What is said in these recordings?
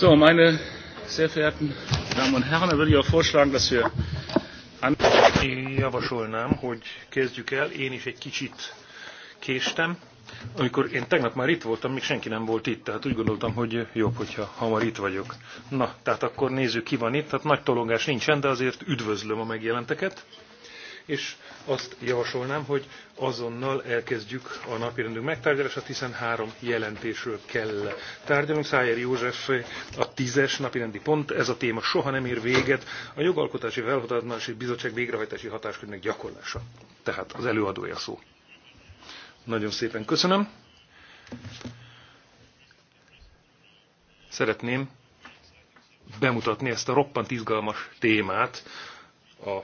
So, meine sehr verehrten Damen und Herren, dann würde ich auch vorschlagen, dass wir an Javasolnám, hogy kezdjük el. Én is egy kicsit késtem. Amikor én tegnap már itt voltam, még senki nem volt itt, tehát úgy gondoltam, hogy jobb, hogyha hamar itt vagyok. Na, tehát akkor nézzük, ki van itt. Tehát nagy tolongás nincsen, de azért üdvözlöm a megjelenteket és azt javasolnám, hogy azonnal elkezdjük a napirendünk megtárgyalását, hiszen három jelentésről kell tárgyalunk. Szájer József a tízes napirendi pont, ez a téma soha nem ér véget, a jogalkotási felhatalmazási bizottság végrehajtási hatáskörnek gyakorlása. Tehát az előadója szó. Nagyon szépen köszönöm. Szeretném bemutatni ezt a roppant izgalmas témát, a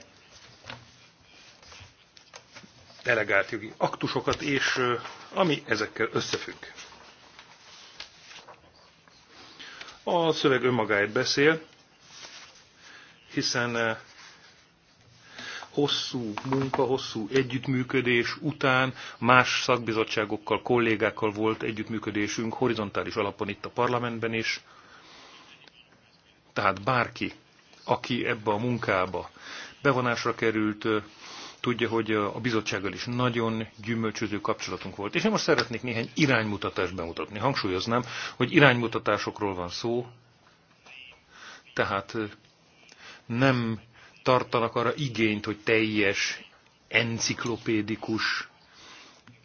delegált jogi aktusokat, és ami ezekkel összefügg. A szöveg önmagáért beszél, hiszen hosszú munka, hosszú együttműködés után más szakbizottságokkal, kollégákkal volt együttműködésünk horizontális alapon itt a parlamentben is. Tehát bárki, aki ebbe a munkába bevonásra került, tudja, hogy a bizottsággal is nagyon gyümölcsöző kapcsolatunk volt. És én most szeretnék néhány iránymutatást bemutatni. Hangsúlyoznám, hogy iránymutatásokról van szó, tehát nem tartanak arra igényt, hogy teljes, enciklopédikus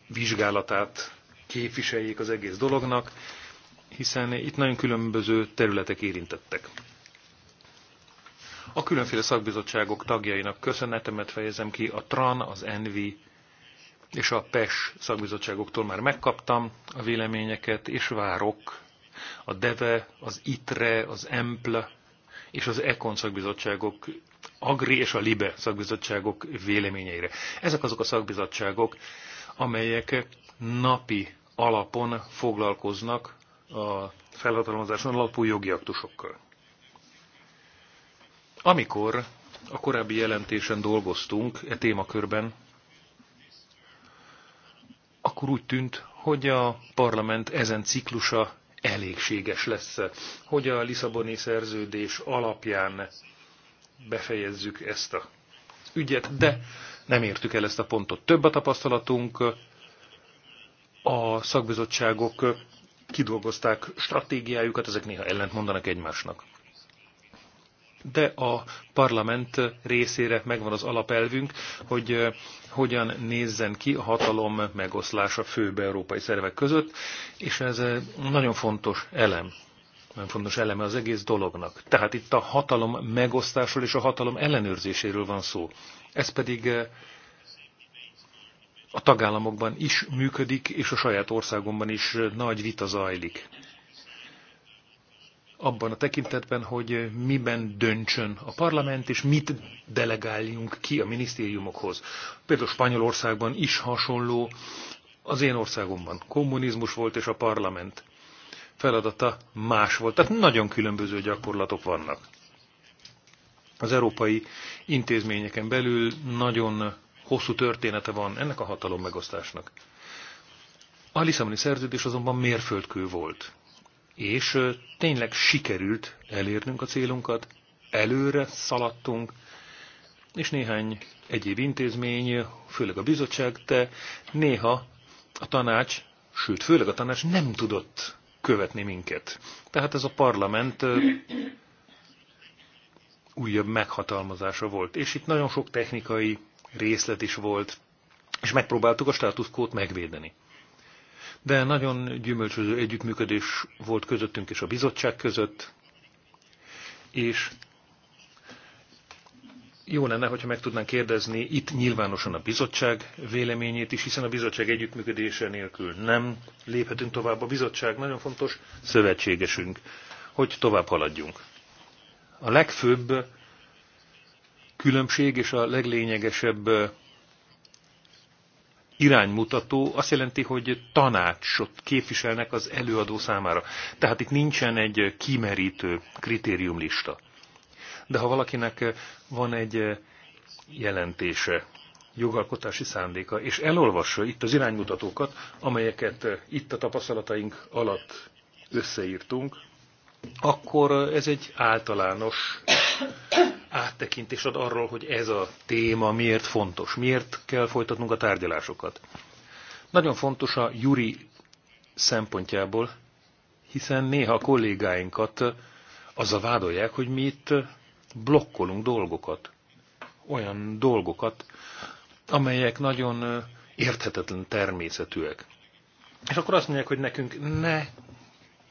vizsgálatát képviseljék az egész dolognak, hiszen itt nagyon különböző területek érintettek. A különféle szakbizottságok tagjainak köszönetemet fejezem ki, a TRAN, az ENVI és a PES szakbizottságoktól már megkaptam a véleményeket, és várok a DEVE, az ITRE, az EMPL és az ECON szakbizottságok, AGRI és a LIBE szakbizottságok véleményeire. Ezek azok a szakbizottságok, amelyek napi alapon foglalkoznak a felhatalmazáson alapú jogi aktusokkal. Amikor a korábbi jelentésen dolgoztunk e témakörben, akkor úgy tűnt, hogy a parlament ezen ciklusa elégséges lesz, hogy a Lisszaboni szerződés alapján befejezzük ezt a ügyet, de nem értük el ezt a pontot. Több a tapasztalatunk, a szakbizottságok kidolgozták stratégiájukat, ezek néha ellent mondanak egymásnak de a parlament részére megvan az alapelvünk, hogy hogyan nézzen ki a hatalom megoszlása főbb európai szervek között, és ez nagyon fontos elem nagyon fontos eleme az egész dolognak. Tehát itt a hatalom megosztásról és a hatalom ellenőrzéséről van szó. Ez pedig a tagállamokban is működik, és a saját országomban is nagy vita zajlik abban a tekintetben, hogy miben döntsön a parlament, és mit delegáljunk ki a minisztériumokhoz. Például Spanyolországban is hasonló, az én országomban kommunizmus volt, és a parlament feladata más volt. Tehát nagyon különböző gyakorlatok vannak. Az európai intézményeken belül nagyon hosszú története van ennek a hatalom megosztásnak. A Lisszaboni szerződés azonban mérföldkő volt és tényleg sikerült elérnünk a célunkat, előre szaladtunk, és néhány egyéb intézmény, főleg a bizottság, de néha a tanács, sőt, főleg a tanács nem tudott követni minket. Tehát ez a parlament újabb meghatalmazása volt. És itt nagyon sok technikai részlet is volt, és megpróbáltuk a státuszkót megvédeni de nagyon gyümölcsöző együttműködés volt közöttünk és a bizottság között, és jó lenne, hogyha meg tudnánk kérdezni itt nyilvánosan a bizottság véleményét is, hiszen a bizottság együttműködése nélkül nem léphetünk tovább. A bizottság nagyon fontos szövetségesünk, hogy tovább haladjunk. A legfőbb különbség és a leglényegesebb iránymutató azt jelenti, hogy tanácsot képviselnek az előadó számára. Tehát itt nincsen egy kimerítő kritériumlista. De ha valakinek van egy jelentése, jogalkotási szándéka, és elolvassa itt az iránymutatókat, amelyeket itt a tapasztalataink alatt összeírtunk, akkor ez egy általános áttekintést ad arról, hogy ez a téma miért fontos, miért kell folytatnunk a tárgyalásokat. Nagyon fontos a Juri szempontjából, hiszen néha a kollégáinkat azzal vádolják, hogy mi itt blokkolunk dolgokat, olyan dolgokat, amelyek nagyon érthetetlen természetűek. És akkor azt mondják, hogy nekünk ne,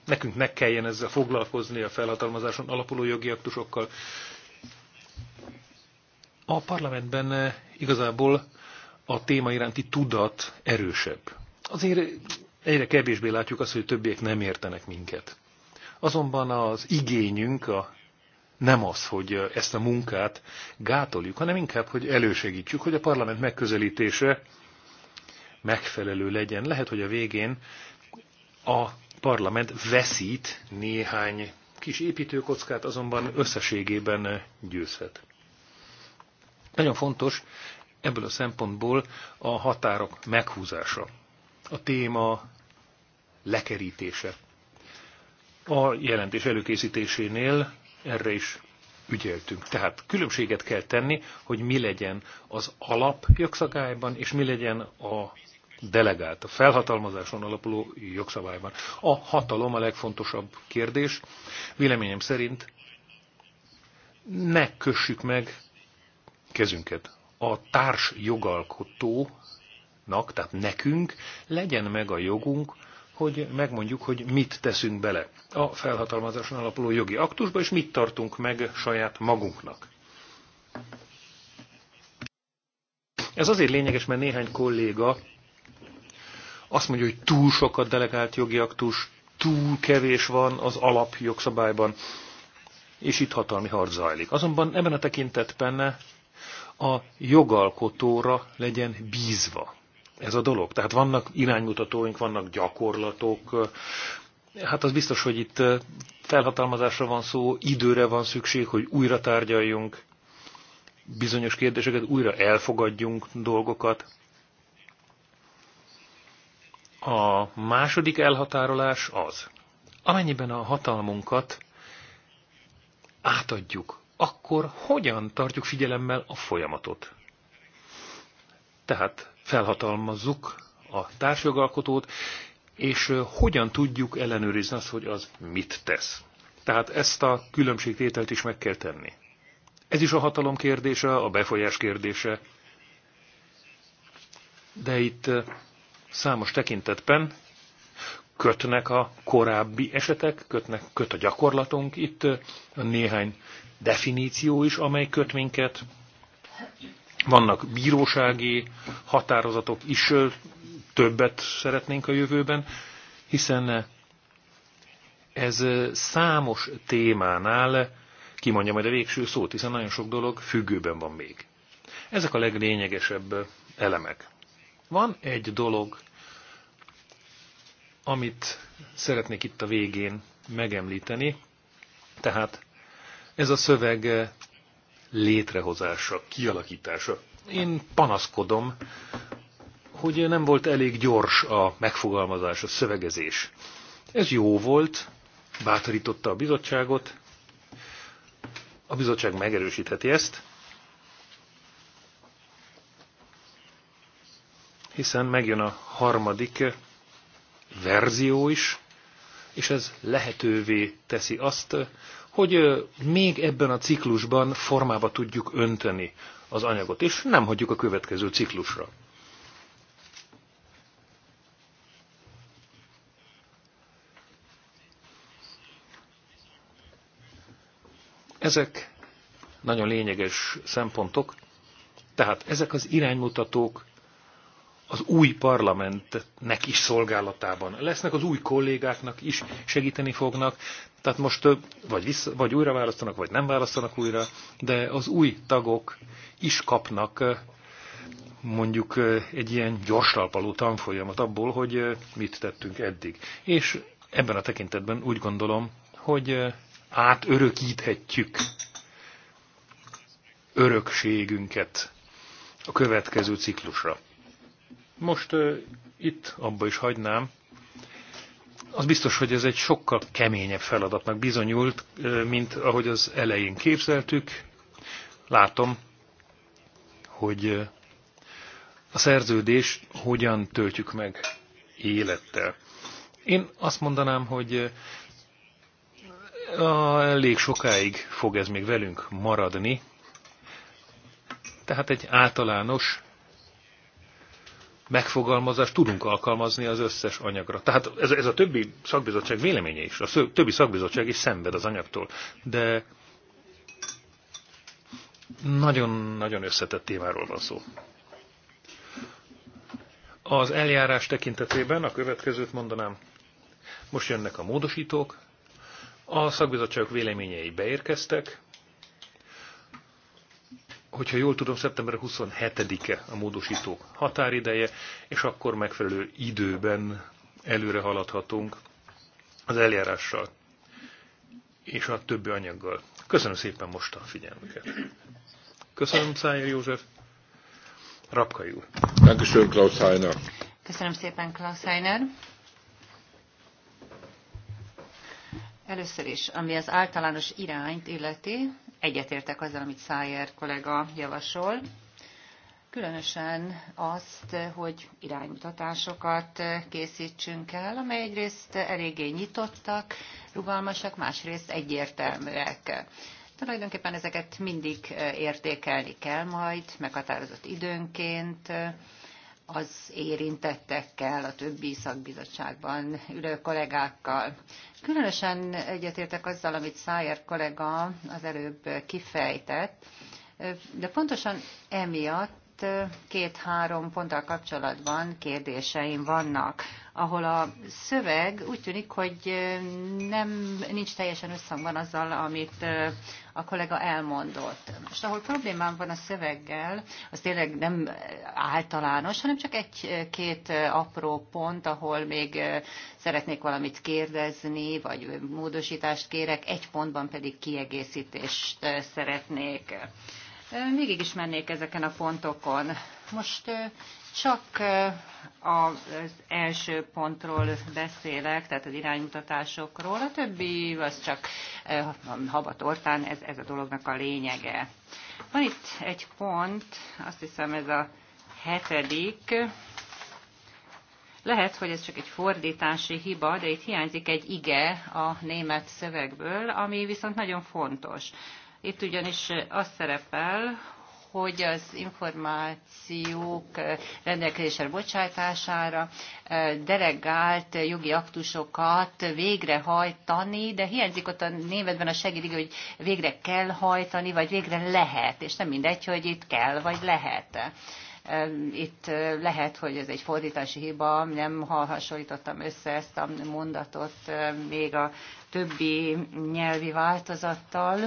nekünk ne kelljen ezzel foglalkozni a felhatalmazáson alapuló jogi aktusokkal, a parlamentben eh, igazából a téma iránti tudat erősebb. Azért egyre kevésbé látjuk azt, hogy többiek nem értenek minket. Azonban az igényünk a nem az, hogy eh, ezt a munkát gátoljuk, hanem inkább, hogy elősegítjük, hogy a parlament megközelítése megfelelő legyen. Lehet, hogy a végén a parlament veszít néhány kis építőkockát, azonban összességében eh, győzhet. Nagyon fontos ebből a szempontból a határok meghúzása, a téma lekerítése. A jelentés előkészítésénél erre is ügyeltünk. Tehát különbséget kell tenni, hogy mi legyen az alap jogszabályban, és mi legyen a delegált, a felhatalmazáson alapuló jogszabályban. A hatalom a legfontosabb kérdés. Véleményem szerint ne kössük meg kezünket. A társ jogalkotónak, tehát nekünk legyen meg a jogunk, hogy megmondjuk, hogy mit teszünk bele a felhatalmazáson alapuló jogi aktusba, és mit tartunk meg saját magunknak. Ez azért lényeges, mert néhány kolléga azt mondja, hogy túl sokat delegált jogi aktus, túl kevés van az alapjogszabályban, és itt hatalmi harc zajlik. Azonban ebben a tekintetben a jogalkotóra legyen bízva ez a dolog. Tehát vannak iránymutatóink, vannak gyakorlatok, hát az biztos, hogy itt eh, felhatalmazásra van szó, időre van szükség, hogy újra tárgyaljunk bizonyos kérdéseket, újra elfogadjunk dolgokat. A második elhatárolás az, amennyiben a hatalmunkat átadjuk akkor hogyan tartjuk figyelemmel a folyamatot? Tehát felhatalmazzuk a társjogalkotót, és hogyan tudjuk ellenőrizni azt, hogy az mit tesz. Tehát ezt a különbségtételt is meg kell tenni. Ez is a hatalom kérdése, a befolyás kérdése. De itt számos tekintetben kötnek a korábbi esetek, kötnek, köt a gyakorlatunk. Itt a néhány definíció is, amely köt minket. Vannak bírósági határozatok is, többet szeretnénk a jövőben, hiszen ez számos témánál kimondja majd a végső szót, hiszen nagyon sok dolog függőben van még. Ezek a leglényegesebb elemek. Van egy dolog, amit szeretnék itt a végén megemlíteni, tehát ez a szöveg eh, létrehozása, kialakítása. Én panaszkodom, hogy nem volt elég gyors a megfogalmazás, a szövegezés. Ez jó volt, bátorította a bizottságot, a bizottság megerősítheti ezt, hiszen megjön a harmadik eh, verzió is, és ez lehetővé teszi azt, hogy még ebben a ciklusban formába tudjuk önteni az anyagot, és nem hagyjuk a következő ciklusra. Ezek nagyon lényeges szempontok, tehát ezek az iránymutatók az új parlamentnek is szolgálatában lesznek, az új kollégáknak is segíteni fognak. Tehát most vagy, vissza, vagy újra választanak, vagy nem választanak újra, de az új tagok is kapnak mondjuk egy ilyen gyorsalpaló tanfolyamat abból, hogy mit tettünk eddig. És ebben a tekintetben úgy gondolom, hogy átörökíthetjük örökségünket a következő ciklusra. Most uh, itt abba is hagynám. Az biztos, hogy ez egy sokkal keményebb feladatnak bizonyult, mint ahogy az elején képzeltük. Látom, hogy a szerződés hogyan töltjük meg élettel. Én azt mondanám, hogy elég sokáig fog ez még velünk maradni. Tehát egy általános megfogalmazást tudunk alkalmazni az összes anyagra. Tehát ez, ez a többi szakbizottság véleménye is, a többi szakbizottság is szenved az anyagtól, de nagyon-nagyon összetett témáról van szó. Az eljárás tekintetében a következőt mondanám. Most jönnek a módosítók, a szakbizottságok véleményei beérkeztek, hogyha jól tudom, szeptember 27-e a módosító határideje, és akkor megfelelő időben előre haladhatunk az eljárással és a többi anyaggal. Köszönöm szépen most a figyelmüket. Köszönöm Szájer József. Rapka úr. Köszönöm Klaus Heiner. Köszönöm szépen Klaus Heiner. Először is, ami az általános irányt illeti, egyetértek azzal, amit Szájer kollega javasol. Különösen azt, hogy iránymutatásokat készítsünk el, amely egyrészt eléggé nyitottak, rugalmasak, másrészt egyértelműek. Tulajdonképpen ezeket mindig értékelni kell majd, meghatározott időnként, az érintettekkel, a többi szakbizottságban ülő kollégákkal. Különösen egyetértek azzal, amit Szájer kollega az előbb kifejtett, de pontosan emiatt két-három ponttal kapcsolatban kérdéseim vannak, ahol a szöveg úgy tűnik, hogy nem, nincs teljesen összhangban azzal, amit a kollega elmondott. Most ahol problémám van a szöveggel, az tényleg nem általános, hanem csak egy-két apró pont, ahol még szeretnék valamit kérdezni, vagy módosítást kérek, egy pontban pedig kiegészítést szeretnék. Végig is mennék ezeken a pontokon. Most csak az első pontról beszélek, tehát az iránymutatásokról, a többi az csak habatortán, ez, ez a dolognak a lényege. Van itt egy pont, azt hiszem ez a hetedik, lehet, hogy ez csak egy fordítási hiba, de itt hiányzik egy ige a német szövegből, ami viszont nagyon fontos. Itt ugyanis az szerepel, hogy az információk eh, rendelkezésre bocsátására eh, delegált jogi aktusokat végrehajtani, de hiányzik ott a németben a segédig, hogy végre kell hajtani, vagy végre lehet, és nem mindegy, hogy itt kell, vagy lehet. Itt eh, lehet, hogy ez egy fordítási hiba, nem hasonlítottam össze ezt a mondatot még a többi nyelvi változattal.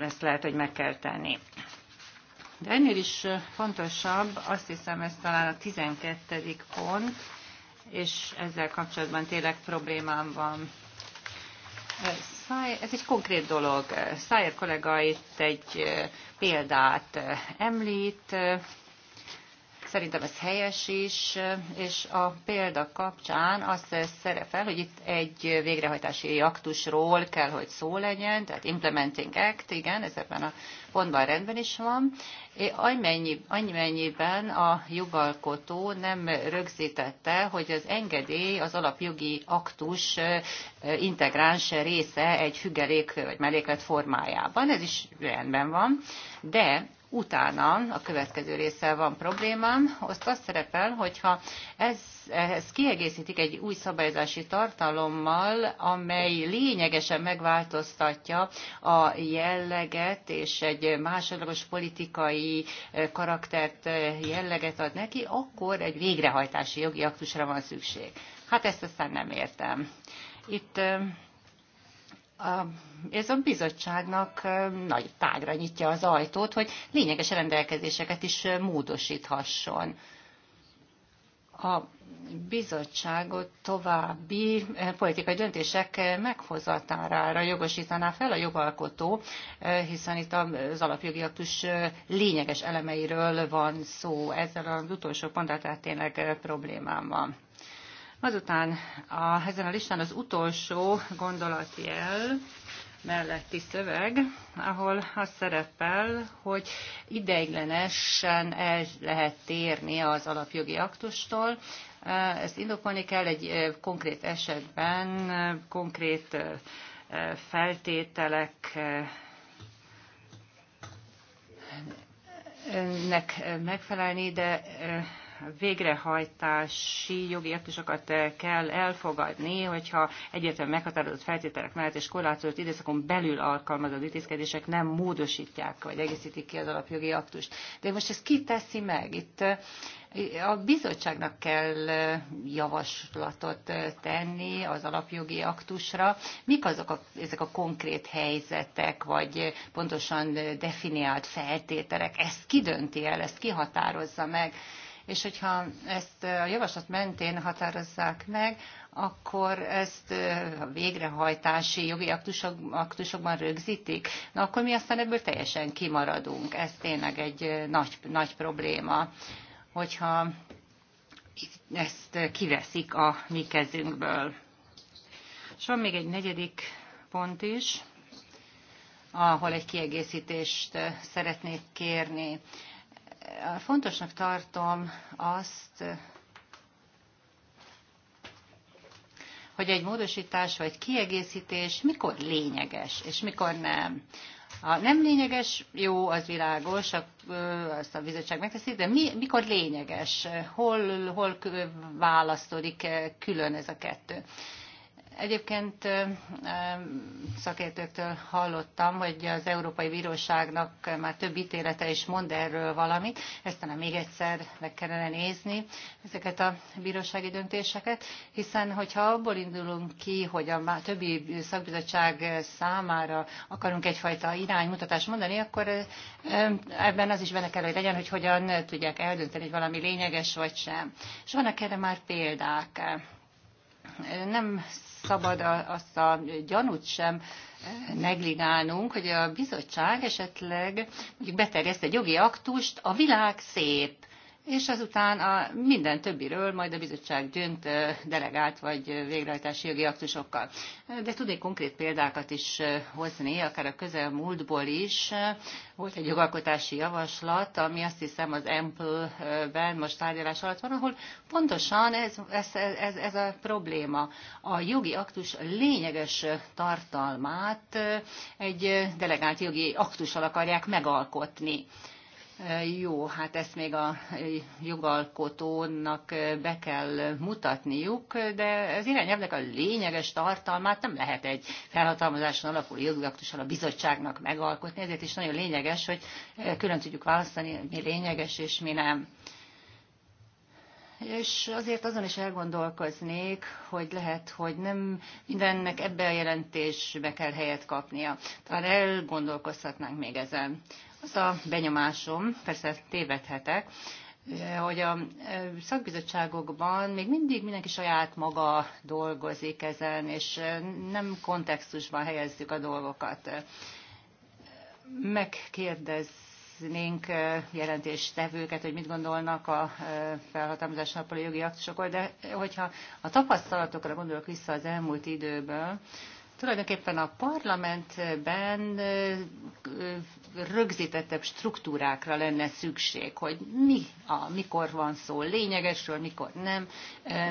Ezt lehet, hogy meg kell tenni. De ennél is fontosabb, azt hiszem ez talán a 12. pont, és ezzel kapcsolatban tényleg problémám van. Ez egy konkrét dolog. Szájer kollega itt egy példát említ, Szerintem ez helyes is, és a példa kapcsán azt fel, hogy itt egy végrehajtási aktusról kell, hogy szó legyen, tehát Implementing Act, igen, ez ebben a pontban rendben is van. Annyi, mennyiben a jogalkotó nem rögzítette, hogy az engedély az alapjogi aktus integráns része egy függelék vagy melléklet formájában. Ez is rendben van, de utána a következő része van problémám, azt azt szerepel, hogyha ez, ehhez kiegészítik egy új szabályozási tartalommal, amely lényegesen megváltoztatja a jelleget, és egy másodlagos politikai eh, karaktert eh, jelleget ad neki, akkor egy végrehajtási jogi aktusra van szükség. Hát ezt aztán nem értem. Itt eh, a, ez a bizottságnak nagy tágra nyitja az ajtót, hogy lényeges rendelkezéseket is módosíthasson. A bizottságot további eh, politikai döntések eh, meghozatára jogosítaná fel a jogalkotó, eh, hiszen itt az alapjogi aktus lényeges elemeiről van szó. Ezzel az utolsó ponttal tényleg problémám van. Azután a, ezen a listán az utolsó gondolatjel, melletti szöveg, ahol az szerepel, hogy ideiglenesen el lehet térni az alapjogi aktustól. E, ezt indokolni kell egy e, konkrét esetben, e, konkrét feltételek megfelelni, de végrehajtási jogi aktusokat eh, kell elfogadni, hogyha egyértelműen meghatározott feltételek mellett és korlátozott időszakon belül alkalmazott intézkedések nem módosítják vagy egészítik ki az alapjogi aktust. De most ezt ki teszi meg? Itt eh, a bizottságnak kell eh, javaslatot tenni az alapjogi aktusra. Mik azok a, ezek a konkrét helyzetek, vagy pontosan definiált feltételek? Ezt ki dönti el, ezt ki határozza meg? és hogyha ezt a javaslat mentén határozzák meg, akkor ezt a végrehajtási jogi aktusok, aktusokban rögzítik, na akkor mi aztán ebből teljesen kimaradunk. Ez tényleg egy nagy, nagy probléma, hogyha ezt kiveszik a mi kezünkből. És van még egy negyedik pont is, ahol egy kiegészítést szeretnék kérni. Fontosnak tartom azt, hogy egy módosítás vagy kiegészítés mikor lényeges, és mikor nem. Ha nem lényeges, jó, az világos, azt a bizottság megteszi, de mi, mikor lényeges? Hol, hol választódik külön ez a kettő? Egyébként szakértőktől hallottam, hogy az Európai Bíróságnak már több ítélete is mond erről valamit, ezt talán még egyszer meg kellene nézni ezeket a bírósági döntéseket, hiszen hogyha abból indulunk ki, hogy a többi szakbizottság számára akarunk egyfajta iránymutatást mondani, akkor ebben az is benne kell, hogy legyen, hogy hogyan tudják eldönteni, hogy valami lényeges vagy sem. És vannak erre már példák nem szabad azt a gyanút sem negligálnunk, hogy a bizottság esetleg beterjeszt egy jogi aktust, a világ szép, és azután a minden többiről majd a bizottság dönt delegált vagy végrehajtási jogi aktusokkal. De tudnék konkrét példákat is hozni, akár a közelmúltból is. Volt egy jogalkotási javaslat, ami azt hiszem az Ample-ben most tárgyalás alatt van, ahol pontosan ez, ez, ez, ez a probléma. A jogi aktus lényeges tartalmát egy delegált jogi aktussal akarják megalkotni. Jó, hát ezt még a jogalkotónak be kell mutatniuk, de az irányelvnek a lényeges tartalmát nem lehet egy felhatalmazáson alapuló jogaktussal a bizottságnak megalkotni, ezért is nagyon lényeges, hogy külön tudjuk választani, mi lényeges és mi nem. És azért azon is elgondolkoznék, hogy lehet, hogy nem mindennek ebbe a jelentésbe kell helyet kapnia. Talán elgondolkozhatnánk még ezen. Az a benyomásom, persze ezt tévedhetek, hogy a e, szakbizottságokban még mindig mindenki saját maga dolgozik ezen, és e, nem kontextusban helyezzük a dolgokat. Megkérdeznénk e, jelentéstevőket, hogy mit gondolnak a felhatalmazás napoli jogi aktusokról, de hogyha a tapasztalatokra gondolok vissza az elmúlt időből, tulajdonképpen a parlamentben rögzítettebb struktúrákra lenne szükség, hogy mi, a, mikor van szó lényegesről, mikor nem,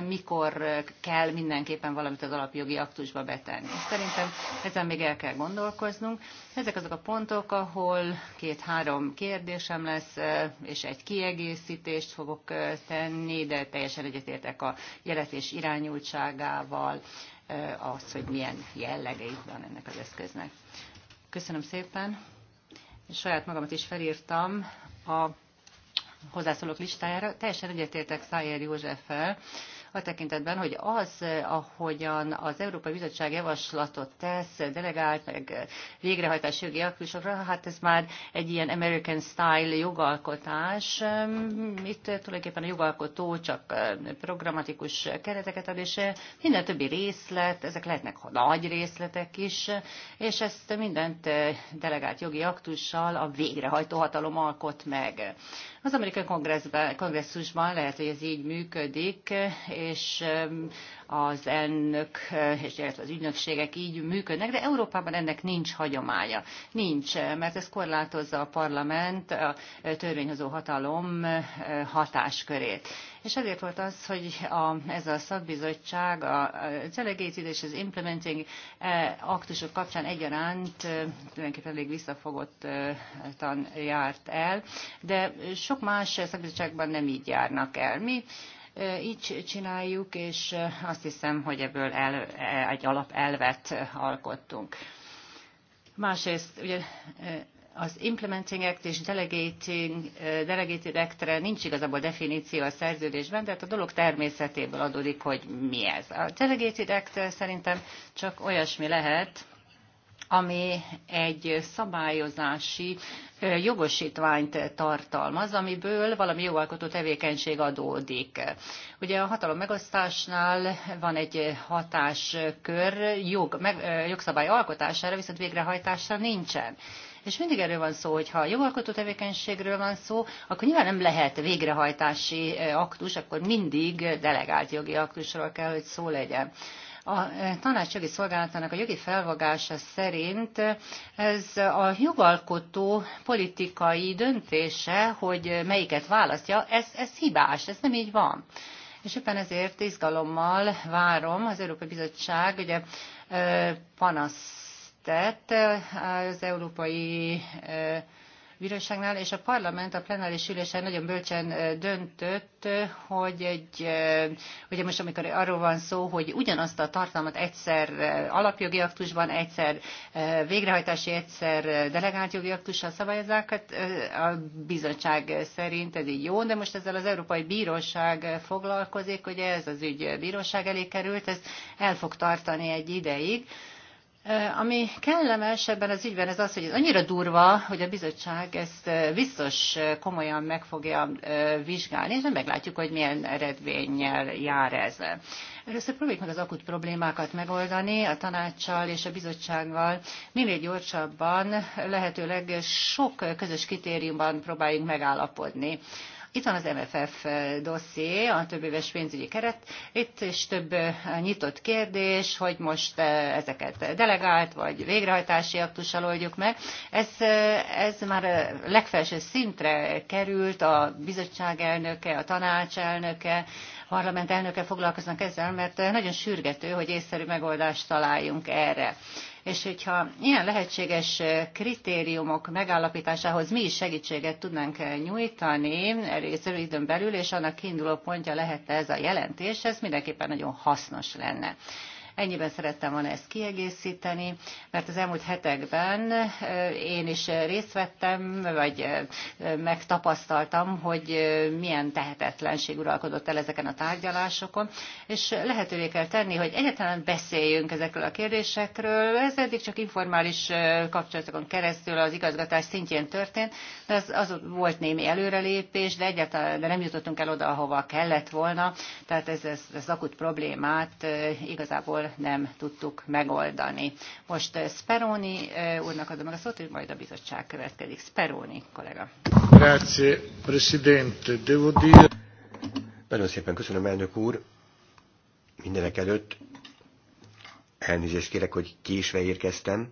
mikor kell mindenképpen valamit az alapjogi aktusba betenni. Szerintem ezen még el kell gondolkoznunk. Ezek azok a pontok, ahol két-három kérdésem lesz, és egy kiegészítést fogok tenni, de teljesen egyetértek a jelentés irányultságával, Eh, az, hogy milyen jellege itt van ennek az eszköznek. Köszönöm szépen. És saját magamat is felírtam a hozzászólók listájára. Teljesen egyetértek Szájer Józseffel, a tekintetben, hogy az, ahogyan az Európai Bizottság javaslatot tesz, delegált, meg végrehajtás jogi aktusokra, hát ez már egy ilyen American style jogalkotás. Itt tulajdonképpen a jogalkotó csak programatikus kereteket ad, és minden többi részlet, ezek lehetnek nagy részletek is, és ezt mindent delegált jogi aktussal a végrehajtó hatalom alkot meg. Az amerikai kongresszusban lehet, hogy ez így működik, és az elnök, eh, és az ügynökségek így működnek, de Európában ennek nincs hagyománya. Nincs, eh, mert ez korlátozza a parlament, a eh, törvényhozó hatalom hatáskörét. És ezért volt az, hogy a, ez a szakbizottság a, a delegated és az implementing aktusok kapcsán egyaránt tulajdonképpen elég visszafogottan járt el, de sok más szakbizottságban nem így járnak el. Mi így csináljuk, és azt hiszem, hogy ebből el, e, egy alapelvet alkottunk. Másrészt ugye az Implementing Act és Delegating, Delegated act nincs igazából definíció a szerződésben, de hát a dolog természetéből adódik, hogy mi ez. A Delegated Act szerintem csak olyasmi lehet, ami egy szabályozási jogosítványt tartalmaz, amiből valami jogalkotó tevékenység adódik. Ugye a hatalom megosztásnál van egy hatáskör jog, meg, jogszabály alkotására, viszont végrehajtásra nincsen. És mindig erről van szó, hogy ha jogalkotó tevékenységről van szó, akkor nyilván nem lehet végrehajtási aktus, akkor mindig delegált jogi aktusról kell, hogy szó legyen. A e, tanácsjogi szolgálatának a jogi felvagása szerint ez a jogalkotó politikai döntése, hogy melyiket választja, ez, ez hibás, ez nem így van. És éppen ezért izgalommal várom az Európai Bizottság ugye, e, panasz e, az Európai bíróságnál, és a parlament a plenáris ülésen nagyon bölcsen döntött, hogy egy, ugye most amikor arról van szó, hogy ugyanazt a tartalmat egyszer alapjogi aktusban, egyszer végrehajtási, egyszer delegált jogi aktussal szabályozzák, hát a bizottság szerint ez így jó, de most ezzel az Európai Bíróság foglalkozik, hogy ez az ügy bíróság elé került, ez el fog tartani egy ideig, ami kellemes ebben az ügyben, ez az, hogy ez annyira durva, hogy a bizottság ezt biztos komolyan meg fogja vizsgálni, és nem meglátjuk, hogy milyen eredménnyel jár ez. Először próbáljuk meg az akut problémákat megoldani a tanácssal és a bizottsággal. Minél gyorsabban, lehetőleg sok közös kritériumban próbáljunk megállapodni. Itt van az MFF dosszié, a több éves pénzügyi keret, itt is több nyitott kérdés, hogy most ezeket delegált vagy végrehajtási aktussal oldjuk meg. Ez, ez már legfelső szintre került, a bizottság elnöke, a tanács elnöke, parlament elnöke foglalkoznak ezzel, mert eh, nagyon sürgető, hogy észszerű megoldást találjunk erre. És hogyha ilyen lehetséges eh, kritériumok megállapításához mi is segítséget tudnánk eh, nyújtani részről időn belül, és annak kiinduló pontja lehet ez a jelentés, ez mindenképpen nagyon hasznos lenne. Ennyiben szerettem volna ezt kiegészíteni, mert az elmúlt hetekben én is részt vettem, vagy megtapasztaltam, hogy milyen tehetetlenség uralkodott el ezeken a tárgyalásokon, és lehetővé kell tenni, hogy egyáltalán beszéljünk ezekről a kérdésekről. Ez eddig csak informális kapcsolatokon keresztül az igazgatás szintjén történt, de az, az volt némi előrelépés, de egyáltalán de nem jutottunk el oda, ahova kellett volna, tehát ez, ez, ez akut problémát igazából jól nem tudtuk megoldani. Most eh, Speroni eh, úrnak adom meg a szót, hogy majd a bizottság következik. Speroni kollega. Grazie, Presidente. Devo dire... Nagyon szépen köszönöm, elnök úr. Mindenek előtt elnézést kérek, hogy késve érkeztem.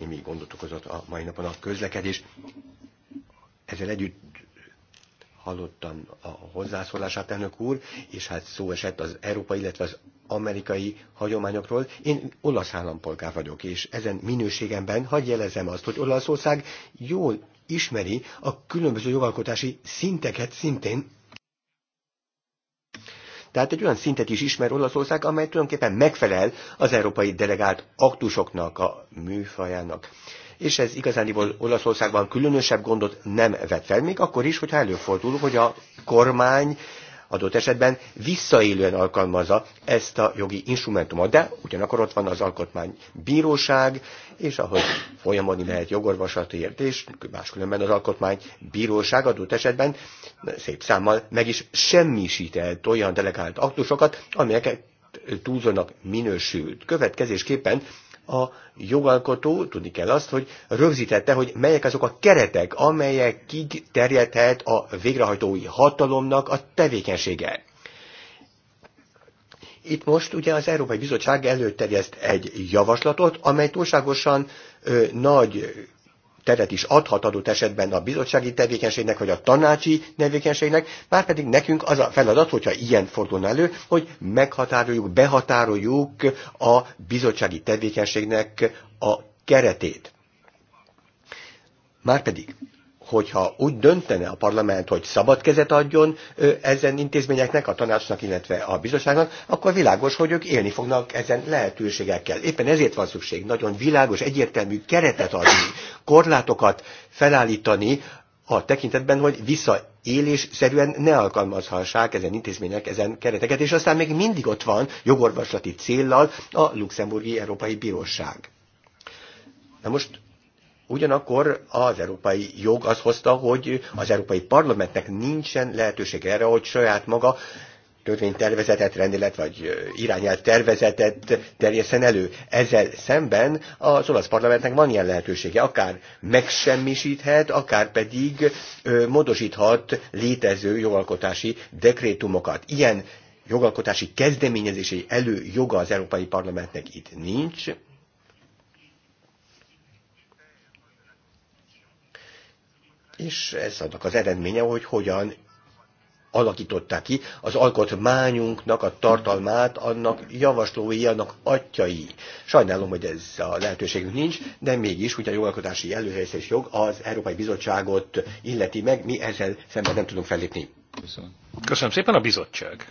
Én még gondot okozott a mai napon a közlekedés. Ezzel együtt hallottam a hozzászólását, elnök úr, és hát szó esett az európai, illetve az amerikai hagyományokról. Én olasz állampolgár vagyok, és ezen minőségemben hagyj jelezem azt, hogy Olaszország jól ismeri a különböző jogalkotási szinteket szintén, tehát egy olyan szintet is ismer Olaszország, amely tulajdonképpen megfelel az európai delegált aktusoknak, a műfajának és ez igazániból Olaszországban különösebb gondot nem vet fel, még akkor is, hogyha előfordul, hogy a kormány adott esetben visszaélően alkalmazza ezt a jogi instrumentumot, de ugyanakkor ott van az alkotmánybíróság, és ahhoz folyamodni lehet jogorvosatért, értés, máskülönben az alkotmánybíróság adott esetben szép számmal meg is semmisített olyan delegált aktusokat, amelyeket túlzónak minősült. Következésképpen a jogalkotó tudni kell azt, hogy rögzítette, hogy melyek azok a keretek, amelyekig terjedhet a végrehajtói hatalomnak a tevékenysége. Itt most ugye az Európai Bizottság előterjeszt egy javaslatot, amely túlságosan ö, nagy teret is adhat adott esetben a bizottsági tevékenységnek, vagy a tanácsi tevékenységnek, már pedig nekünk az a feladat, hogyha ilyen fordul elő, hogy meghatároljuk, behatároljuk a bizottsági tevékenységnek a keretét. Márpedig hogyha úgy döntene a parlament, hogy szabad kezet adjon ezen intézményeknek, a tanácsnak, illetve a bizottságnak, akkor világos, hogy ők élni fognak ezen lehetőségekkel. Éppen ezért van szükség nagyon világos, egyértelmű keretet adni, korlátokat felállítani a tekintetben, hogy szerűen ne alkalmazhassák ezen intézmények, ezen kereteket, és aztán még mindig ott van jogorvoslati céllal a Luxemburgi Európai Bíróság. Na most Ugyanakkor az európai jog azt hozta, hogy az európai parlamentnek nincsen lehetőség erre, hogy saját maga törvénytervezetet, rendelet vagy irányelv tervezetet terjeszen elő. Ezzel szemben az olasz parlamentnek van ilyen lehetősége, akár megsemmisíthet, akár pedig ö, módosíthat létező jogalkotási dekrétumokat. Ilyen jogalkotási kezdeményezési előjoga az Európai Parlamentnek itt nincs, és ez annak az eredménye, hogy hogyan alakították ki az alkotmányunknak a tartalmát, annak javaslói, annak atyai. Sajnálom, hogy ez a lehetőségünk nincs, de mégis, hogy a jogalkotási előhelyezés jog az Európai Bizottságot illeti meg, mi ezzel szemben nem tudunk fellépni. Köszönöm, Köszönöm szépen a bizottság.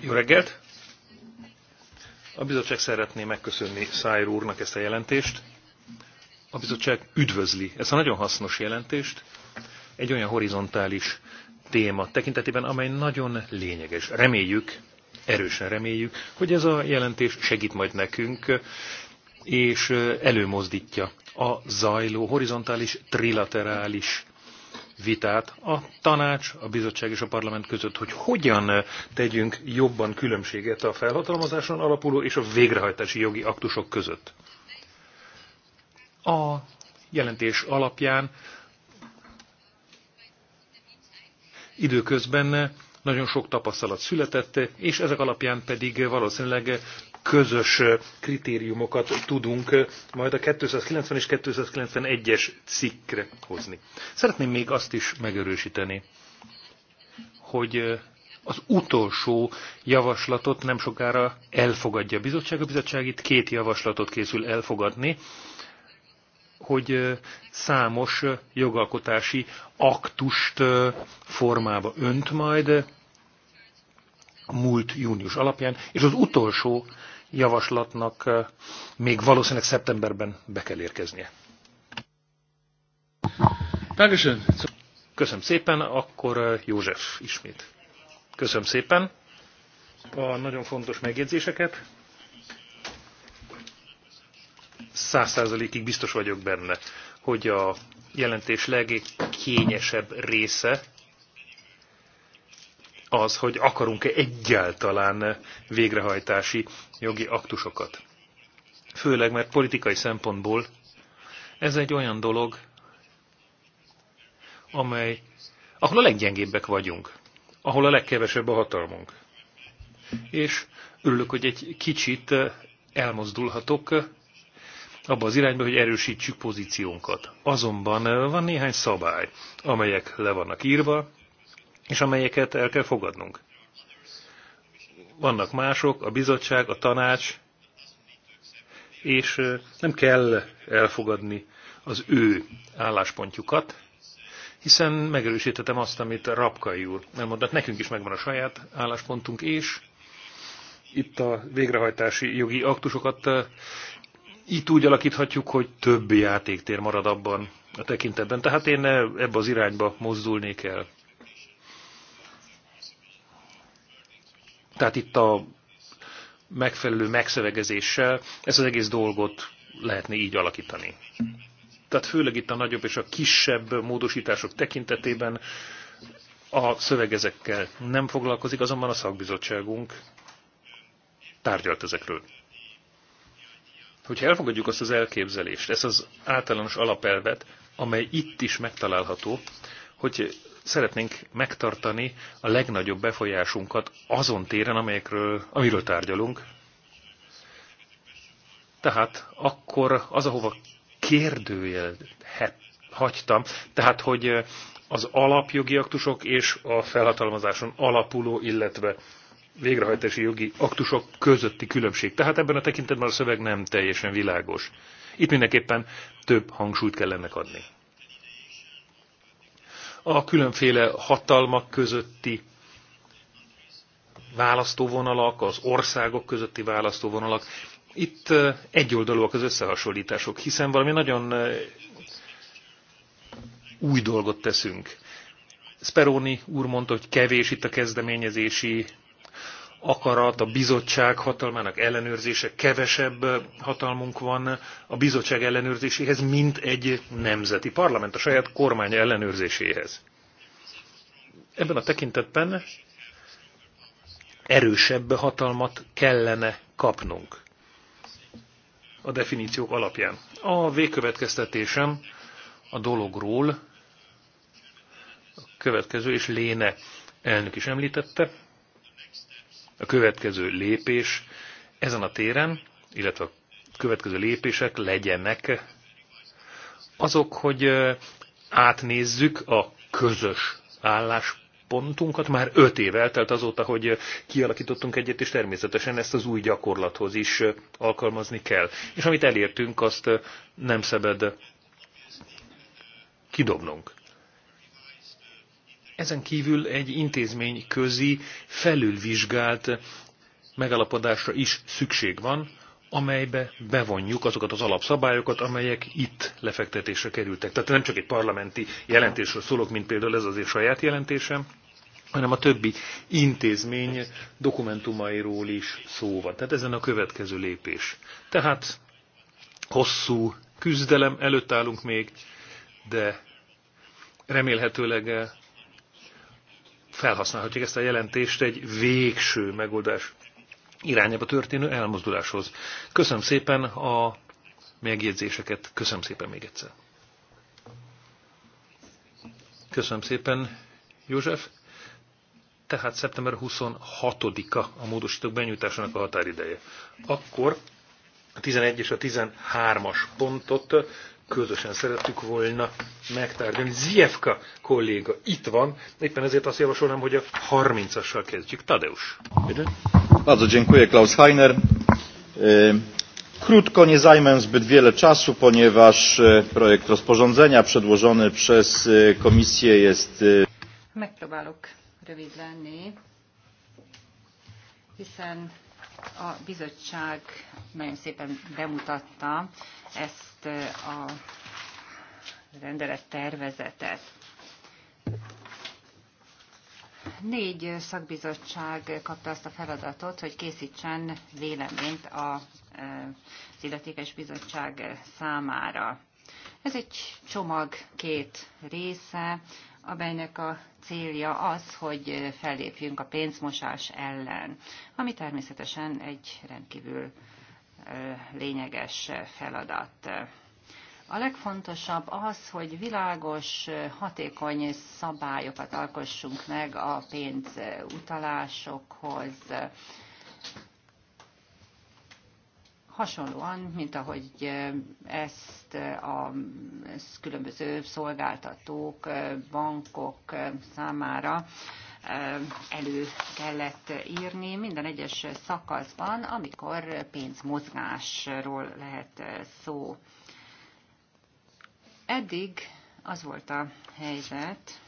Jó reggelt! A bizottság szeretné megköszönni Szájr úrnak ezt a jelentést. A bizottság üdvözli ezt a nagyon hasznos jelentést, egy olyan horizontális téma tekintetében, amely nagyon lényeges. Reméljük, erősen reméljük, hogy ez a jelentés segít majd nekünk, és előmozdítja a zajló horizontális, trilaterális vitát a tanács, a bizottság és a parlament között, hogy hogyan eh, tegyünk jobban különbséget a felhatalmazáson alapuló és a végrehajtási jogi aktusok között. A jelentés alapján időközben eh, nagyon sok tapasztalat született, és ezek alapján pedig valószínűleg eh, közös kritériumokat tudunk majd a 290 és 291-es cikkre hozni. Szeretném még azt is megerősíteni, hogy az utolsó javaslatot nem sokára elfogadja a bizottság. A bizottság itt két javaslatot készül elfogadni, hogy számos jogalkotási aktust formába önt majd, múlt június alapján, és az utolsó javaslatnak még valószínűleg szeptemberben be kell érkeznie. Köszönöm. Köszönöm szépen, akkor József ismét. Köszönöm szépen a nagyon fontos megjegyzéseket. Száz százalékig biztos vagyok benne, hogy a jelentés legkényesebb része az, hogy akarunk-e egyáltalán végrehajtási jogi aktusokat. Főleg, mert politikai szempontból ez egy olyan dolog, amely, ahol a leggyengébbek vagyunk, ahol a legkevesebb a hatalmunk. És örülök, hogy egy kicsit elmozdulhatok abba az irányba, hogy erősítsük pozíciónkat. Azonban van néhány szabály, amelyek le vannak írva, és amelyeket el kell fogadnunk. Vannak mások, a bizottság, a tanács, és nem kell elfogadni az ő álláspontjukat, hiszen megerősítettem azt, amit Rapkai úr elmondott. Nekünk is megvan a saját álláspontunk, és itt a végrehajtási jogi aktusokat itt úgy alakíthatjuk, hogy több játéktér marad abban a tekintetben. Tehát én ebbe az irányba mozdulnék el. Tehát itt a megfelelő megszövegezéssel ezt az egész dolgot lehetne így alakítani. Tehát főleg itt a nagyobb és a kisebb módosítások tekintetében a szövegezekkel nem foglalkozik, azonban a szakbizottságunk tárgyalt ezekről. Hogyha elfogadjuk azt az elképzelést, ezt az általános alapelvet, amely itt is megtalálható, hogy szeretnénk megtartani a legnagyobb befolyásunkat azon téren, amelyekről, amiről tárgyalunk. Tehát akkor az, ahova kérdőjel hagytam, tehát hogy eh, az alapjogi aktusok és a felhatalmazáson alapuló, illetve végrehajtási jogi aktusok közötti különbség. Tehát ebben a tekintetben a szöveg nem teljesen világos. Itt mindenképpen több hangsúlyt kell ennek adni a különféle hatalmak közötti választóvonalak, az országok közötti választóvonalak. Itt egyoldalúak az összehasonlítások, hiszen valami nagyon új dolgot teszünk. Speroni úr mondta, hogy kevés itt a kezdeményezési akarat, a bizottság hatalmának ellenőrzése, kevesebb hatalmunk van a bizottság ellenőrzéséhez, mint egy nemzeti parlament, a saját kormány ellenőrzéséhez. Ebben a tekintetben erősebb hatalmat kellene kapnunk a definíciók alapján. A végkövetkeztetésem a dologról a következő, és Léne elnök is említette, a következő lépés ezen a téren, illetve a következő lépések legyenek azok, hogy átnézzük a közös álláspontunkat. Már öt év eltelt azóta, hogy kialakítottunk egyet, és természetesen ezt az új gyakorlathoz is alkalmazni kell. És amit elértünk, azt nem szabad kidobnunk. Ezen kívül egy intézmény közi felülvizsgált megalapodásra is szükség van, amelybe bevonjuk azokat az alapszabályokat, amelyek itt lefektetésre kerültek. Tehát nem csak egy parlamenti jelentésről szólok, mint például ez az én saját jelentésem, hanem a többi intézmény dokumentumairól is szó van. Tehát ezen a következő lépés. Tehát hosszú küzdelem előtt állunk még, de remélhetőleg felhasználhatjuk ezt a jelentést egy végső megoldás irányába történő elmozduláshoz. Köszönöm szépen a megjegyzéseket, köszönöm szépen még egyszer. Köszönöm szépen, József. Tehát szeptember 26-a a módosítók benyújtásának a határideje. Akkor a 11 és a 13-as pontot közösen szerettük volna megtárgyalni. Zjevka kolléga itt van, éppen ezért azt javasolnám, hogy a 30-assal kezdjük. Tadeusz. Bardzo dziękuję, Klaus Heiner. E, krótko, nie zajmę zbyt wiele czasu, ponieważ e, projekt rozporządzenia przedłożony przez e, Komisję jest... Megpróbálok rövid lenni, hiszen a bizottság nagyon szépen bemutatta ezt eh, a rendelet tervezetet. Négy szakbizottság kapta azt a feladatot, hogy készítsen véleményt a eh, az illetékes bizottság számára. Ez egy csomag két része, amelynek a célja az, hogy fellépjünk a pénzmosás ellen, ami természetesen egy rendkívül lényeges feladat. A legfontosabb az, hogy világos, hatékony szabályokat alkossunk meg a pénzutalásokhoz, hasonlóan, mint ahogy ezt a ezt különböző szolgáltatók, bankok számára elő kellett írni minden egyes szakaszban, amikor pénzmozgásról lehet szó. Eddig az volt a helyzet,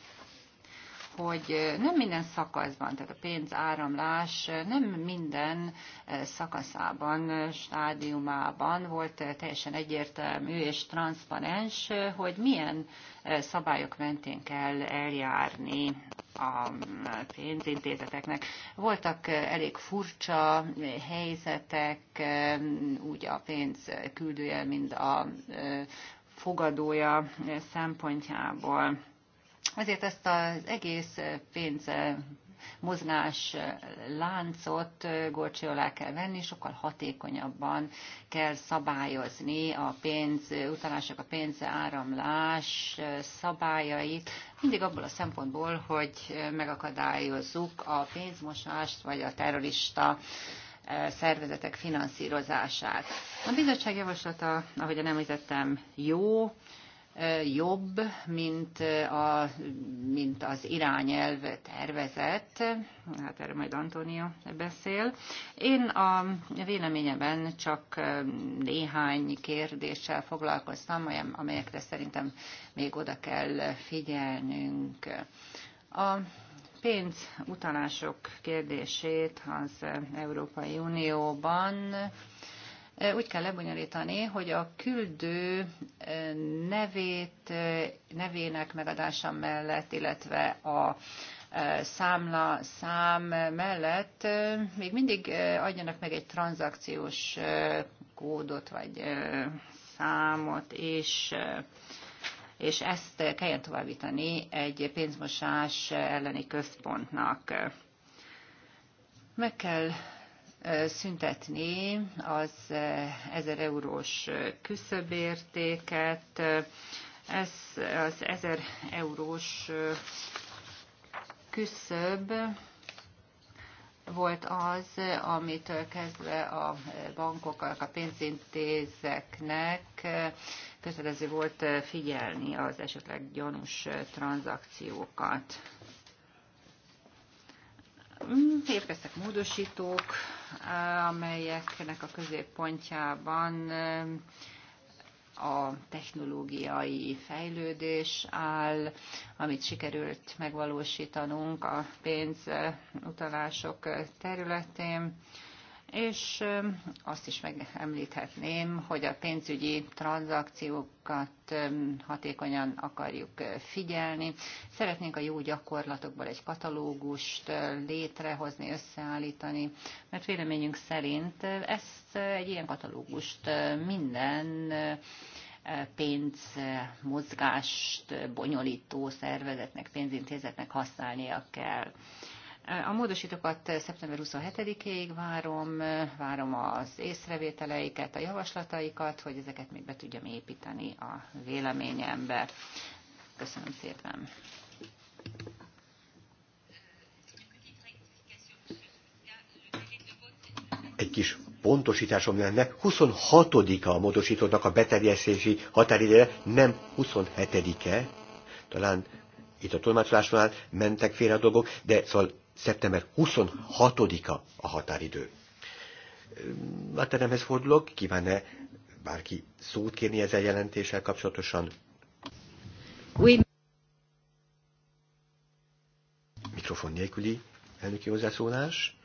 hogy nem minden szakaszban, tehát a pénzáramlás nem minden szakaszában, stádiumában volt teljesen egyértelmű és transzparens, hogy milyen szabályok mentén kell eljárni a pénzintézeteknek. Voltak elég furcsa helyzetek, úgy a pénz küldője, mint a fogadója szempontjából. Ezért ezt az egész pénz eh, mozgás eh, láncot eh, gorcsi alá kell venni, sokkal hatékonyabban kell szabályozni a pénz, utalások a pénz áramlás szabályait, mindig abból a szempontból, hogy megakadályozzuk a pénzmosást vagy a terrorista szervezetek finanszírozását. A bizottság javaslata, ahogy nem említettem, jó, jobb, mint, a, mint az irányelv tervezett, hát erre majd Antonia beszél. Én a véleményemben csak néhány kérdéssel foglalkoztam, amelyekre szerintem még oda kell figyelnünk. A pénzutalások kérdését az Európai Unióban úgy kell lebonyolítani, hogy a küldő nevét, nevének megadása mellett, illetve a számla szám mellett még mindig adjanak meg egy tranzakciós kódot vagy számot, és és ezt kelljen továbbítani egy pénzmosás elleni központnak. Meg kell szüntetni az 1000 eurós küszöbértéket, ez az 1000 eurós küszöb volt az, amitől kezdve a bankoknak, a pénzintézeknek kötelező volt figyelni az esetleg gyanús tranzakciókat. Hmm, érkeztek módosítók, amelyeknek a középpontjában a technológiai fejlődés áll, amit sikerült megvalósítanunk a pénzutalások területén és azt is megemlíthetném, hogy a pénzügyi tranzakciókat hatékonyan akarjuk figyelni. Szeretnénk a jó gyakorlatokból egy katalógust létrehozni, összeállítani, mert véleményünk szerint ezt egy ilyen katalógust minden pénzmozgást bonyolító szervezetnek, pénzintézetnek használnia kell. A módosítókat szeptember 27-ig várom, várom az észrevételeiket, a javaslataikat, hogy ezeket még be tudjam építeni a véleményembe. Köszönöm szépen. Egy kis pontosításom lenne, 26-a a módosítónak a beterjesztési határideje, nem 27-e. Talán itt a tolmácsolásnál mentek félre a dolgok, de szóval szeptember 26-a a határidő. A teremhez fordulok, kívánne bárki szót kérni ezzel jelentéssel kapcsolatosan? Oui. Mikrofon nélküli elnöki hozzászólás.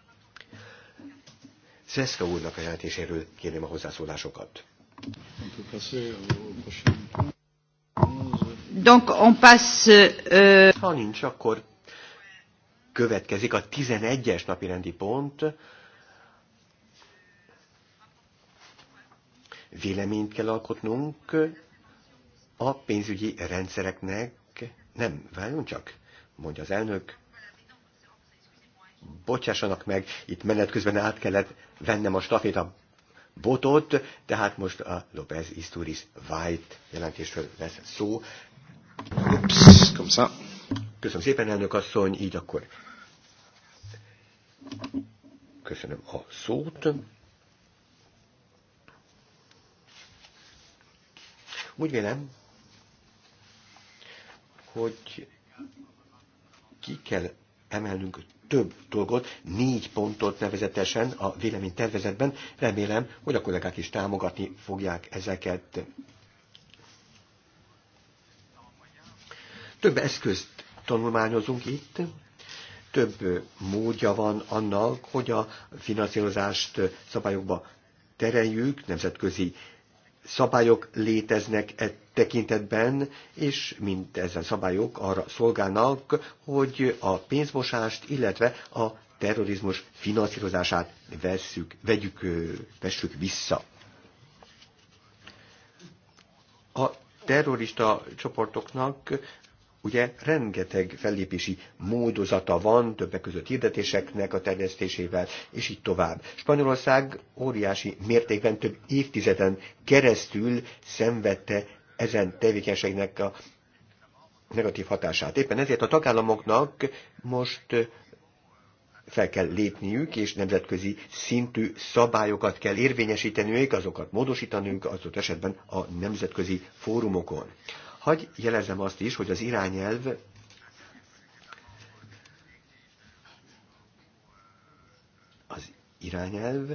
Szeszka úrnak a jelentéséről kérném a hozzászólásokat. Donc on passe... Euh... Ha nincs, akkor következik a 11-es napirendi pont. Véleményt kell alkotnunk a pénzügyi rendszereknek, nem, várjunk csak, mondja az elnök, bocsássanak meg, itt menet közben át kellett vennem a a botot, tehát most a López Isturis White jelentésről lesz szó. Ups, Köszönöm szépen, elnök asszony, így akkor Köszönöm a szót. Úgy vélem, hogy ki kell emelnünk több dolgot, négy pontot nevezetesen a véleménytervezetben. Remélem, hogy a kollégák is támogatni fogják ezeket. Több eszközt tanulmányozunk itt, több módja van annak, hogy a finanszírozást szabályokba tereljük, nemzetközi szabályok léteznek e tekintetben, és mindezen szabályok arra szolgálnak, hogy a pénzmosást, illetve a terrorizmus finanszírozását vesszük, vegyük, vessük vissza. A terrorista csoportoknak Ugye rengeteg fellépési módozata van, többek között hirdetéseknek a terjesztésével, és így tovább. Spanyolország óriási mértékben több évtizeden keresztül szenvedte ezen tevékenységnek a negatív hatását. Éppen ezért a tagállamoknak most fel kell lépniük, és nemzetközi szintű szabályokat kell érvényesíteniük, azokat módosítaniuk az ott esetben a nemzetközi fórumokon. Hagy jelezem azt is, hogy az irányelv az irányelv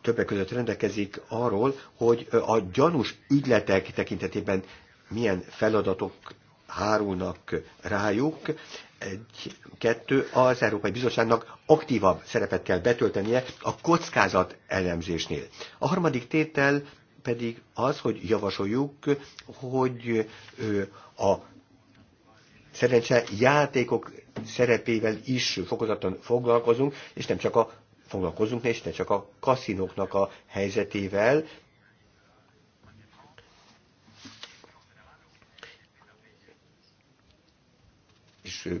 többek között rendelkezik arról, hogy a gyanús ügyletek tekintetében milyen feladatok hárulnak rájuk. Egy, kettő, az Európai Bizottságnak aktívabb szerepet kell betöltenie a kockázat elemzésnél. A harmadik tétel pedig az, hogy javasoljuk, hogy a szerencse játékok szerepével is fokozatlan foglalkozunk, és nem csak a foglalkozunk, és nem csak a kaszinóknak a helyzetével, és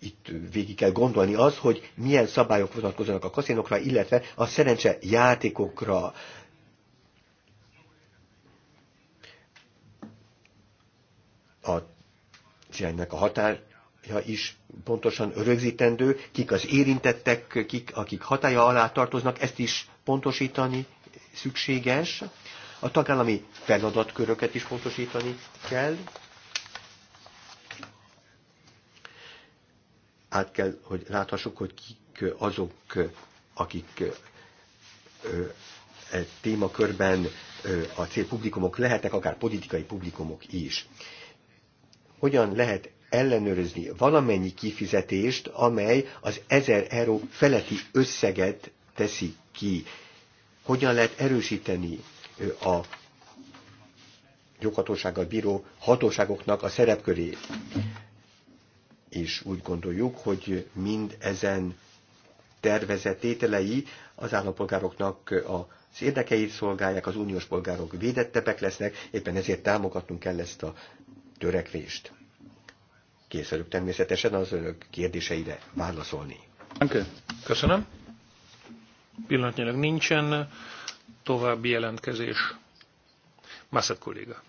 itt végig kell gondolni az, hogy milyen szabályok vonatkoznak a kaszinokra, illetve a szerencse játékokra. a ennek a határ is pontosan rögzítendő, kik az érintettek, kik, akik hatája alá tartoznak, ezt is pontosítani szükséges. A tagállami feladatköröket is pontosítani kell. Át kell, hogy láthassuk, hogy kik azok, akik ö, e témakörben a célpublikumok lehetnek, akár politikai publikumok is hogyan lehet ellenőrizni valamennyi kifizetést, amely az 1000 euró feletti összeget teszi ki. Hogyan lehet erősíteni a joghatósággal bíró hatóságoknak a szerepkörét. És úgy gondoljuk, hogy mind ezen tervezett az állampolgároknak az érdekeit szolgálják, az uniós polgárok védettebbek lesznek, éppen ezért támogatnunk kell ezt a törekvést. Kész vagyok természetesen az önök kérdéseire válaszolni. Köszönöm. Pillanatnyilag nincsen további jelentkezés. Maszat kolléga.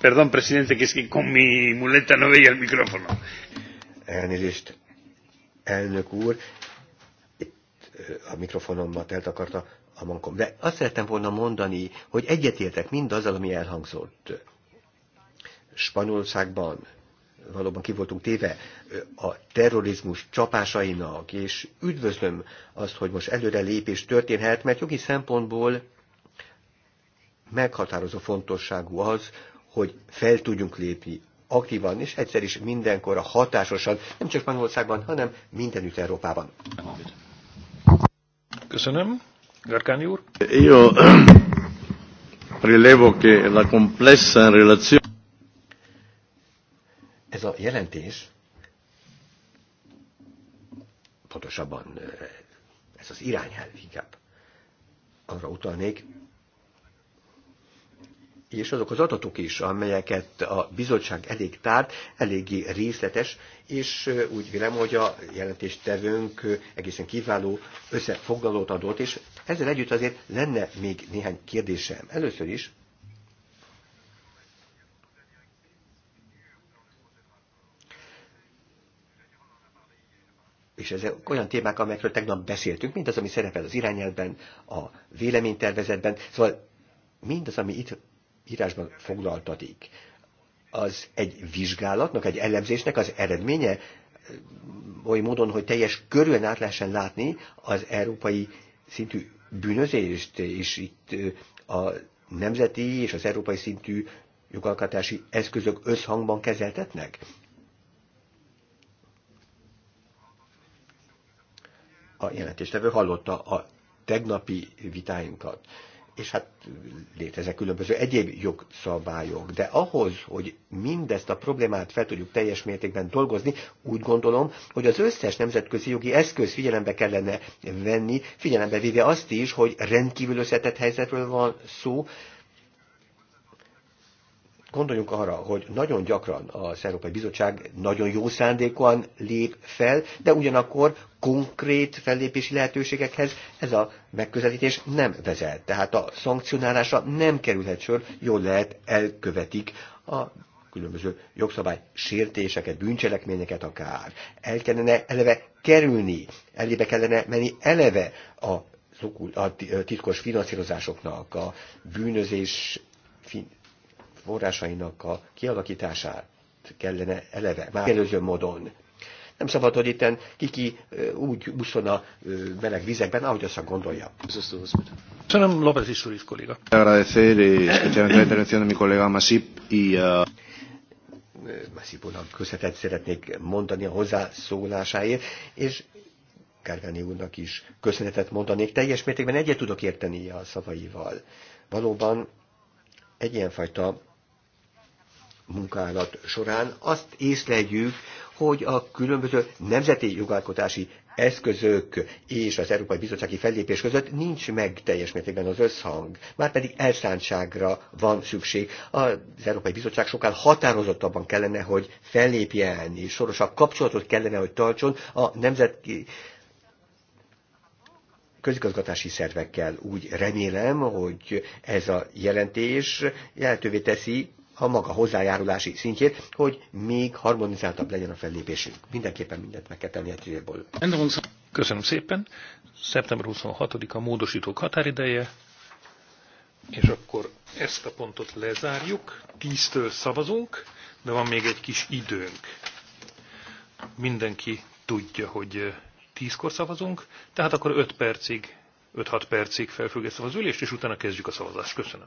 Perdón, presidente, que es que con mi muleta no veía el micrófono. Elnézést, elnök úr, itt a mikrofonomat eltakarta a mankom. De azt szerettem volna mondani, hogy egyetértek mind azzal, ami elhangzott. Spanyolországban valóban ki voltunk téve a terrorizmus csapásainak, és üdvözlöm azt, hogy most előre lépés történhet, mert jogi szempontból meghatározó fontosságú az, hogy fel tudjunk lépni aktívan, és egyszer is mindenkorra hatásosan, nem csak Spanyolországban, hanem mindenütt Európában. Köszönöm. Garkáni úr? Jó. rilevo che la complessa Ez a jelentés, pontosabban eh, ez az irányelv inkább, arra utalnék, és azok az adatok is, amelyeket a bizottság elég tárt, eléggé részletes, és úgy vélem, hogy a jelentéstevőnk egészen kiváló összefoglalót adott, és ezzel együtt azért lenne még néhány kérdésem. Először is és ezek olyan témák, amelyekről tegnap beszéltünk, mindaz, ami szerepel az irányelben, a véleménytervezetben, szóval mindaz, ami itt írásban foglaltatik. Az egy vizsgálatnak, egy elemzésnek az eredménye oly módon, hogy teljes körülön át lehessen látni az európai szintű bűnözést, és itt a nemzeti és az európai szintű jogalkotási eszközök összhangban kezeltetnek? A jelentéstevő hallotta a tegnapi vitáinkat és hát léteznek különböző egyéb jogszabályok, de ahhoz, hogy mindezt a problémát fel tudjuk teljes mértékben dolgozni, úgy gondolom, hogy az összes nemzetközi jogi eszköz figyelembe kellene venni, figyelembe véve azt is, hogy rendkívül összetett helyzetről van szó, Gondoljunk arra, hogy nagyon gyakran az Európai Bizottság nagyon jó szándékúan lép fel, de ugyanakkor konkrét fellépési lehetőségekhez ez a megközelítés nem vezet. Tehát a szankcionálása nem kerülhet sor, jól lehet elkövetik a különböző jogszabály sértéseket, bűncselekményeket akár. El kellene eleve kerülni, elébe kellene menni eleve a a titkos finanszírozásoknak, a bűnözés forrásainak a kialakítását kellene eleve, már előző módon. Nem szabad, hogy itten kiki úgy úszon a meleg vizekben, ahogy azt gondolja. Köszönöm, López is úr kolléga. Köszönöm, eh, especialmente la mi kolléga Masip eh, Masip úrnak köszönetet szeretnék mondani a hozzászólásáért, és Kárgáni úrnak is köszönetet mondanék. Teljes mértékben egyet tudok érteni a szavaival. Valóban egy ilyenfajta munkálat során azt észleljük, hogy a különböző nemzeti jogalkotási eszközök és az Európai Bizottsági fellépés között nincs meg teljes mértékben az összhang. Márpedig elszántságra van szükség. Az Európai Bizottság sokkal határozottabban kellene, hogy fellépjen, és szorosabb kapcsolatot kellene, hogy tartson a nemzeti közigazgatási szervekkel. Úgy remélem, hogy ez a jelentés lehetővé teszi a maga hozzájárulási szintjét, hogy még harmonizáltabb legyen a fellépésünk. Mindenképpen mindent meg kell tenni a tréből. Köszönöm szépen. Szeptember 26-a módosítók határideje, és akkor ezt a pontot lezárjuk. Tíztől szavazunk, de van még egy kis időnk. Mindenki tudja, hogy tízkor szavazunk, tehát akkor 5 percig, 5-6 percig felfüggesztem az ülést, és utána kezdjük a szavazást. Köszönöm.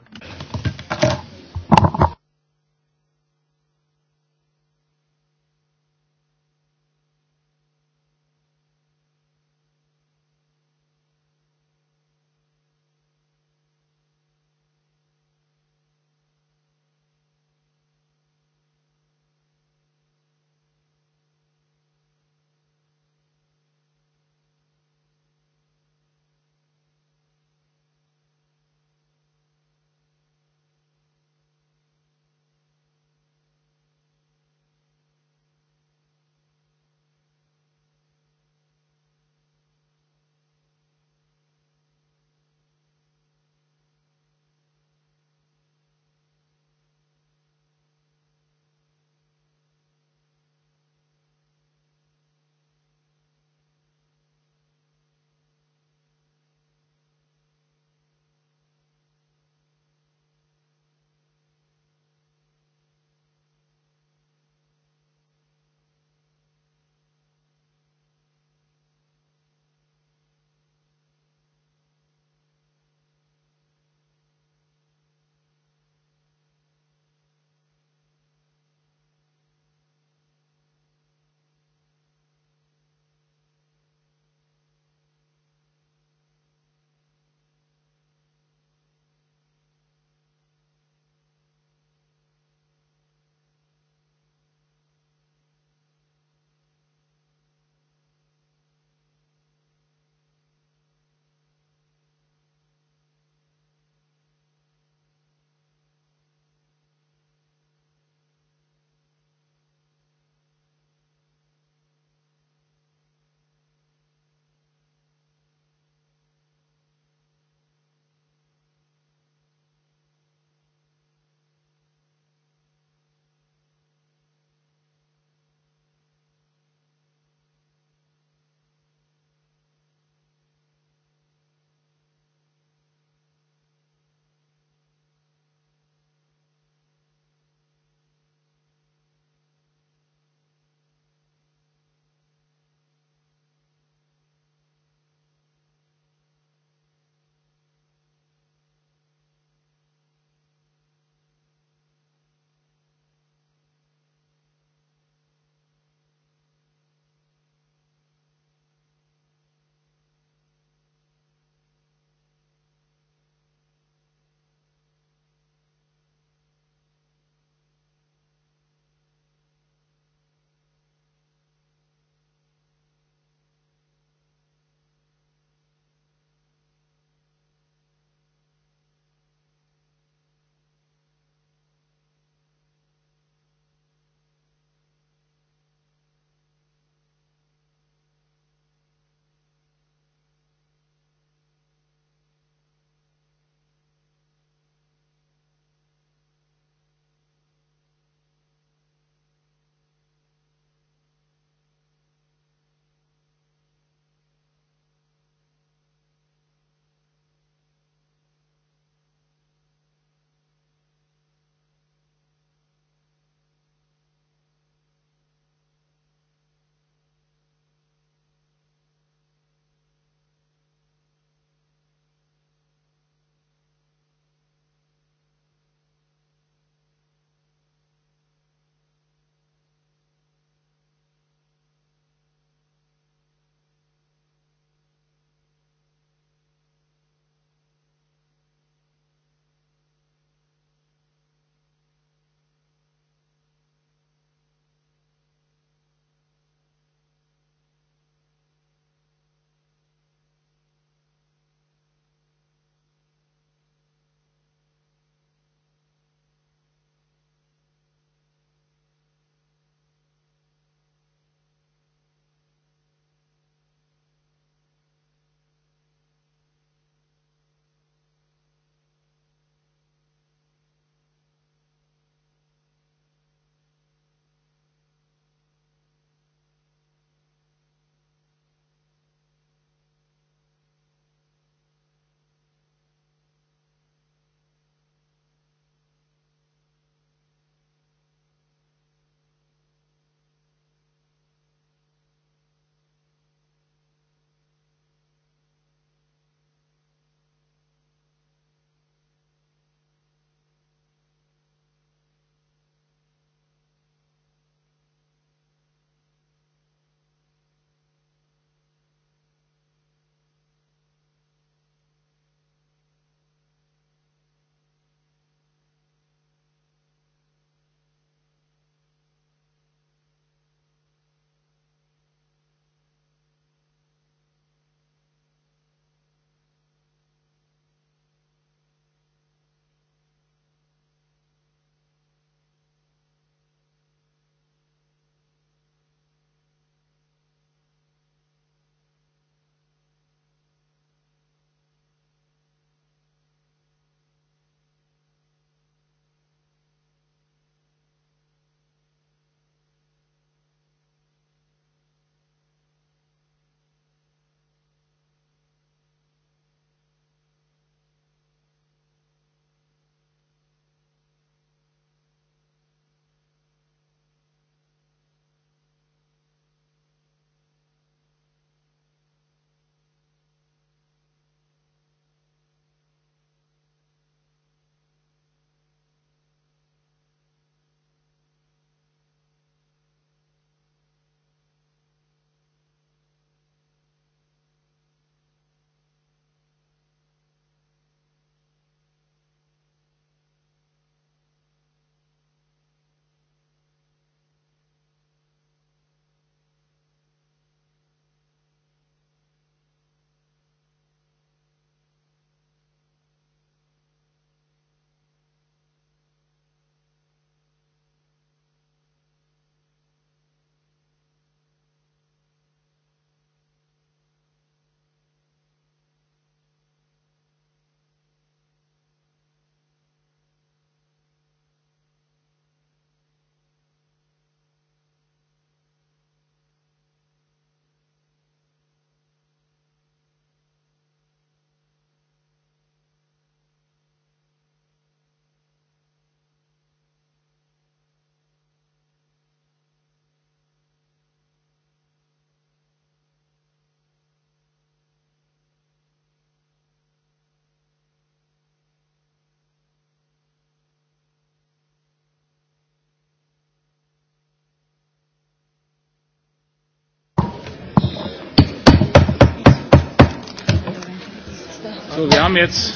So, wir haben jetzt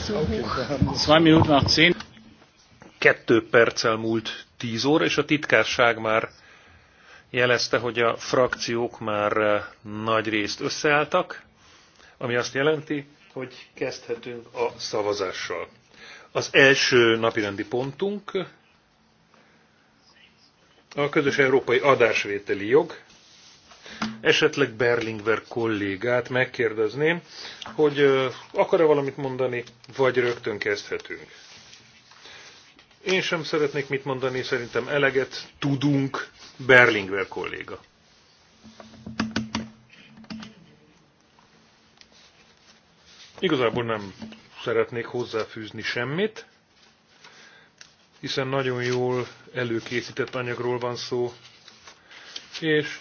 zwei Minuten nach zehn. Kettő perccel múlt tíz óra, és a titkárság már jelezte, hogy a frakciók már eh, nagy részt összeálltak, ami azt jelenti, hogy kezdhetünk a szavazással. Az első napirendi pontunk a közös európai adásvételi jog, Esetleg Berlingver kollégát megkérdezném, hogy akar-e valamit mondani, vagy rögtön kezdhetünk. Én sem szeretnék mit mondani, szerintem eleget tudunk, Berlingver kolléga. Igazából nem szeretnék hozzáfűzni semmit, hiszen nagyon jól előkészített anyagról van szó, és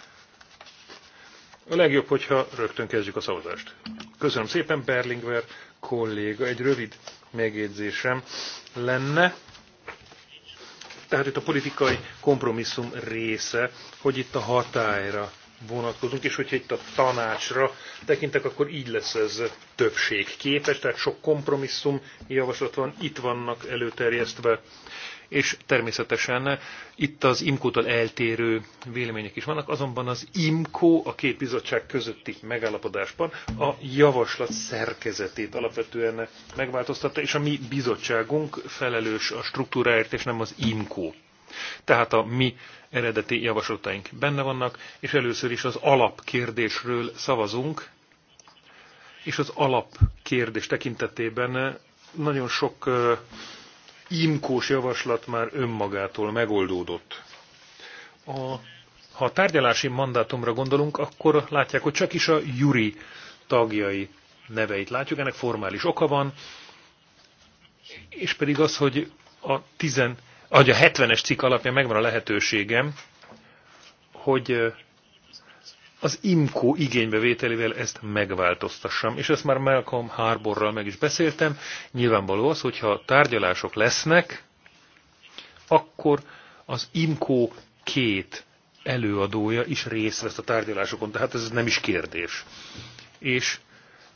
a legjobb, hogyha rögtön kezdjük a szavazást. Köszönöm szépen, Berlingver kolléga. Egy rövid megjegyzésem lenne. Tehát itt a politikai kompromisszum része, hogy itt a hatályra vonatkozunk, és hogyha itt a tanácsra tekintek, akkor így lesz ez többség képes, tehát sok kompromisszum javaslat van, itt vannak előterjesztve és természetesen itt az IMCO-tól eltérő vélemények is vannak, azonban az IMCO a két bizottság közötti megállapodásban a javaslat szerkezetét alapvetően megváltoztatta, és a mi bizottságunk felelős a struktúráért, és nem az IMCO. Tehát a mi eredeti javaslataink benne vannak, és először is az alapkérdésről szavazunk, és az alapkérdés tekintetében nagyon sok imkós javaslat már önmagától megoldódott. A, ha a tárgyalási mandátumra gondolunk, akkor látják, hogy csak is a juri tagjai neveit látjuk. Ennek formális oka van, és pedig az, hogy a, tizen, a 70-es cikk alapján megvan a lehetőségem, hogy az IMCO igénybevételével ezt megváltoztassam, és ezt már Malcolm Harborral meg is beszéltem. Nyilvánvaló az, hogyha tárgyalások lesznek, akkor az IMCO két előadója is részt vesz a tárgyalásokon, tehát ez nem is kérdés. És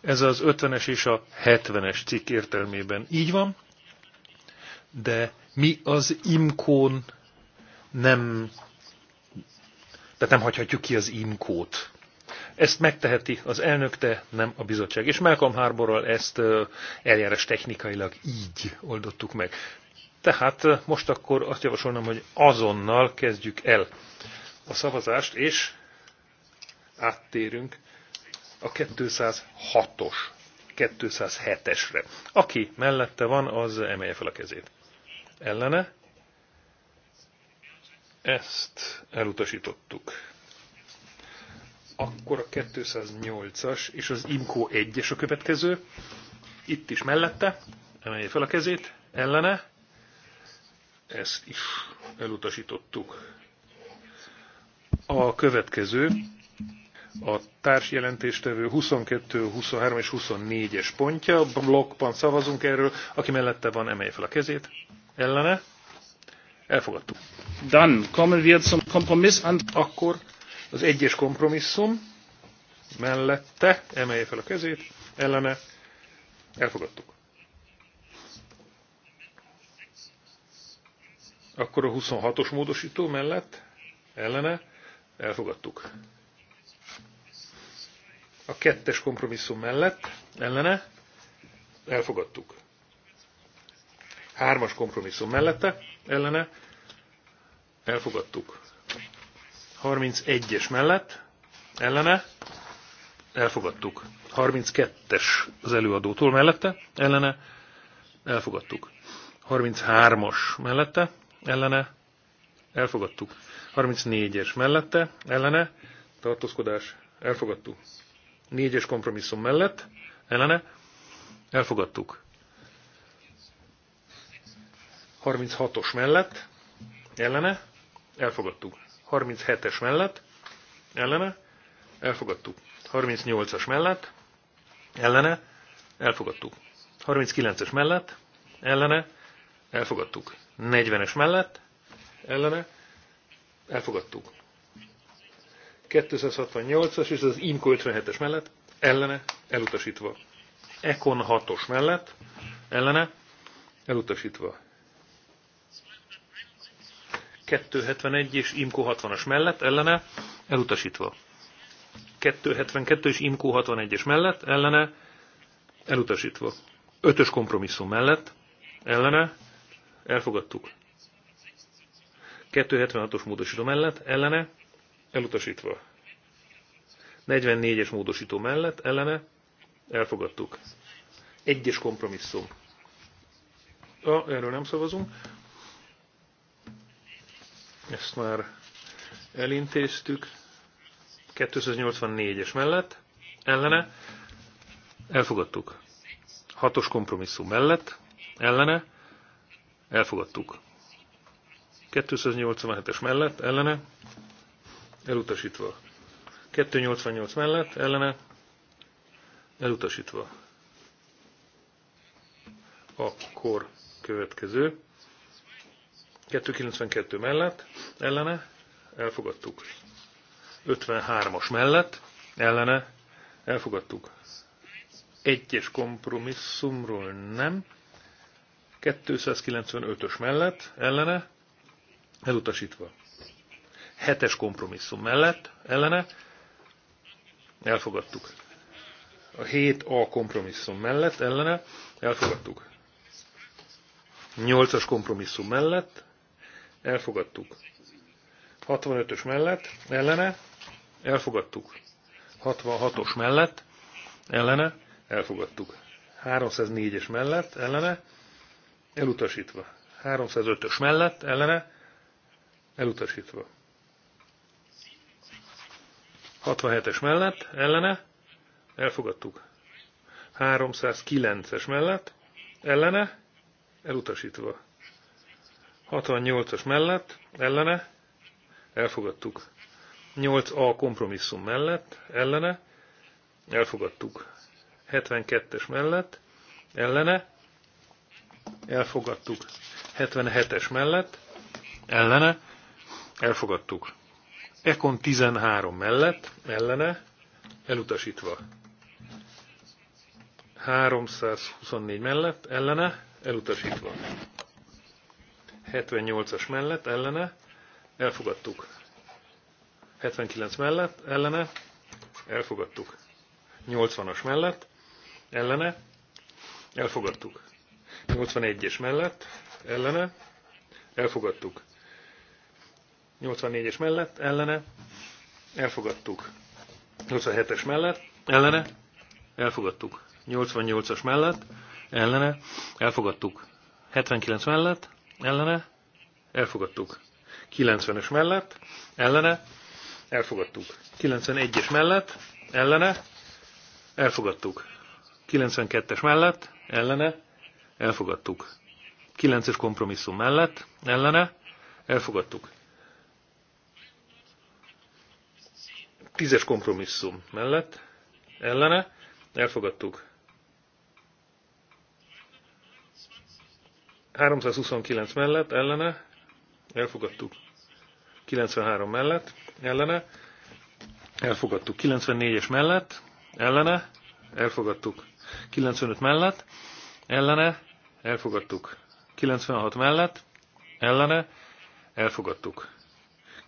ez az 50-es és a 70-es cikk értelmében így van, de mi az IMCO-n nem tehát nem hagyhatjuk ki az imkót. Ezt megteheti az elnök, de nem a bizottság. És Malcolm Harborral ezt eljárás technikailag így oldottuk meg. Tehát most akkor azt javasolnám, hogy azonnal kezdjük el a szavazást, és áttérünk a 206-os, 207-esre. Aki mellette van, az emelje fel a kezét. Ellene? Ezt elutasítottuk. Akkor a 208-as és az IMCO 1-es a következő. Itt is mellette, emelje fel a kezét, ellene. Ezt is elutasítottuk. A következő a társjelentéstevő 22, 23 és 24-es pontja. Blokkban szavazunk erről. Aki mellette van, emelje fel a kezét. Ellene. Elfogadtuk. Dann kommen wir zum Kompromiss, akkor az egyes kompromisszum mellette, emelje fel a kezét, ellene, elfogadtuk. Akkor a 26-os módosító mellett, ellene, elfogadtuk. A kettes kompromisszum mellett, ellene, elfogadtuk. Hármas kompromisszum mellette, ellene, elfogadtuk. 31-es mellett, ellene, elfogadtuk. 32-es az előadótól mellette, ellene, elfogadtuk. 33-as mellette, ellene, elfogadtuk. 34-es mellette, ellene, tartózkodás, elfogadtuk. 4-es kompromisszum mellett, ellene, elfogadtuk. 36-os mellett, ellene, elfogadtuk. 37-es mellett, ellene, elfogadtuk. 38-as mellett, ellene, elfogadtuk. 39-es mellett, ellene, elfogadtuk. 40-es mellett, ellene, elfogadtuk. 268-as és az IMCO 57-es mellett, ellene, elutasítva. Econ 6-os mellett, ellene, elutasítva. 271 és IMCO 60-as mellett ellene elutasítva. 272 és IMCO 61-es mellett ellene elutasítva. 5-ös kompromisszum mellett ellene elfogadtuk. 276-os módosító mellett ellene elutasítva. 44-es módosító mellett ellene elfogadtuk. Egyes kompromisszum. A, erről nem szavazunk. Ezt már elintéztük. 284-es mellett, ellene, elfogadtuk. Hatos kompromisszum mellett, ellene, elfogadtuk. 287-es mellett, ellene, elutasítva. 288 mellett, ellene, elutasítva. Akkor következő. 292 mellett, ellene, elfogadtuk. 53-as mellett, ellene, elfogadtuk. Egyes kompromisszumról nem. 295-ös mellett, ellene, elutasítva. 7-es kompromisszum mellett, ellene, elfogadtuk. A 7A kompromisszum mellett, ellene, elfogadtuk. 8-as kompromisszum mellett, elfogadtuk. 65-ös mellett, ellene, elfogadtuk. 66-os mellett, ellene, elfogadtuk. 304-es mellett, ellene, elutasítva. 305-ös mellett, ellene, elutasítva. 67-es mellett, ellene, elfogadtuk. 309-es mellett, ellene, elutasítva. 68-as mellett, ellene, elfogadtuk. 8A kompromisszum mellett, ellene, elfogadtuk. 72-es mellett, ellene, elfogadtuk. 77-es mellett, ellene, elfogadtuk. Ekon 13 mellett, ellene, elutasítva. 324 mellett, ellene, elutasítva. 78-as mellett ellene elfogadtuk. 79 mellett ellene elfogadtuk. 80-as mellett ellene elfogadtuk. 81-es mellett ellene elfogadtuk. 84-es mellett ellene elfogadtuk. 87-es mellett ellene elfogadtuk. 88-as mellett ellene elfogadtuk. 79 mellett ellene, elfogadtuk. 90-es mellett, ellene, elfogadtuk. 91-es mellett, ellene, elfogadtuk. 92-es mellett, ellene, elfogadtuk. 9-es kompromisszum mellett, ellene, elfogadtuk. 10-es kompromisszum mellett, ellene, elfogadtuk. 329 mellett ellene, elfogadtuk. 93 mellett ellene, elfogadtuk. 94-es mellett ellene, elfogadtuk. 95 mellett ellene, elfogadtuk. 96 mellett ellene, elfogadtuk.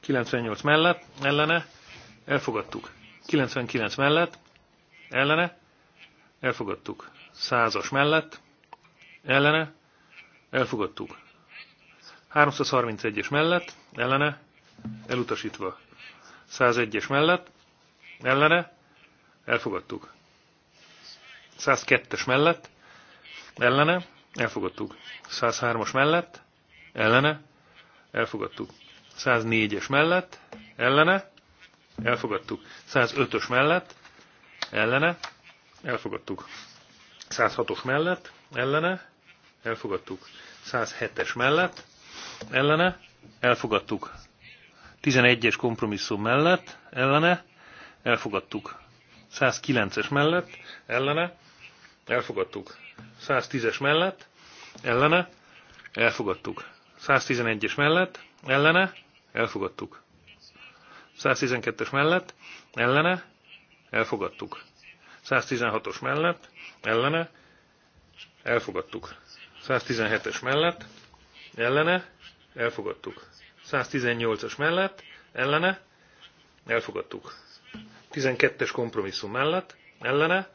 98 mellett ellene, elfogadtuk. 99 mellett ellene, elfogadtuk. 100-as mellett ellene, Elfogadtuk. 331-es mellett, ellene, elutasítva. 101-es mellett, ellene, elfogadtuk. 102-es mellett, ellene, elfogadtuk. 103-as mellett, ellene, elfogadtuk. 104-es mellett, ellene, elfogadtuk. 105-ös mellett, ellene, elfogadtuk. 106-os mellett, ellene, elfogadtuk. 107-es mellett, ellene, elfogadtuk. 11-es kompromisszum mellett, ellene, elfogadtuk. 109-es mellett, ellene, elfogadtuk. 110-es mellett, ellene, elfogadtuk. 111-es mellett, ellene, elfogadtuk. 112-es mellett, ellene, elfogadtuk. 116-os mellett, ellene, elfogadtuk. 117-es mellett, ellene, elfogadtuk. 118-as mellett, ellene, elfogadtuk. 12-es kompromisszum mellett, ellene,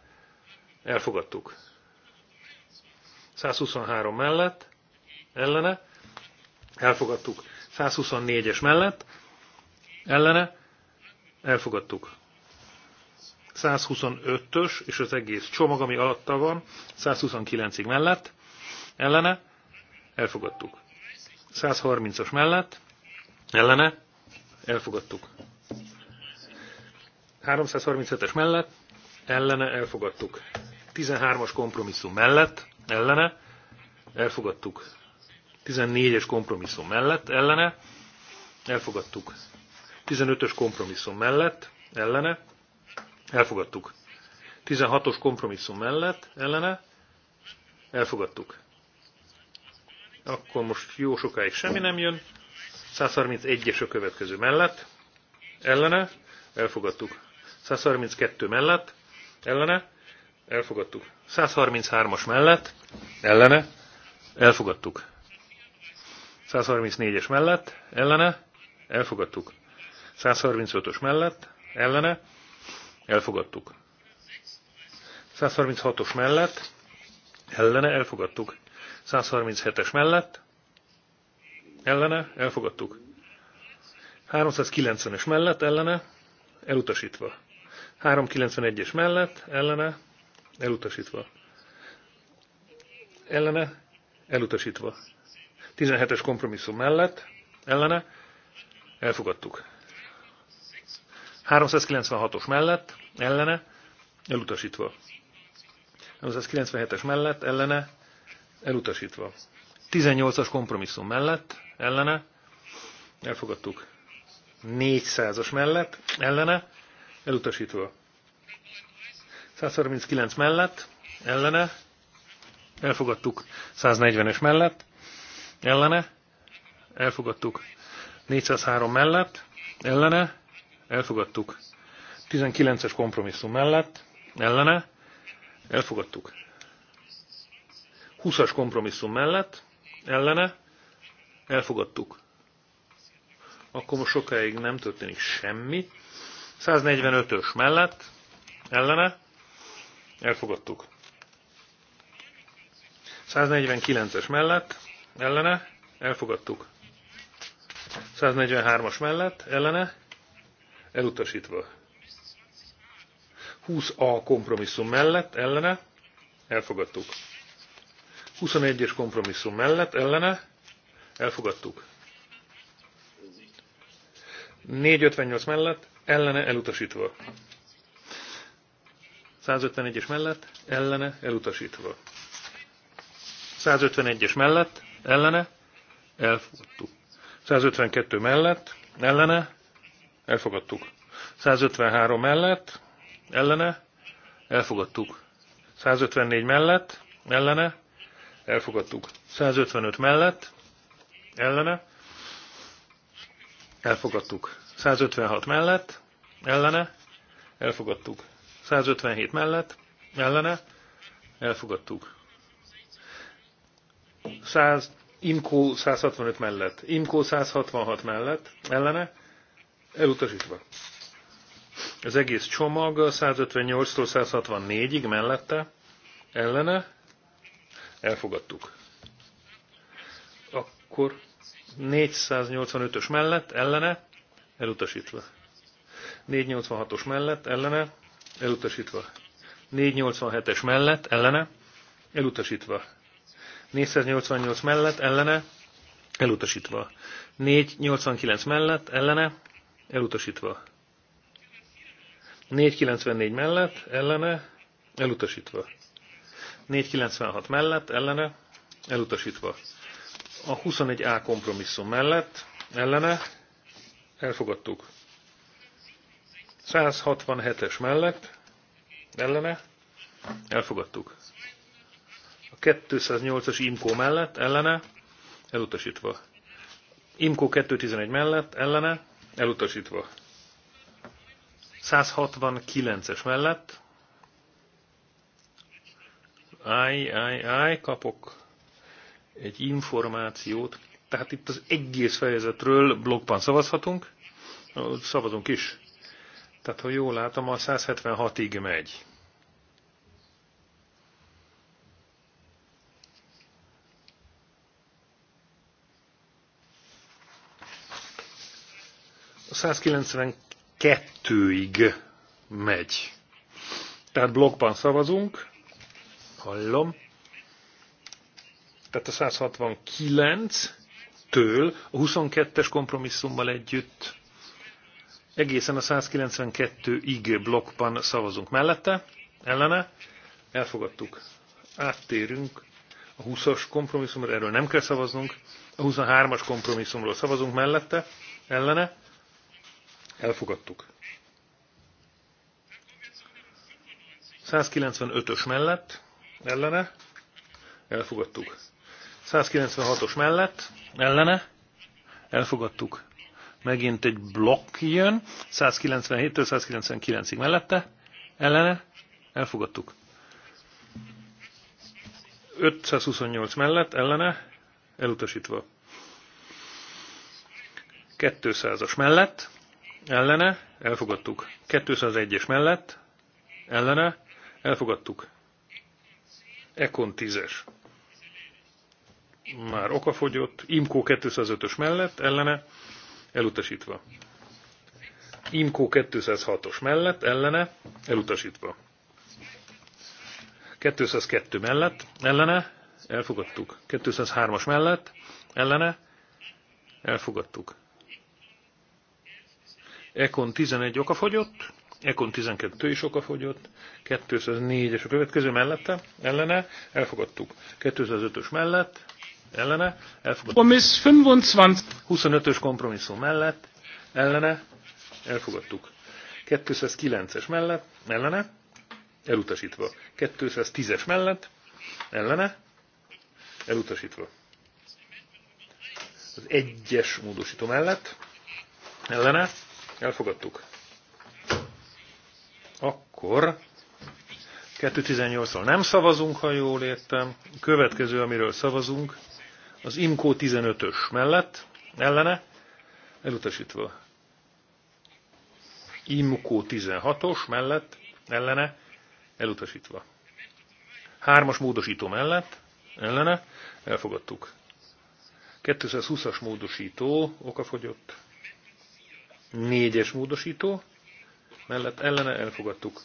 elfogadtuk. 123 mellett, ellene, elfogadtuk. 124-es mellett, ellene, elfogadtuk. 125-ös és az egész csomag, ami alatta van, 129-ig mellett, ellene, elfogadtuk. 130-as mellett, ellene, elfogadtuk. 335-es mellett, ellene, elfogadtuk. 13-as kompromisszum mellett, ellene, elfogadtuk. 14-es kompromisszum mellett, ellene, elfogadtuk. 15-ös kompromisszum mellett, ellene, elfogadtuk. 16-os kompromisszum mellett, ellene, elfogadtuk. Akkor most jó sokáig semmi nem jön. 131-es a következő mellett. Ellene. Elfogadtuk. 132 mellett. Ellene. Elfogadtuk. 133-as mellett. Ellene. Elfogadtuk. 134-es mellett. Ellene. Elfogadtuk. 135-ös mellett. Ellene. Elfogadtuk. 136-os mellett. Ellene. Elfogadtuk. 137-es mellett, ellene, elfogadtuk. 390-es mellett, ellene, elutasítva. 391-es mellett, ellene, elutasítva. Ellene, elutasítva. 17-es kompromisszum mellett, ellene, elfogadtuk. 396-os mellett, ellene, elutasítva. 397-es mellett, ellene, elutasítva. 18-as kompromisszum mellett, ellene, elfogadtuk. 400-as mellett, ellene, elutasítva. 139 mellett, ellene, elfogadtuk. 140-es mellett, ellene, elfogadtuk. 403 mellett, ellene, elfogadtuk. 19-es kompromisszum mellett, ellene, elfogadtuk. 20-as kompromisszum mellett, ellene, elfogadtuk. Akkor most sokáig nem történik semmi. 145-ös mellett, ellene, elfogadtuk. 149-es mellett, ellene, elfogadtuk. 143-as mellett, ellene, elutasítva. 20A kompromisszum mellett, ellene, elfogadtuk. 21-es kompromisszum mellett ellene elfogadtuk. 458 mellett ellene elutasítva. 151-es mellett ellene elutasítva. 151-es mellett ellene elfogadtuk. 152 mellett ellene elfogadtuk. 153 mellett ellene elfogadtuk. 154 mellett ellene elfogadtuk. 155 mellett, ellene, elfogadtuk. 156 mellett, ellene, elfogadtuk. 157 mellett, ellene, elfogadtuk. 100, Imkó 165 mellett, Imkó 166 mellett, ellene, elutasítva. Az egész csomag 158-tól 164-ig mellette, ellene, Elfogadtuk. Akkor 485-ös mellett, ellene, elutasítva. 486-os mellett, ellene, elutasítva. 487-es mellett, ellene, elutasítva. 488 mellett, ellene, elutasítva. 489 mellett, ellene, elutasítva. 494 mellett, ellene, elutasítva. 496 mellett, ellene, elutasítva. A 21A kompromisszum mellett, ellene, elfogadtuk. 167-es mellett, ellene, elfogadtuk. A 208-as IMCO mellett, ellene, elutasítva. IMCO 211 mellett, ellene, elutasítva. 169-es mellett, állj, állj, állj, kapok egy információt. Tehát itt az egész fejezetről blogban szavazhatunk, szavazunk is. Tehát, ha jól látom, a 176-ig megy. A 192-ig megy. Tehát blogban szavazunk, hallom. Tehát a 169-től a 22-es kompromisszummal együtt egészen a 192-ig blokkban szavazunk mellette, ellene. Elfogadtuk. Áttérünk a 20-as kompromisszumra, erről nem kell szavaznunk. A 23-as kompromisszumról szavazunk mellette, ellene. Elfogadtuk. 195-ös mellett ellene, elfogadtuk. 196-os mellett, ellene, elfogadtuk. Megint egy blokk jön, 197-től 199-ig mellette, ellene, elfogadtuk. 528 mellett, ellene, elutasítva. 200-as mellett, ellene, elfogadtuk. 201-es mellett, ellene, elfogadtuk. Econ 10-es. Már okafogyott. Imco 205-ös mellett, ellene, elutasítva. Imco 206-os mellett, ellene, elutasítva. 202 mellett, ellene, elfogadtuk. 203-as mellett, ellene, elfogadtuk. Econ 11 okafogyott, Ekon 12 is okafogyott, 204-es a következő mellette, ellene, elfogadtuk. 205-ös mellett, ellene, elfogadtuk. 25-ös kompromisszum mellett, ellene, elfogadtuk. 209-es mellett, ellene, elutasítva. 210-es mellett, ellene, elutasítva. Az egyes módosító mellett, ellene, elfogadtuk. Akkor 218-ról nem szavazunk, ha jól értem. Következő, amiről szavazunk, az IMCO 15-ös mellett, ellene, elutasítva. IMCO 16-os mellett, ellene, elutasítva. Hármas módosító mellett, ellene, elfogadtuk. 220-as módosító, okafogyott. Négyes módosító, mellett ellene elfogadtuk.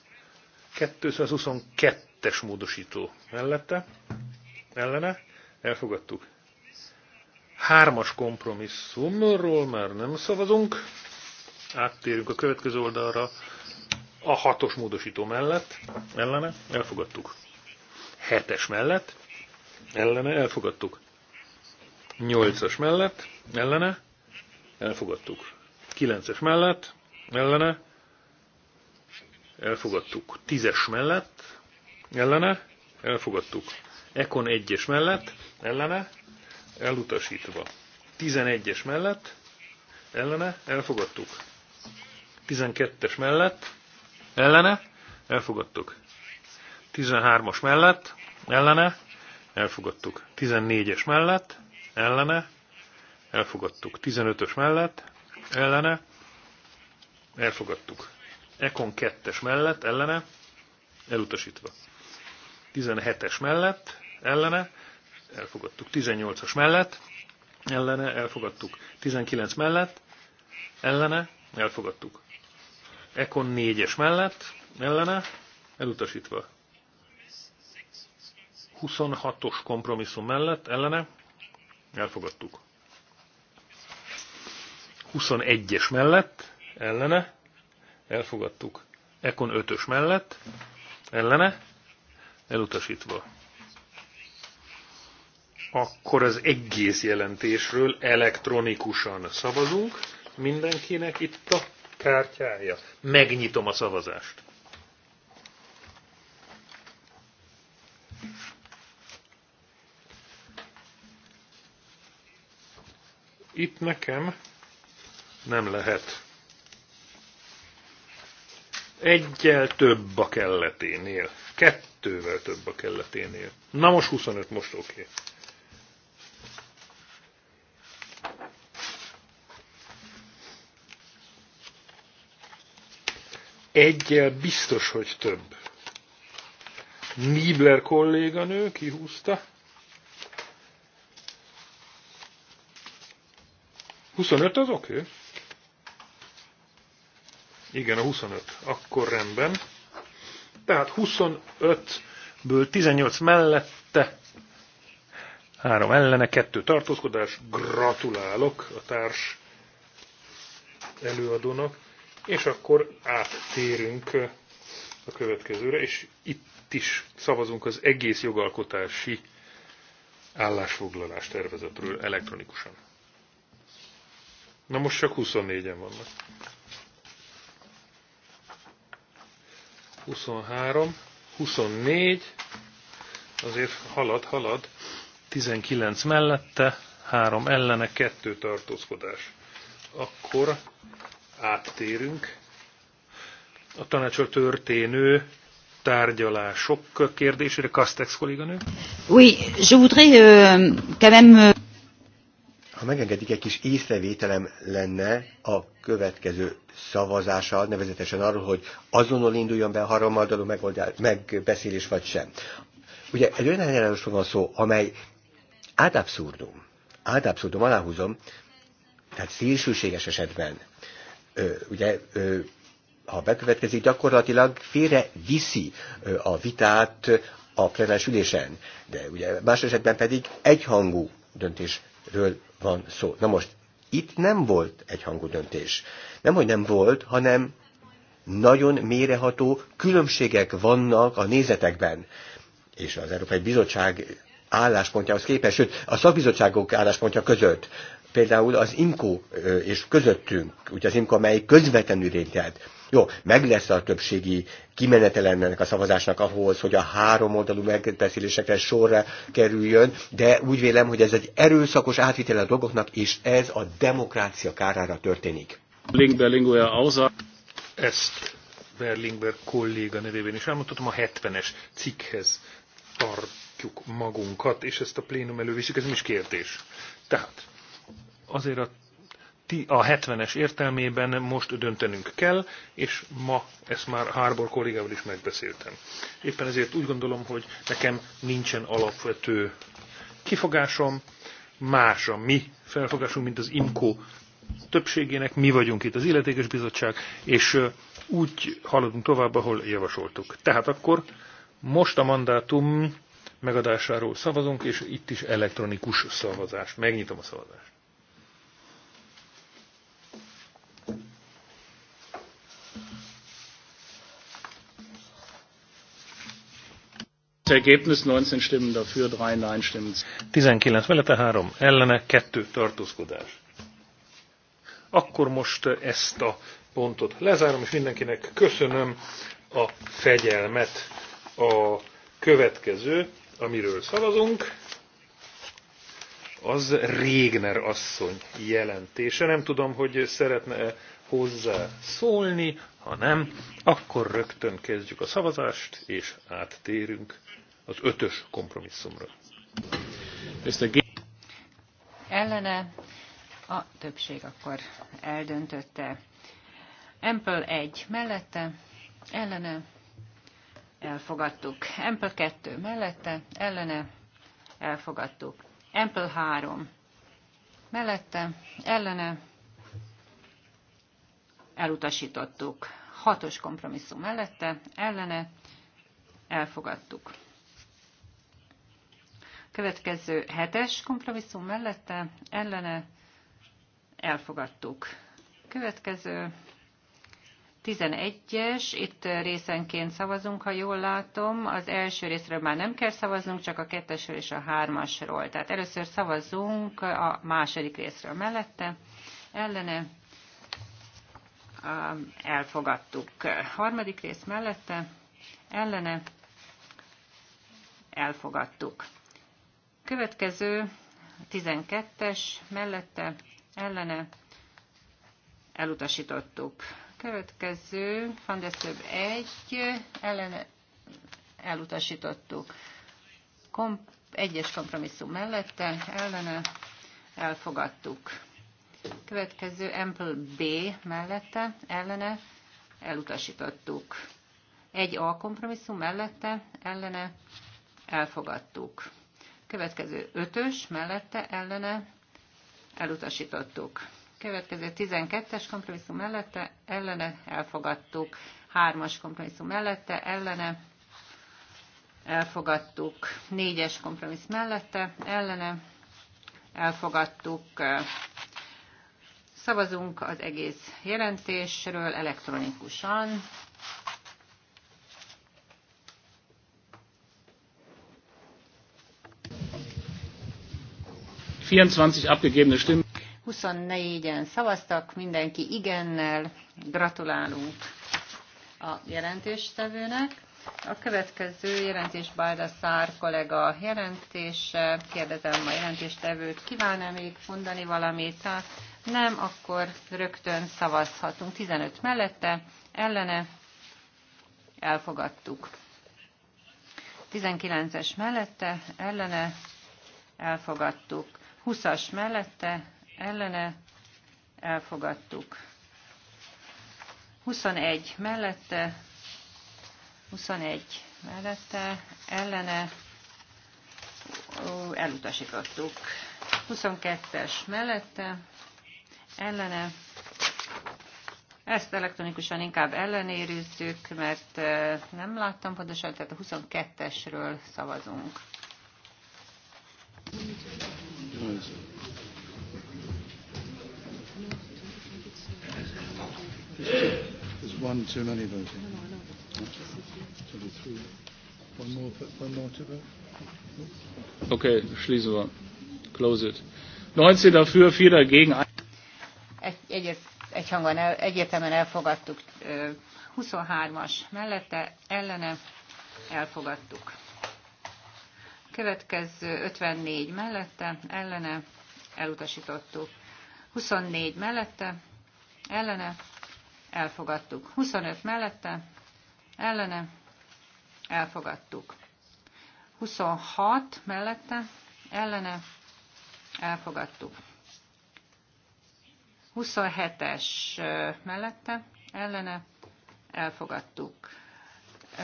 222-es módosító mellette ellene elfogadtuk. Hármas kompromisszumról már nem szavazunk. Áttérünk a következő oldalra. A hatos módosító mellett ellene elfogadtuk. Hetes mellett ellene elfogadtuk. Nyolcas mellett ellene elfogadtuk. Kilences mellett ellene elfogadtuk. Tízes mellett, ellene, elfogadtuk. Ekon egyes mellett, ellene, elutasítva. Tizenegyes mellett, ellene, elfogadtuk. Tizenkettes mellett, ellene, elfogadtuk. Tizenhármas mellett, ellene, elfogadtuk. Tizennégyes mellett, ellene, elfogadtuk. 15-ös mellett, ellene, elfogadtuk. Ekon 2-es mellett ellene elutasítva. 17-es mellett ellene elfogadtuk. 18-as mellett ellene elfogadtuk. 19 mellett ellene elfogadtuk. Ekon 4-es mellett ellene elutasítva. 26-os kompromisszum mellett ellene elfogadtuk. 21-es mellett ellene elfogadtuk. Ekon 5-ös mellett, ellene, elutasítva. Akkor az egész jelentésről elektronikusan szavazunk. Mindenkinek itt a kártyája. Megnyitom a szavazást. Itt nekem nem lehet Egyel több a kelleténél. Kettővel több a kelleténél. Na most 25, most oké. Okay. Egyel biztos, hogy több. Nibler kolléganő kihúzta. 25 az oké. Okay. Igen, a 25. Akkor rendben. Tehát 25-ből 18 mellette, 3 ellene, 2 tartózkodás. Gratulálok a társ előadónak. És akkor áttérünk a következőre, és itt is szavazunk az egész jogalkotási állásfoglalás tervezetről elektronikusan. Na most csak 24-en vannak. 23, 24, azért halad, halad, 19 mellette, 3 ellene, 2 tartózkodás. Akkor áttérünk a tanácsra történő tárgyalások kérdésére. Kastex kolléganő? Oui, je voudrais euh, quand même... Euh, ha megengedik, egy kis észrevételem lenne a következő szavazással, nevezetesen arról, hogy azonnal induljon be a harmadaló megbeszélés vagy sem. Ugye egy olyan eljárásról van szó, amely ad abszurdum, ad abszurdum, aláhúzom, tehát szélsőséges esetben, ö, ugye, ö, ha bekövetkezik, gyakorlatilag félre viszi ö, a vitát a plenáris ülésen, de ugye más esetben pedig egyhangú döntésről van szó. Na most, itt nem volt egy hangú döntés. Nem, hogy nem volt, hanem nagyon méreható különbségek vannak a nézetekben. És az Európai Bizottság álláspontjához képest, sőt, a szakbizottságok álláspontja között, például az IMCO és közöttünk, ugye az IMCO, amely közvetlenül érintett, jó, meg lesz a többségi kimenetele ennek a szavazásnak ahhoz, hogy a három oldalú megbeszélésekre sorra kerüljön, de úgy vélem, hogy ez egy erőszakos átvitele a dolgoknak, és ez a demokrácia kárára történik. Linkber Lingoja Auza, ezt Berlingber kolléga nevében is elmondhatom, a 70-es cikkhez tartjuk magunkat, és ezt a plénum előviszük, ez nem is kérdés. Tehát azért a a 70-es értelmében most döntenünk kell, és ma ezt már Harbor kollégával is megbeszéltem. Éppen ezért úgy gondolom, hogy nekem nincsen alapvető kifogásom, más a mi felfogásunk, mint az IMCO többségének, mi vagyunk itt az illetékes bizottság, és úgy haladunk tovább, ahol javasoltuk. Tehát akkor most a mandátum megadásáról szavazunk, és itt is elektronikus szavazás. Megnyitom a szavazást. Ergebnis 19 Stimmen dafür, 3 Nein Stimmen. 19 mellette, 3 ellene, 2 tartózkodás. Akkor most ezt a pontot lezárom, és mindenkinek köszönöm a fegyelmet. A következő, amiről szavazunk, az Régner asszony jelentése. Nem tudom, hogy szeretne -e hozzá szólni, ha nem, akkor rögtön kezdjük a szavazást, és áttérünk az ötös kompromisszumra. Ellene a többség akkor eldöntötte. Empel 1 mellette, ellene elfogadtuk. Empel 2 mellette, ellene elfogadtuk. Empel 3 mellette, ellene elutasítottuk. Hatos kompromisszum mellette, ellene elfogadtuk. Következő hetes kompromisszum mellette ellene elfogadtuk. Következő 11-es, itt részenként szavazunk, ha jól látom. Az első részről már nem kell szavaznunk, csak a kettesről és a hármasról. Tehát először szavazunk a második részről mellette. Ellene um, elfogadtuk. Harmadik rész mellette, ellene elfogadtuk. Következő 12-es mellette ellene elutasítottuk. Következő Fandeszöbb 1 ellene elutasítottuk. Kom egyes kompromisszum mellette ellene elfogadtuk. Következő Ample B mellette ellene elutasítottuk. Egy A kompromisszum mellette ellene elfogadtuk. Következő ötös mellette ellene elutasítottuk. Következő 12-es kompromisszum mellette ellene elfogadtuk. Hármas kompromisszum mellette ellene elfogadtuk. Négyes kompromisszum mellette ellene elfogadtuk. Szavazunk az egész jelentésről elektronikusan. 24 abgegebene Stimmen. 24-en szavaztak, mindenki igennel. Gratulálunk a jelentéstevőnek. A következő jelentés szár kollega jelentése. Kérdezem a jelentéstevőt, kíván-e még mondani valamit? Ha nem, akkor rögtön szavazhatunk. 15 mellette, ellene elfogadtuk. 19-es mellette, ellene elfogadtuk. 20-as mellette ellene elfogadtuk. 21 mellette, 21 mellette ellene elutasítottuk. 22-es mellette ellene ezt elektronikusan inkább ellenérőztük, mert nem láttam pontosan, tehát a 22-esről szavazunk. There's one too many voting. One more, one more to vote. Okay, schließen wir. Close it. 19 dafür, 4 dagegen. Egy, egy, egy hangon el, egyértelműen elfogadtuk. 23-as mellette, ellene elfogadtuk. Következő 54 mellette, ellene, elutasítottuk. 24 mellette, ellene, elfogadtuk. 25 mellette, ellene, elfogadtuk. 26 mellette, ellene, elfogadtuk. 27-es mellette, ellene, elfogadtuk.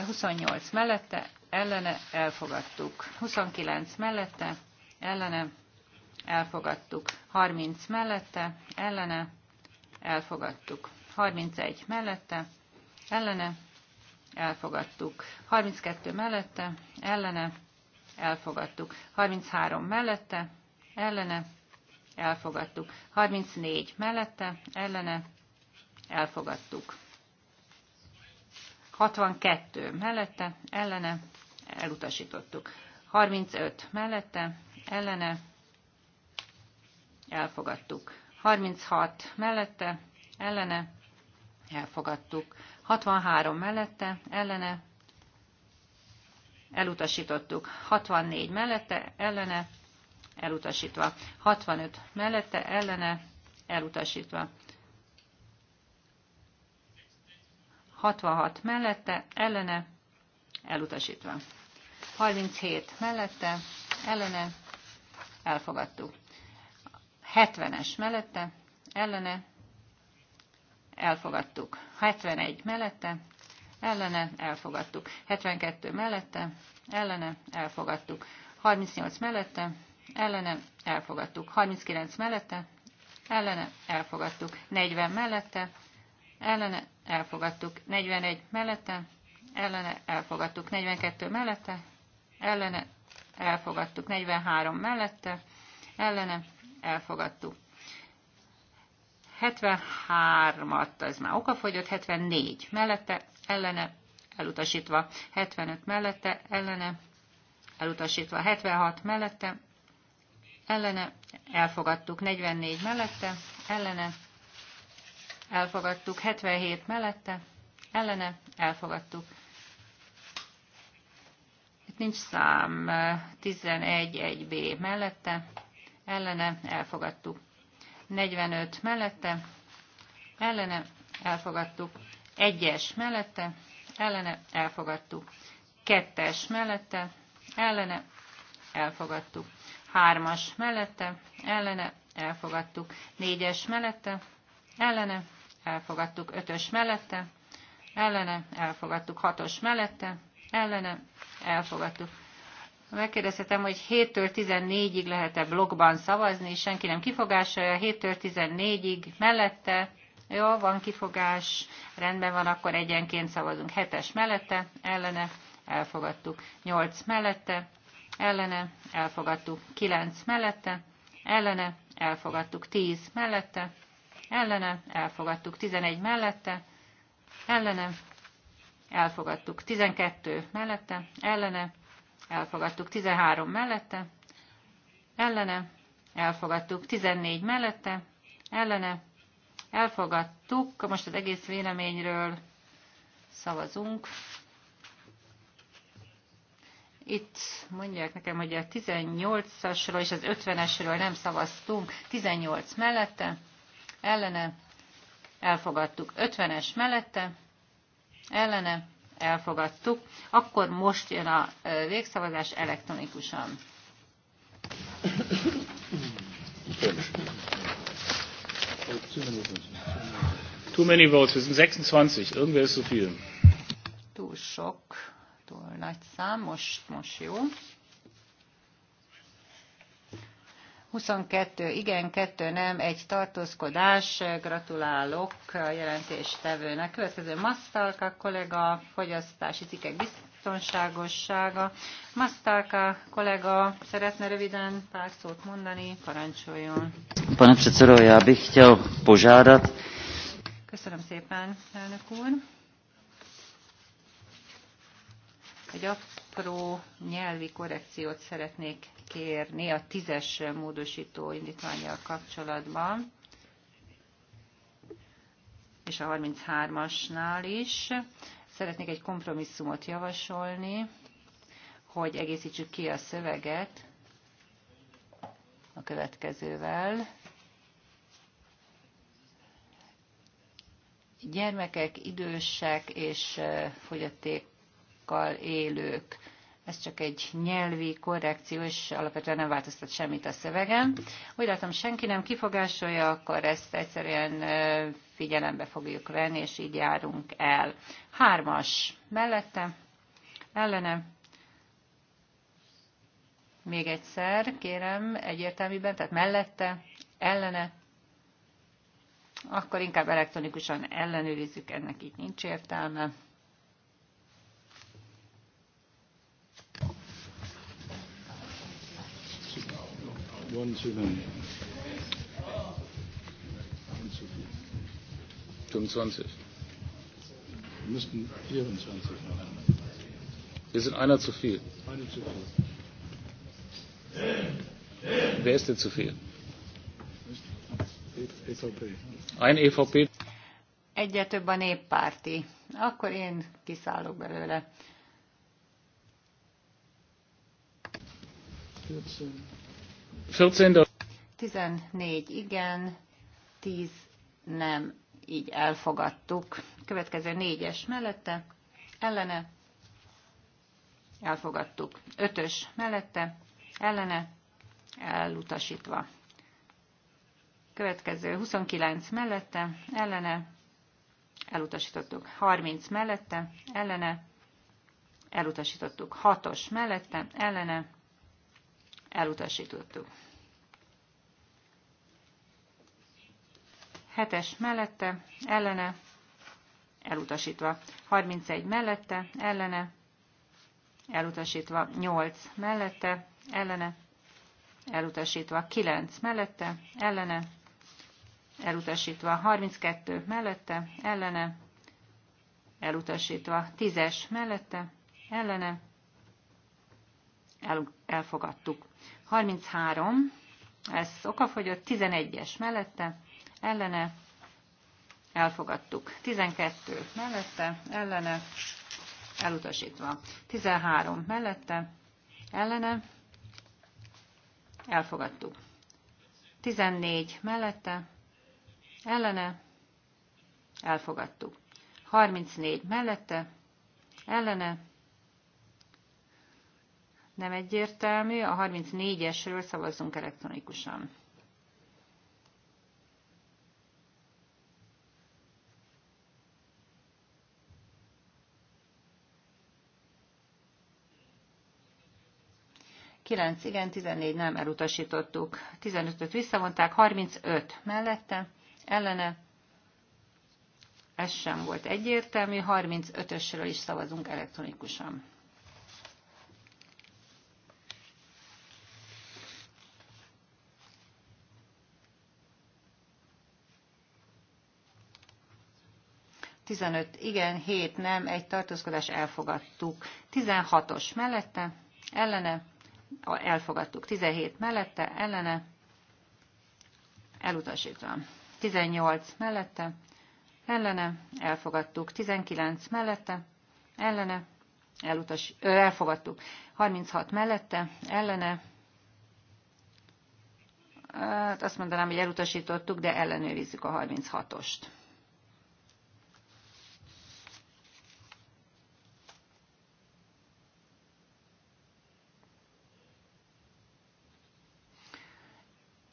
28 mellette, ellene elfogadtuk. 29 mellette ellene elfogadtuk. 30 mellette ellene elfogadtuk. 31 mellette ellene elfogadtuk. 32 mellette ellene elfogadtuk. 33 mellette ellene elfogadtuk. 34 mellette ellene elfogadtuk. 62 mellette, ellene, elutasítottuk. 35 mellette, ellene, elfogadtuk. 36 mellette, ellene, elfogadtuk. 63 mellette, ellene, elutasítottuk. 64 mellette, ellene, elutasítva. 65 mellette, ellene, elutasítva. 66 mellette, ellene, elutasítva. 37 mellette, ellene, elfogadtuk. 70-es mellette, ellene, elfogadtuk. 71 mellette, ellene, elfogadtuk. 72 mellette, ellene, elfogadtuk. 38 mellette, ellene, elfogadtuk. 39 mellette, ellene, elfogadtuk. 40 mellette, ellene, elfogadtuk. 41 mellette, ellene elfogadtuk 42 mellette, ellene elfogadtuk 43 mellette, ellene elfogadtuk. 73-at, ez már okafogyott, 74 mellette, ellene elutasítva, 75 mellette, ellene elutasítva, 76 mellette, ellene elfogadtuk, 44 mellette, ellene elfogadtuk, 77 mellette, ellene elfogadtuk, nincs szám, 111 b mellette, ellene elfogadtuk. 45 mellette, ellene elfogadtuk. 1-es mellette, ellene elfogadtuk. 2-es mellette, ellene elfogadtuk. 3-as mellette, ellene elfogadtuk. 4-es mellette, ellene elfogadtuk. 5-ös mellette, ellene elfogadtuk. 6-os mellette, ellene elfogadtuk. Megkérdezhetem, hogy 7-től 14-ig lehet-e blogban szavazni, és senki nem kifogásolja, 7-től 14-ig mellette, jó, van kifogás, rendben van, akkor egyenként szavazunk. 7-es mellette, ellene, elfogadtuk. 8 mellette, ellene, elfogadtuk. 9 mellette, ellene, elfogadtuk. 10 mellette, ellene, elfogadtuk. 11 mellette, ellene, elfogadtuk. 12 mellette, ellene, elfogadtuk. 13 mellette, ellene, elfogadtuk. 14 mellette, ellene, elfogadtuk. Most az egész véleményről szavazunk. Itt mondják nekem, hogy a 18-asról és az 50-esről nem szavaztunk. 18 mellette, ellene, elfogadtuk. 50-es mellette, ellene elfogadtuk. Akkor most jön a végszavazás elektronikusan. Too many votes, wir 26, irgendwer ist so viel. Túl sok, túl nagy szám, most, most jó. 22 igen, 2 nem, egy tartózkodás. Gratulálok a jelentéstevőnek. Következő Masztalka kollega, fogyasztási cikkek biztonságossága. Masztalka kollega szeretne röviden pár szót mondani, parancsoljon. Pane předsedo, já bych chtěl požádat. Köszönöm szépen, elnök úr. Egy apró nyelvi korrekciót szeretnék kérni a tízes módosító indítványjal kapcsolatban, és a 33-asnál is. Szeretnék egy kompromisszumot javasolni, hogy egészítsük ki a szöveget a következővel. Gyermekek, idősek és eh, fogyatékkal élők ez csak egy nyelvi korrekció, és alapvetően nem változtat semmit a szövegen. Úgy látom, senki nem kifogásolja, akkor ezt egyszerűen figyelembe fogjuk venni, és így járunk el. Hármas mellette, ellene. Még egyszer, kérem, egyértelműben, tehát mellette, ellene. Akkor inkább elektronikusan ellenőrizzük, ennek így nincs értelme. One too 25. Wir müssten 24 noch ändern. Wir sind einer zu viel. Eine zu viel. Wer ist denn zu viel? EVP. Ein EVP. Egyre több a néppárti. Akkor én kiszállok belőle. 14. 14 igen, 10 nem, így elfogadtuk. Következő négyes mellette, ellene, elfogadtuk. Ötös mellette, ellene, elutasítva. Következő 29 mellette, ellene, elutasítottuk. 30 mellette, ellene, elutasítottuk. 6-os mellette, ellene, elutasítottuk. Hetes mellette, ellene, elutasítva. 31 mellette, ellene, elutasítva. 8 mellette, ellene, elutasítva. 9 mellette, ellene, elutasítva. 32 mellette, ellene, elutasítva. 10-es mellette, ellene, el, elfogadtuk. 33, ez okafogyott, 11-es mellette, ellene, elfogadtuk. 12 mellette, ellene, elutasítva. 13 mellette, ellene, elfogadtuk. 14 mellette, ellene, elfogadtuk. 34 mellette, ellene, nem egyértelmű. A 34-esről szavazzunk elektronikusan. Kilenc igen, 14 nem elutasítottuk. 15-öt visszavonták, 35 mellette, ellene. Ez sem volt egyértelmű, 35-ösről is szavazunk elektronikusan. 15 igen, 7 nem, egy tartózkodás elfogadtuk. 16-os mellette, ellene, elfogadtuk. 17 mellette, ellene, elutasítva. 18 mellette, ellene, elfogadtuk. 19 mellette, ellene, elutas, ö, elfogadtuk. 36 mellette, ellene, hát azt mondanám, hogy elutasítottuk, de ellenőrizzük a 36-ost.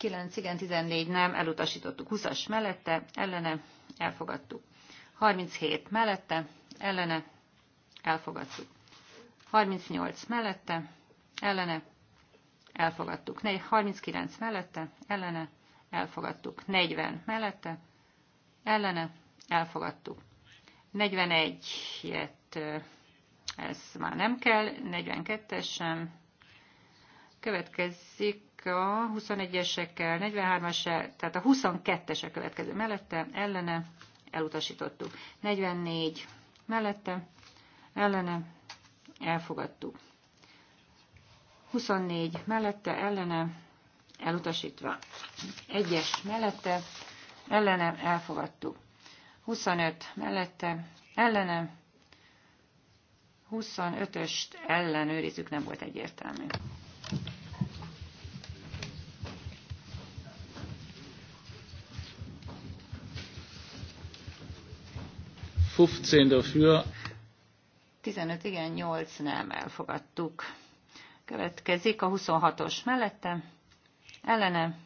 9 igen, 14 nem, elutasítottuk. 20-as mellette, ellene, elfogadtuk. 37 mellette, ellene, elfogadtuk. 38 mellette, ellene, elfogadtuk. 39 mellette, ellene, elfogadtuk. 40 mellette, ellene, elfogadtuk. 41-et ez már nem kell, 42-es sem. Következik a 21-esekkel, 43-essel, tehát a 22-esek következő mellette, ellene, elutasítottuk. 44 mellette, ellene, elfogadtuk. 24 mellette, ellene, elutasítva. 1-es mellette, ellene, elfogadtuk. 25 mellette, ellene, 25-öst ellenőrizzük, nem volt egyértelmű. 15 dafür. 15 igen, 8 nem elfogadtuk. Következik a 26-os mellette, ellene,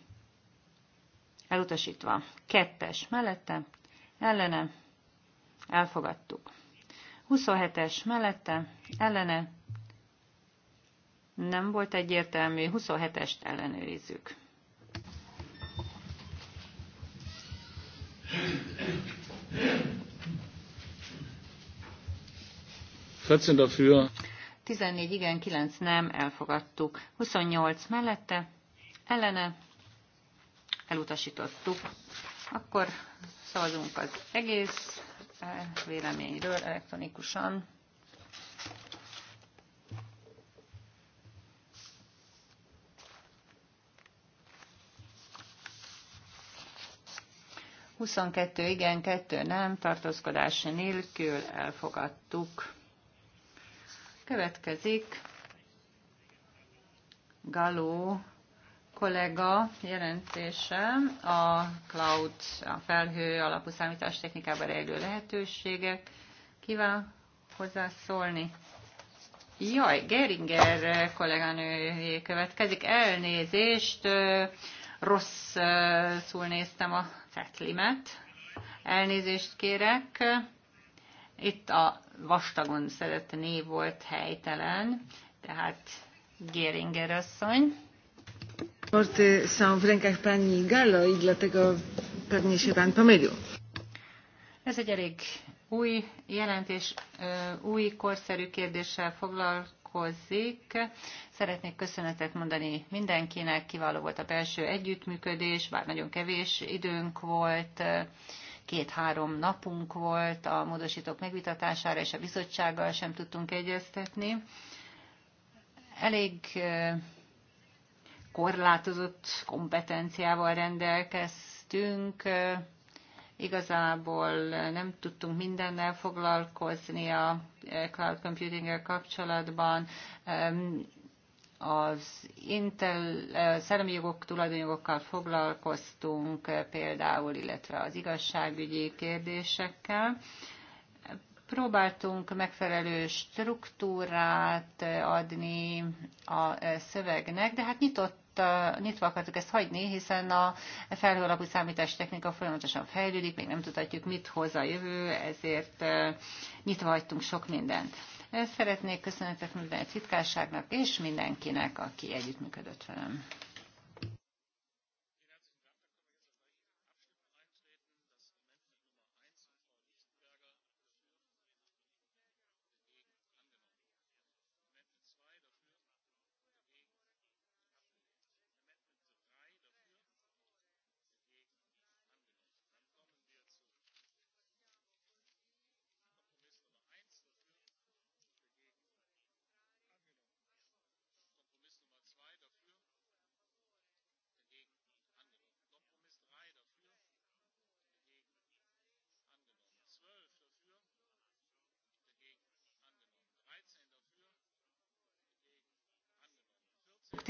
elutasítva. Kettes mellette, ellene, elfogadtuk. 27-es mellette, ellene, nem volt egyértelmű, 27-est ellenőrizzük. 14 dafür. 14 igen, 9 nem, elfogadtuk. 28 mellette, ellene, elutasítottuk. Akkor szavazunk az egész eh, véleményről elektronikusan. Huszonkettő igen, kettő nem, tartózkodás nélkül elfogadtuk. Következik Galó kollega jelentése a cloud, a felhő alapú technikában rejlő lehetőségek. Kíván hozzászólni? Jaj, Geringer kolléganőjé következik. Elnézést, rossz szól néztem a cetlimet. Elnézést kérek. Itt a vastagon szerette név volt helytelen, tehát Géringer asszony. Porty są w rękach pani Gallo i dlatego pewnie się pan pomylił. Ez egy elég új jelentés, új korszerű kérdéssel foglalkozik. Szeretnék köszönetet mondani mindenkinek, kiváló volt a belső együttműködés, bár nagyon kevés időnk volt két-három napunk volt a módosítók megvitatására, és a bizottsággal sem tudtunk egyeztetni. Elég korlátozott kompetenciával rendelkeztünk, igazából nem tudtunk mindennel foglalkozni a cloud computing kapcsolatban. Az intel, szellemi jogok, tulajdonjogokkal foglalkoztunk például, illetve az igazságügyi kérdésekkel próbáltunk megfelelő struktúrát adni a szövegnek, de hát nyitott nyitva akartuk ezt hagyni, hiszen a felhő alapú számítástechnika folyamatosan fejlődik, még nem tudhatjuk, mit hoz a jövő, ezért nyitva hagytunk sok mindent. Szeretnék köszönetet mondani a titkárságnak és mindenkinek, aki együttműködött velem.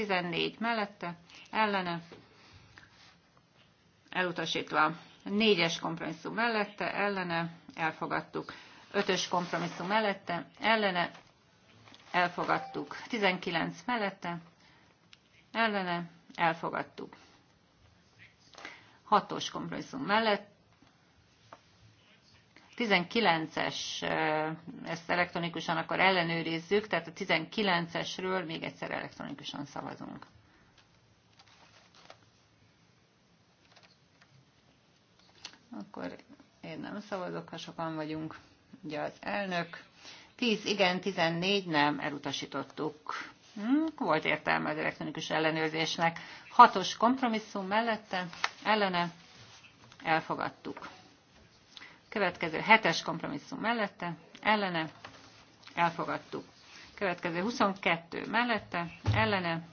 14 mellette, ellene, elutasítva. 4-es kompromisszum mellette, ellene, elfogadtuk. 5 5-ös kompromisszum mellette, ellene, elfogadtuk. 19 mellette, ellene, elfogadtuk. 6-os kompromisszum mellett, 19-es, ezt elektronikusan akkor ellenőrizzük, tehát a 19-esről még egyszer elektronikusan szavazunk. Akkor én nem szavazok, ha sokan vagyunk. Ugye az elnök. 10 igen, 14 nem, elutasítottuk. Hm, volt értelme az elektronikus ellenőrzésnek. Hatos kompromisszum mellette, ellene elfogadtuk. Következő hetes kompromisszum mellette, ellene, elfogadtuk. Következő 22 mellette, ellene,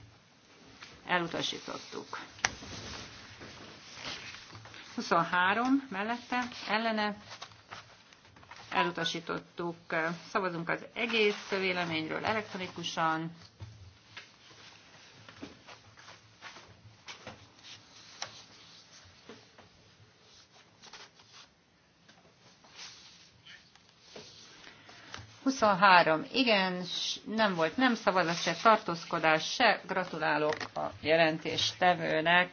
elutasítottuk. 23 mellette, ellene, elutasítottuk. Szavazunk az egész véleményről elektronikusan. 23 igen, nem volt nem szavazat, se tartózkodás, se gratulálok a jelentéstevőnek.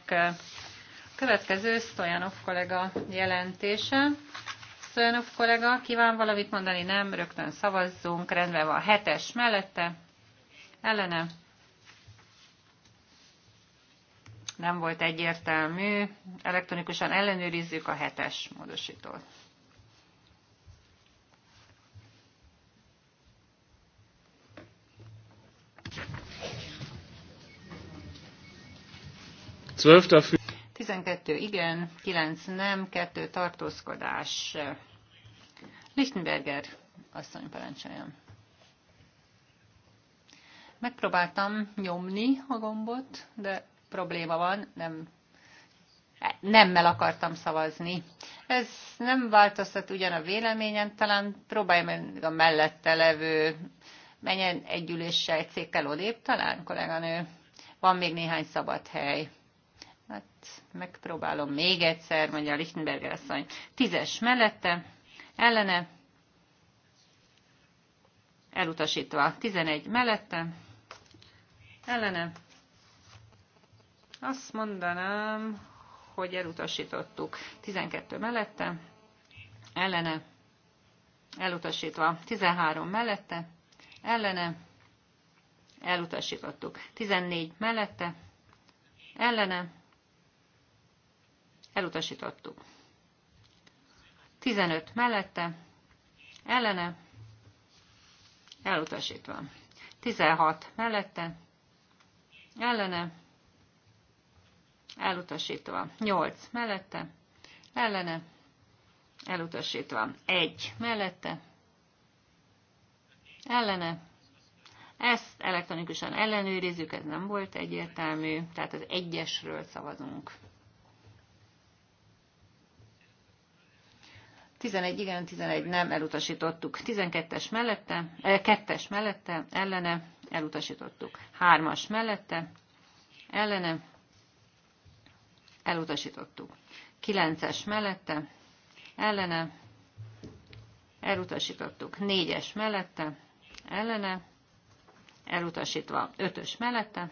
Következő Stojanov kollega jelentése. Stojanov kollega, kíván valamit mondani? Nem, rögtön szavazzunk, rendben van, hetes mellette, ellene. Nem volt egyértelmű, elektronikusan ellenőrizzük a hetes módosítót. 12 dafür. 12 igen, 9 nem, 2 tartózkodás. Lichtenberger asszony parancsoljon. Megpróbáltam nyomni a gombot, de probléma van, nem nemmel akartam szavazni. Ez nem változtat ugyan a véleményen, talán próbálj meg a mellette levő, menjen egy üléssel, egy székkel odébb talán, kolléganő. Van még néhány szabad hely. Hát megpróbálom még egyszer, mondja a Lichtenberger asszony. Tízes mellette, ellene, elutasítva. Tizenegy mellette, ellene. Azt mondanám, hogy elutasítottuk. Tizenkettő mellette, ellene, elutasítva. Tizenhárom mellette, ellene, elutasítottuk. 14 mellette, ellene, Elutasítottuk. 15 mellette, ellene, elutasítva. 16 mellette, ellene, elutasítva. 8 mellette, ellene, elutasítva. 1 mellette, ellene, ezt elektronikusan ellenőrizzük, ez nem volt egyértelmű, tehát az egyesről szavazunk. 11 igen, 11 nem, elutasítottuk. 12-es mellette, 2-es eh, mellette, ellene, elutasítottuk. 3-as mellette, ellene, elutasítottuk. 9-es mellette, ellene, elutasítottuk. 4-es mellette, ellene, elutasítva. 5-ös mellette,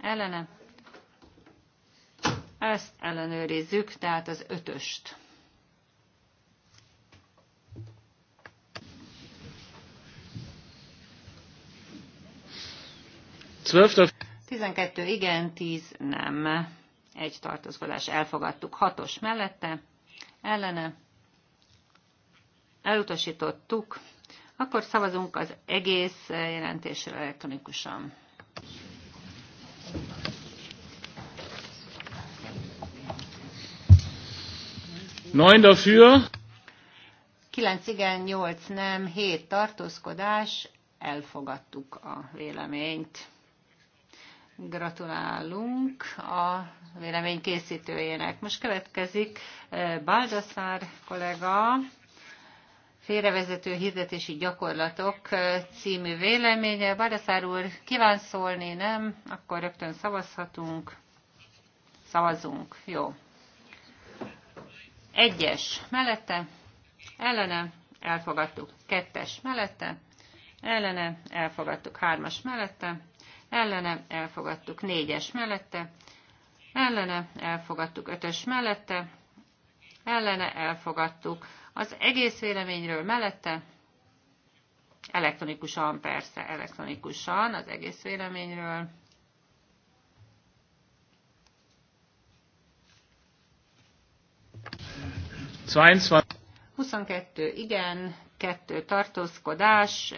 ellene, ezt ellenőrizzük, tehát az ötöst. 12 igen, 10 nem. Egy tartózkodás elfogadtuk. Hatos mellette, ellene. Elutasítottuk. Akkor szavazunk az egész jelentésre elektronikusan. Neun dafür. Kilenc igen, nyolc nem, hét tartózkodás. Elfogadtuk a véleményt. Gratulálunk a vélemény készítőjének. Most következik eh, Baldassar kollega félrevezető hirdetési gyakorlatok eh, című véleménye. Baldassar úr kíván szólni, nem? Akkor rögtön szavazhatunk. Szavazunk. Jó. Egyes. Mellette? Ellene? Elfogadtuk. Kettes. Mellette? Ellene? Elfogadtuk. Hármas. Mellette? ellene elfogadtuk négyes mellette, ellene elfogadtuk ötös mellette, ellene elfogadtuk az egész véleményről mellette, elektronikusan persze, elektronikusan az egész véleményről. Zweiundzwanzig. 22 igen, kettő tartózkodás,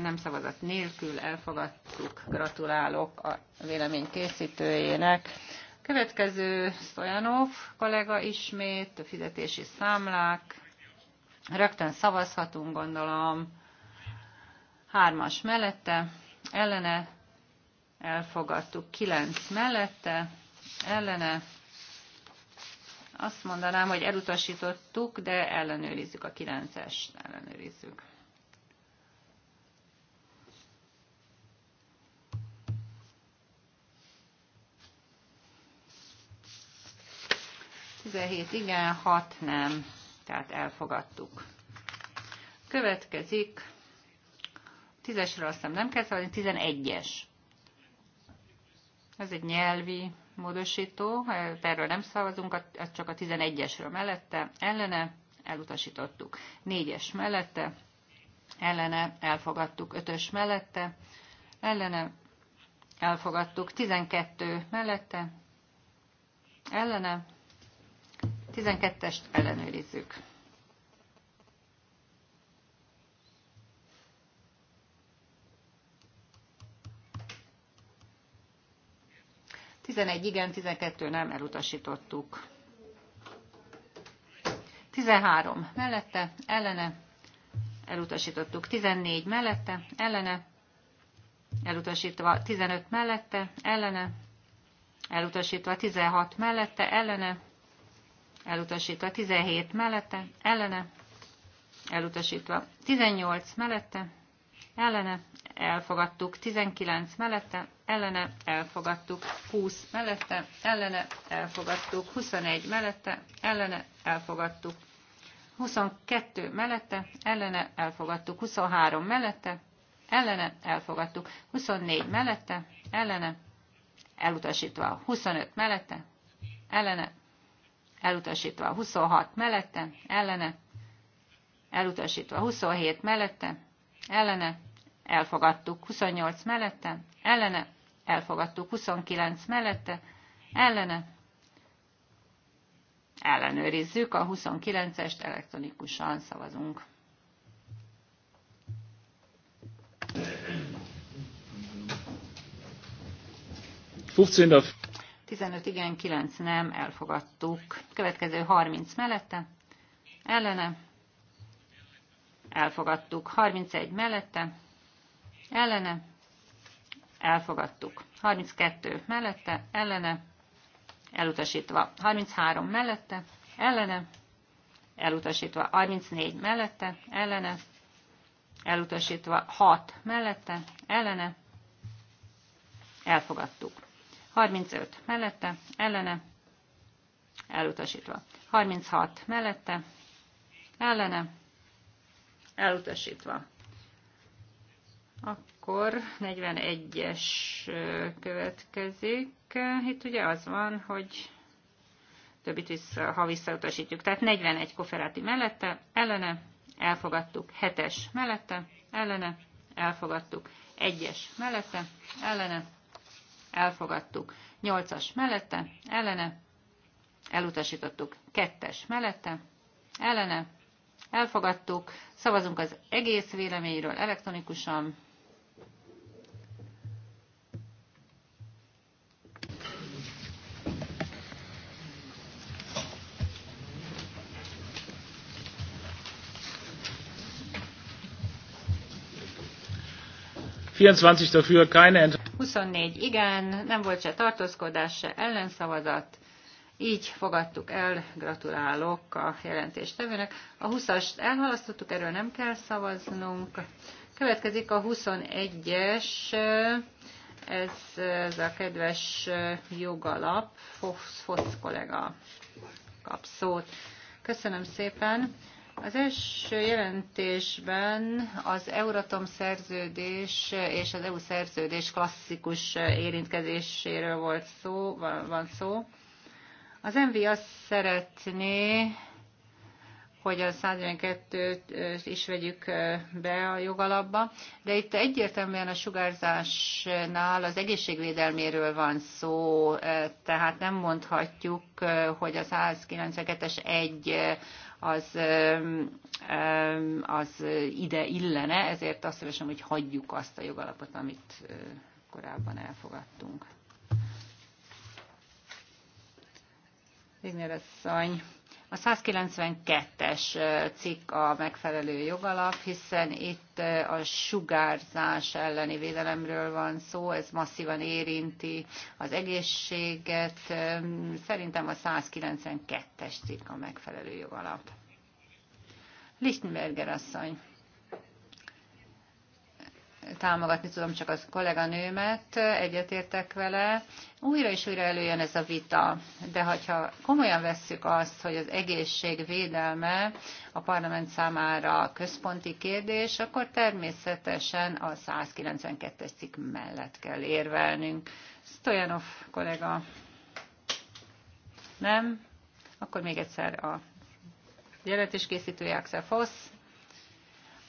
nem szavazat nélkül elfogadtuk. Gratulálok a vélemény készítőjének. Következő Stojanov kollega ismét, a fizetési számlák. Rögtön szavazhatunk, gondolom. Hármas mellette, ellene, elfogadtuk. Kilenc mellette, ellene, azt mondanám, hogy elutasítottuk, de ellenőrizzük a 9-es, ellenőrizzük. Tizenhét igen, hat nem, tehát elfogadtuk. Következik, tízesről azt nem kell szavazni, tizenegyes. Ez egy nyelvi módosító, erről nem szavazunk, az csak a 11-esről mellette, ellene, elutasítottuk. 4-es mellette, ellene, elfogadtuk. 5-ös mellette, ellene, elfogadtuk. 12 mellette, ellene, 12-est ellenőrizzük. 11 igen, 12 nem, elutasítottuk. 13 mellette, ellene, elutasítottuk. 14 mellette, ellene, elutasítva. 15 mellette, ellene, elutasítva. 16 mellette, ellene, elutasítva. 17 mellette, ellene, elutasítva. 18 mellette, ellene, elfogadtuk. 19 mellette, ellene elfogadtuk, 20 mellette ellene elfogadtuk, 21 mellette ellene elfogadtuk, 22 mellette ellene elfogadtuk, 23 mellette ellene elfogadtuk, 24 mellette ellene elutasítva, 25 mellette ellene elutasítva, 26 mellette ellene elutasítva, 27 mellette ellene elfogadtuk, 28 mellette ellene elfogadtuk. 29 mellette, ellene, ellenőrizzük, a 29-est elektronikusan szavazunk. Fufcindaf. 15 igen, 9 nem, elfogadtuk. Következő 30 mellette, ellene, elfogadtuk. 31 mellette, ellene, elfogadtuk. 32 mellette, ellene, elutasítva. 33 mellette, ellene, elutasítva. 34 mellette, ellene, elutasítva. 6 mellette, ellene, elfogadtuk. 35 mellette, ellene, elutasítva. 36 mellette, ellene, elutasítva. Akkor akkor 41-es következik. Itt ugye az van, hogy többit vissza, ha visszautasítjuk. Tehát 41 koferáti mellette, ellene, elfogadtuk. 7-es mellette, ellene, elfogadtuk. 1-es mellette, ellene, elfogadtuk. 8-as mellette, ellene, elutasítottuk. 2-es mellette, ellene, elfogadtuk. Szavazunk az egész véleményről elektronikusan. 24 dafür, keine Ent 24 igen, nem volt se tartózkodás, se ellenszavazat. Így fogadtuk el, gratulálok a jelentéstevőnek. A 20-ast elhalasztottuk, erről nem kell szavaznunk. Következik a 21-es, ez, ez a kedves jogalap, Fosz, Fosz kollega kap szót. Köszönöm szépen. Az első jelentésben az Euratom szerződés és az EU szerződés klasszikus érintkezéséről volt szó, van szó. Az MV azt szeretné, hogy a 142-t is vegyük be a jogalapba, de itt egyértelműen a sugárzásnál az egészségvédelméről van szó, tehát nem mondhatjuk, hogy a 192-es egy az, az ide illene, ezért azt javaslom, hogy hagyjuk azt a jogalapot, amit korábban elfogadtunk. Végnél asszony. A 192-es cikk a megfelelő jogalap, hiszen itt a sugárzás elleni védelemről van szó, ez masszívan érinti az egészséget. Szerintem a 192-es cikk a megfelelő jogalap. Lichtenberger asszony támogatni tudom csak az kolléganőmet, egyetértek vele. Újra és újra előjön ez a vita, de ha komolyan vesszük azt, hogy az egészség védelme a parlament számára központi kérdés, akkor természetesen a 192-es cikk mellett kell érvelnünk. Stojanov kollega, nem? Akkor még egyszer a jelentés készítője Axel Fosz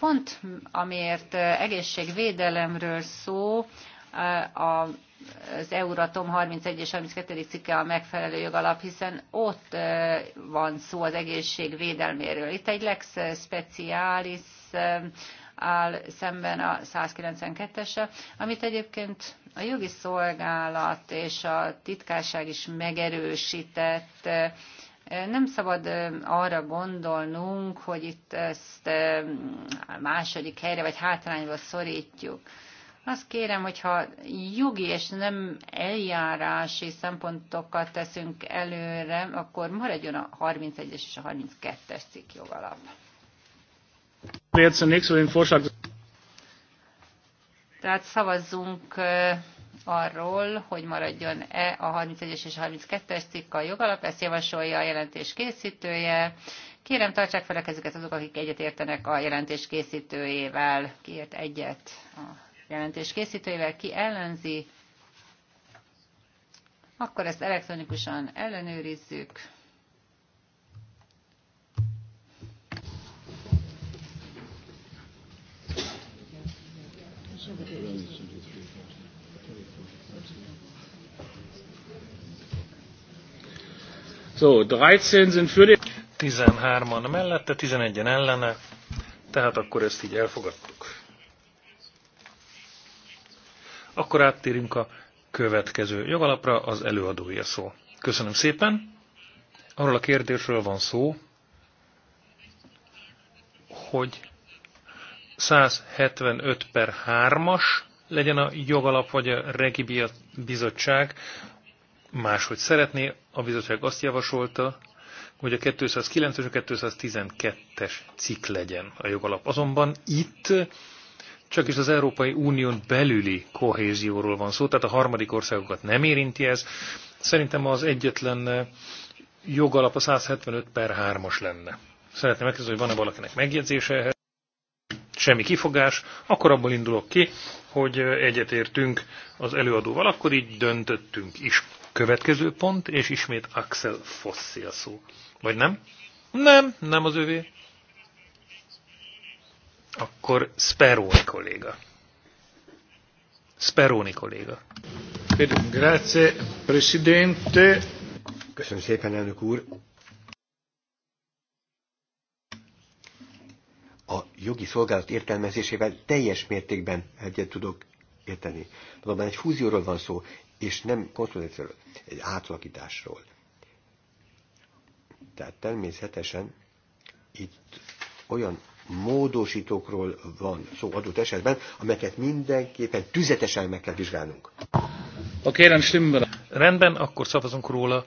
pont amiért egészségvédelemről szó, az Euratom 31 és 32. cikke a megfelelő jogalap, hiszen ott van szó az egészségvédelméről. Itt egy lex specialis áll szemben a 192-ese, amit egyébként a jogi szolgálat és a titkárság is megerősített, nem szabad arra gondolnunk, hogy itt ezt második helyre vagy hátrányba szorítjuk. Azt kérem, hogyha jogi és nem eljárási szempontokat teszünk előre, akkor maradjon a 31-es és a 32-es cikk jogalap. Tehát szavazzunk arról, hogy maradjon-e a 31-es és 32-es cikk a jogalap, ezt javasolja a jelentés készítője. Kérem, tartsák fel a kezüket azok, akik egyetértenek a jelentés készítőjével. Kiért egyet a jelentés készítőjével? Ki ellenzi? Akkor ezt elektronikusan ellenőrizzük. Köszönöm. So, 13 sind für den... 13-an mellette, 11-en ellene, tehát akkor ezt így elfogadtuk. Akkor áttérünk a következő jogalapra, az előadója szó. Köszönöm szépen. Arról a kérdésről van szó, hogy 175 per 3-as legyen a jogalap vagy a regi bizottság máshogy szeretné. A bizottság azt javasolta, hogy a 209-es, 212-es cikk legyen a jogalap. Azonban itt csak is az Európai Unión belüli kohézióról van szó, tehát a harmadik országokat nem érinti ez. Szerintem az egyetlen jogalap a 175 per 3-as lenne. Szeretném megkérdezni, hogy van-e valakinek megjegyzése ehhez. Semmi kifogás, akkor abból indulok ki, hogy egyetértünk az előadóval, akkor így döntöttünk is. Következő pont, és ismét Axel Fossi a szó. Vagy nem? Nem, nem az övé. Akkor Speroni kolléga. Speroni kolléga. Grazie, Presidente. Köszönöm szépen, elnök úr. a jogi szolgálat értelmezésével teljes mértékben egyet tudok érteni. Valóban egy fúzióról van szó, és nem konszolidációról, egy átalakításról. Tehát természetesen itt olyan módosítókról van szó adott esetben, amelyeket mindenképpen tüzetesen meg kell vizsgálnunk. Oké, nem stimmel. Rendben, akkor szavazunk róla.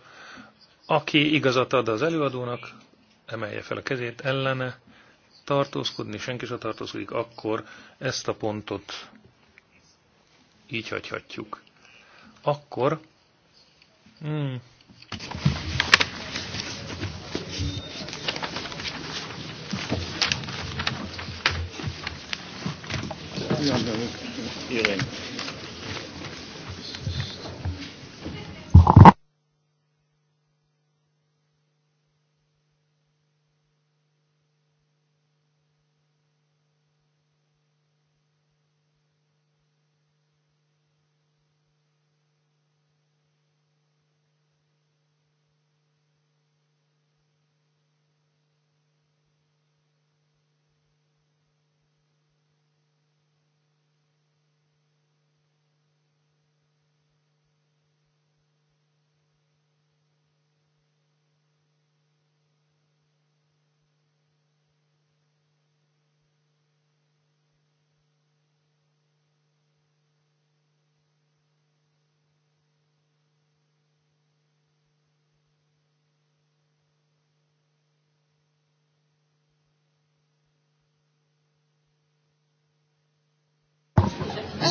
Aki igazat ad az előadónak, emelje fel a kezét ellene, tartózkodni, senki sem tartózkodik, akkor ezt a pontot így hagyhatjuk akkor... Hmm, Irány.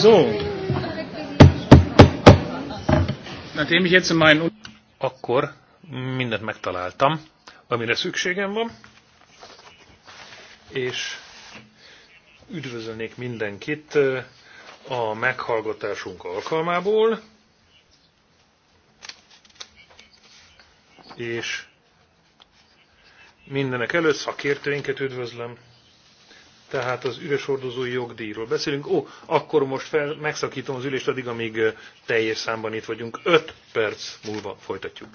So. Nachdem ich jetzt in meinen... Akkor mindent megtaláltam, amire szükségem van, és üdvözölnék mindenkit eh, a meghallgatásunk alkalmából, és mindenek előtt szakértőinket üdvözlöm, tehát az üveshordozói jogdíjról beszélünk. Ó, akkor most fel, megszakítom az ülést addig, amíg teljes számban itt vagyunk. Öt perc múlva folytatjuk.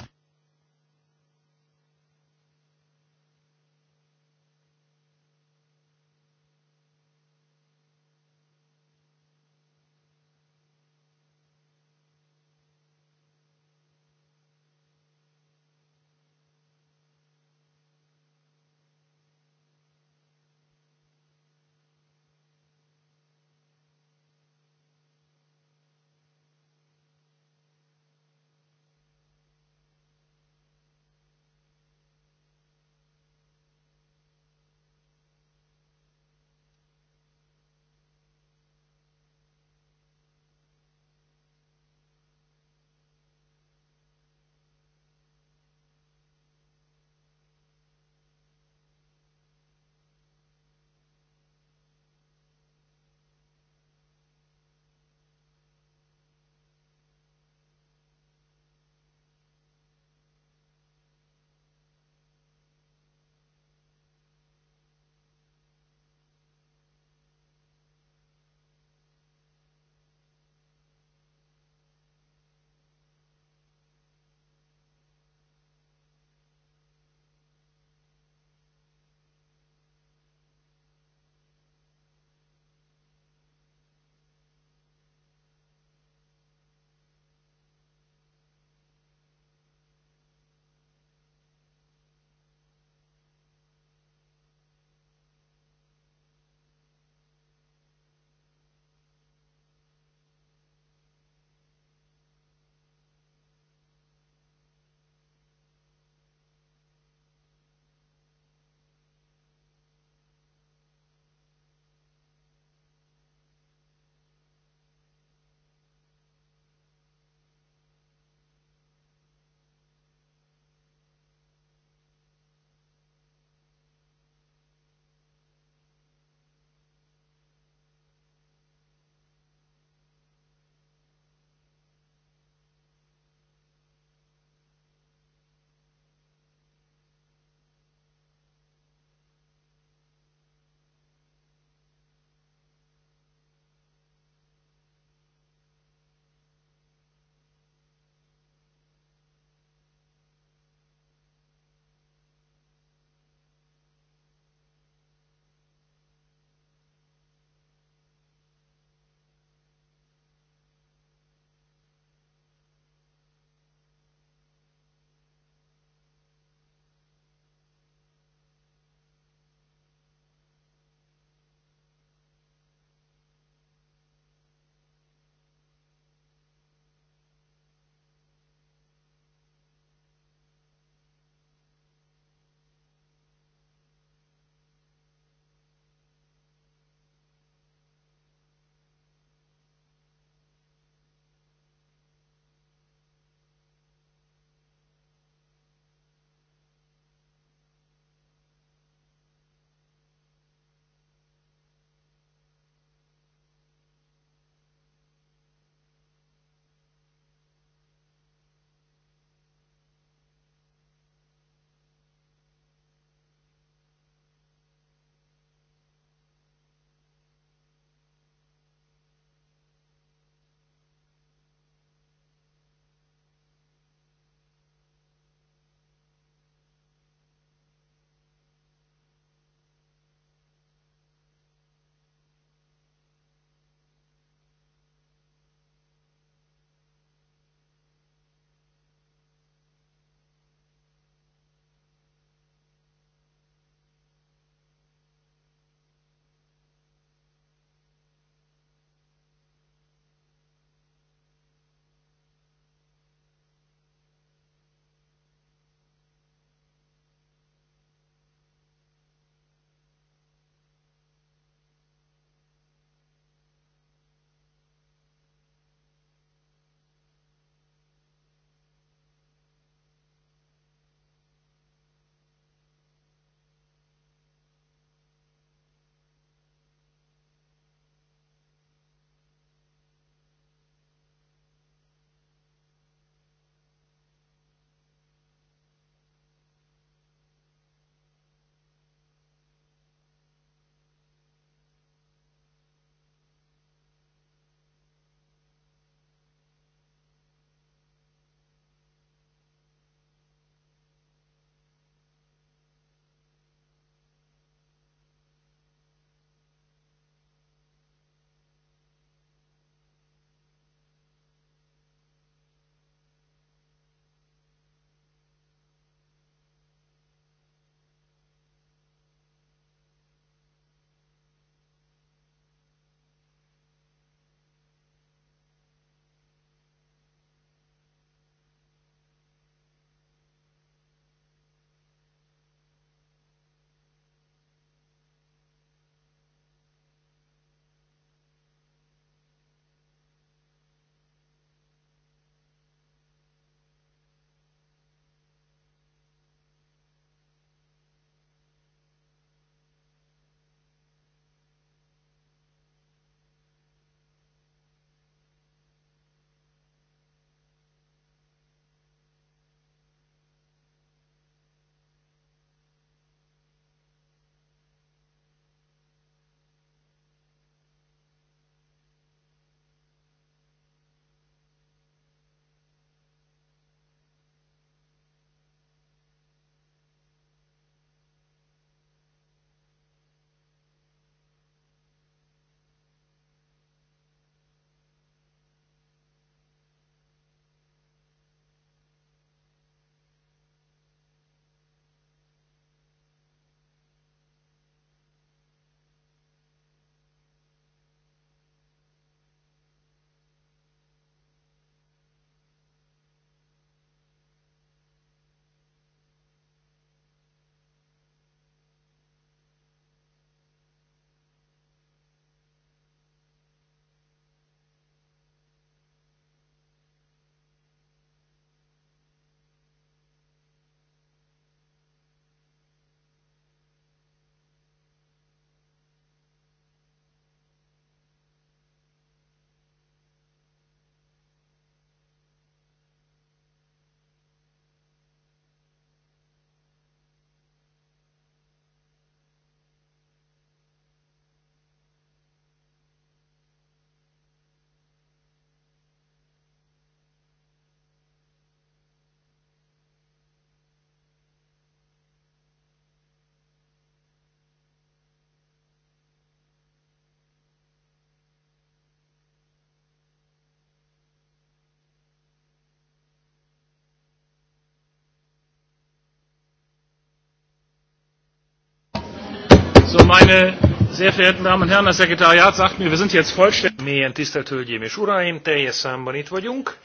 So, meine sehr verehrten Damen und Herren, das Sekretariat sagt mir, wir sind jetzt vollständig. Mélyen tisztelt Hölgyeim és Uraim, teljes számban itt vagyunk,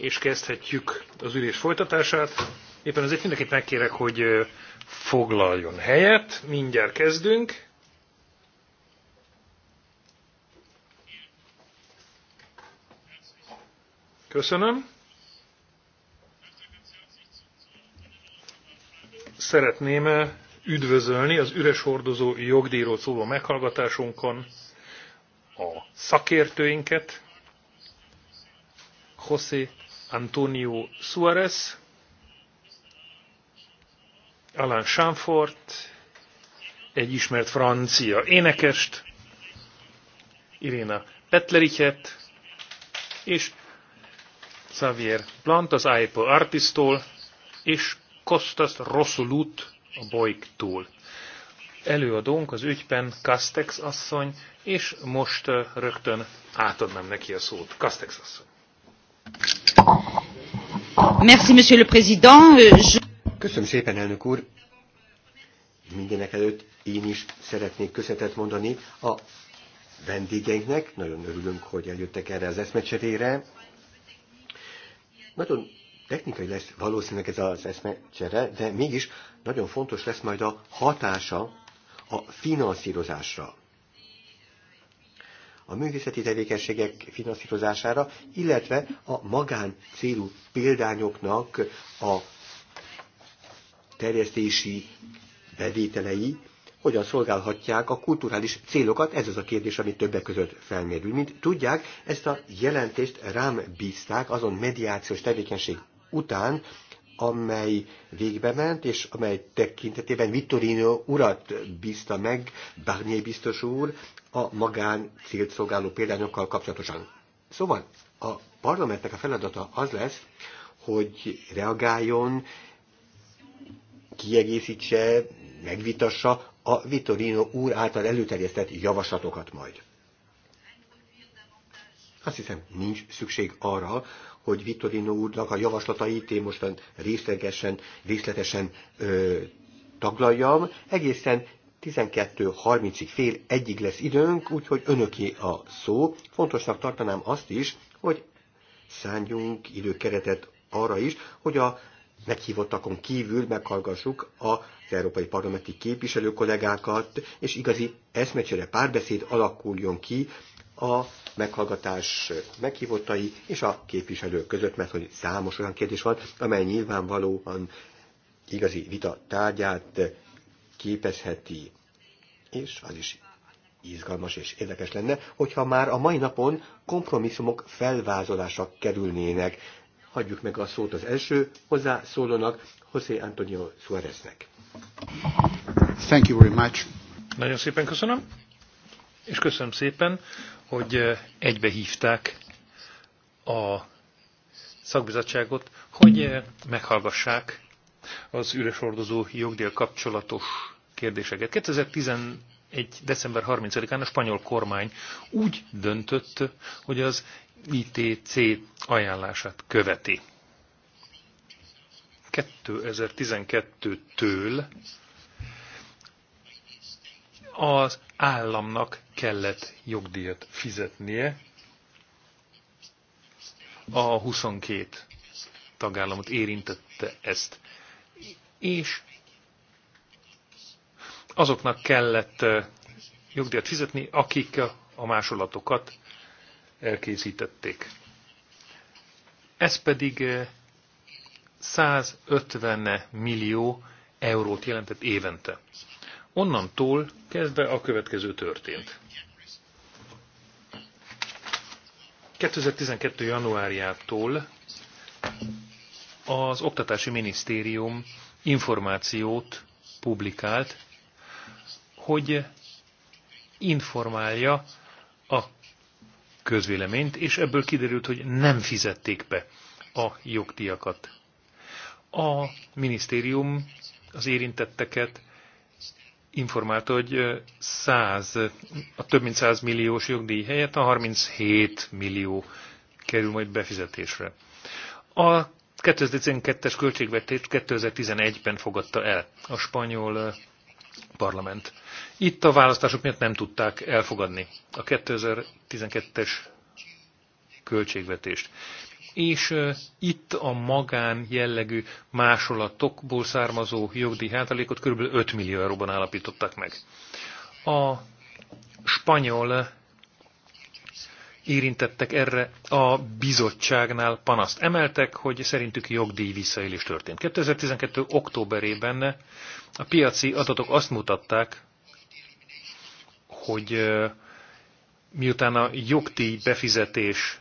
és kezdhetjük az ülés folytatását. Éppen azért mindenkit megkérek, hogy foglaljon helyet, mindjárt kezdünk. Köszönöm. Szeretném üdvözölni az üres hordozó jogdíjról szóló meghallgatásunkon a szakértőinket, José Antonio Suárez, Alain Chamfort, egy ismert francia énekest, Irina Petlerichet, és Xavier Plant az Aipo Artistól, és Kostas Rosolut a bolyk túl. Előadónk az ügyben Kastex asszony, és most rögtön átadnám neki a szót. Kastex asszony. Merci, monsieur le président. Euh, je... Köszönöm szépen, elnök úr. Mindenek előtt én is szeretnék köszönetet mondani a vendégeinknek. Nagyon örülünk, hogy eljöttek erre az eszmecserére. Nagyon technikai lesz valószínűleg ez az eszmecsere, de mégis nagyon fontos lesz majd a hatása a finanszírozásra. A művészeti tevékenységek finanszírozására, illetve a magán célú példányoknak a terjesztési bevételei hogyan szolgálhatják a kulturális célokat, ez az a kérdés, amit többek között felmerül. Mint tudják, ezt a jelentést rám bízták azon mediációs tevékenység után, amely végbe ment, és amely tekintetében Vittorino urat bízta meg, Barnier biztos úr, a magán célt szolgáló példányokkal kapcsolatosan. Szóval a parlamentnek a feladata az lesz, hogy reagáljon, kiegészítse, megvitassa a Vitorino úr által előterjesztett javaslatokat majd. Azt hiszem, nincs szükség arra, hogy Vittorino úrnak a javaslatait én mostan részlegesen, részletesen ö, taglaljam. Egészen 12.30-ig fél egyig lesz időnk, úgyhogy önöki a szó. Fontosnak tartanám azt is, hogy szálljunk időkeretet arra is, hogy a meghívottakon kívül meghallgassuk az európai parlamenti képviselő kollégákat, és igazi eszmecsere párbeszéd alakuljon ki a meghallgatás meghívottai és a képviselők között, mert hogy számos olyan kérdés van, amely nyilvánvalóan igazi vita tárgyát képezheti. És az is izgalmas és érdekes lenne, hogyha már a mai napon kompromisszumok felvázolása kerülnének. Hagyjuk meg a szót az első hozzászólónak, José Antonio Suáreznek. Thank you very much. Nagyon szépen köszönöm, és köszönöm szépen hogy egybehívták a szakbizottságot, hogy meghallgassák az üres ordozó jogdél kapcsolatos kérdéseket. 2011. december 30-án a spanyol kormány úgy döntött, hogy az ITC ajánlását követi. 2012-től az államnak kellett jogdíjat fizetnie a 22 tagállamot érintette ezt. És azoknak kellett jogdíjat fizetni, akik a másolatokat elkészítették. Ez pedig 150 millió eurót jelentett évente. Onnantól kezdve a következő történt. 2012. januárjától az Oktatási Minisztérium információt publikált, hogy informálja a közvéleményt, és ebből kiderült, hogy nem fizették be a jogdíjakat. A minisztérium az érintetteket informált, hogy 100, a több mint 100 milliós jogdíj helyett a 37 millió kerül majd befizetésre. A 2012-es költségvetést 2011-ben fogadta el a spanyol parlament. Itt a választások miatt nem tudták elfogadni a 2012-es költségvetést és itt a magán jellegű másolatokból származó jogdíj hátalékot kb. 5 millió euróban állapítottak meg. A spanyol érintettek erre a bizottságnál panaszt emeltek, hogy szerintük jogdíj visszaélés történt. 2012. októberében a piaci adatok azt mutatták, hogy miután a jogdíj befizetés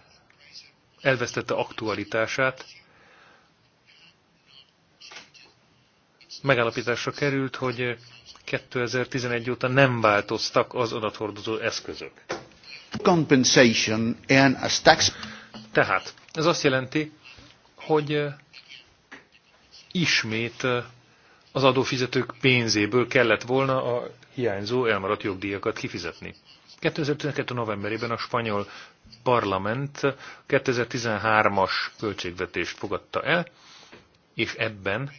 elvesztette aktualitását. Megállapításra került, hogy 2011 óta nem változtak az adathordozó eszközök. Compensation and a tax... Tehát ez azt jelenti, hogy eh, ismét eh, az adófizetők pénzéből kellett volna a hiányzó elmaradt jogdíjakat kifizetni. 2012. novemberében a spanyol parlament 2013-as költségvetést fogadta el, és ebben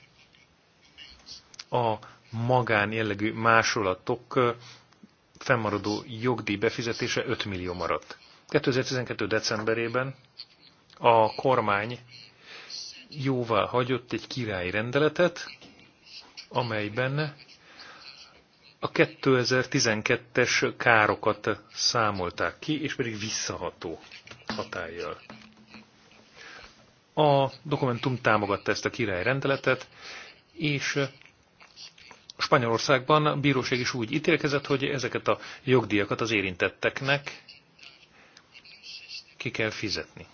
a magán jellegű másolatok fennmaradó jogdíj befizetése 5 millió maradt. 2012. decemberében a kormány jóvá hagyott egy királyi rendeletet, amelyben a 2012-es károkat számolták ki, és pedig visszaható hatállyal. A dokumentum támogatta ezt a rendeletet, és Spanyolországban a bíróság is úgy ítélkezett, hogy ezeket a jogdíjakat az érintetteknek ki kell fizetni.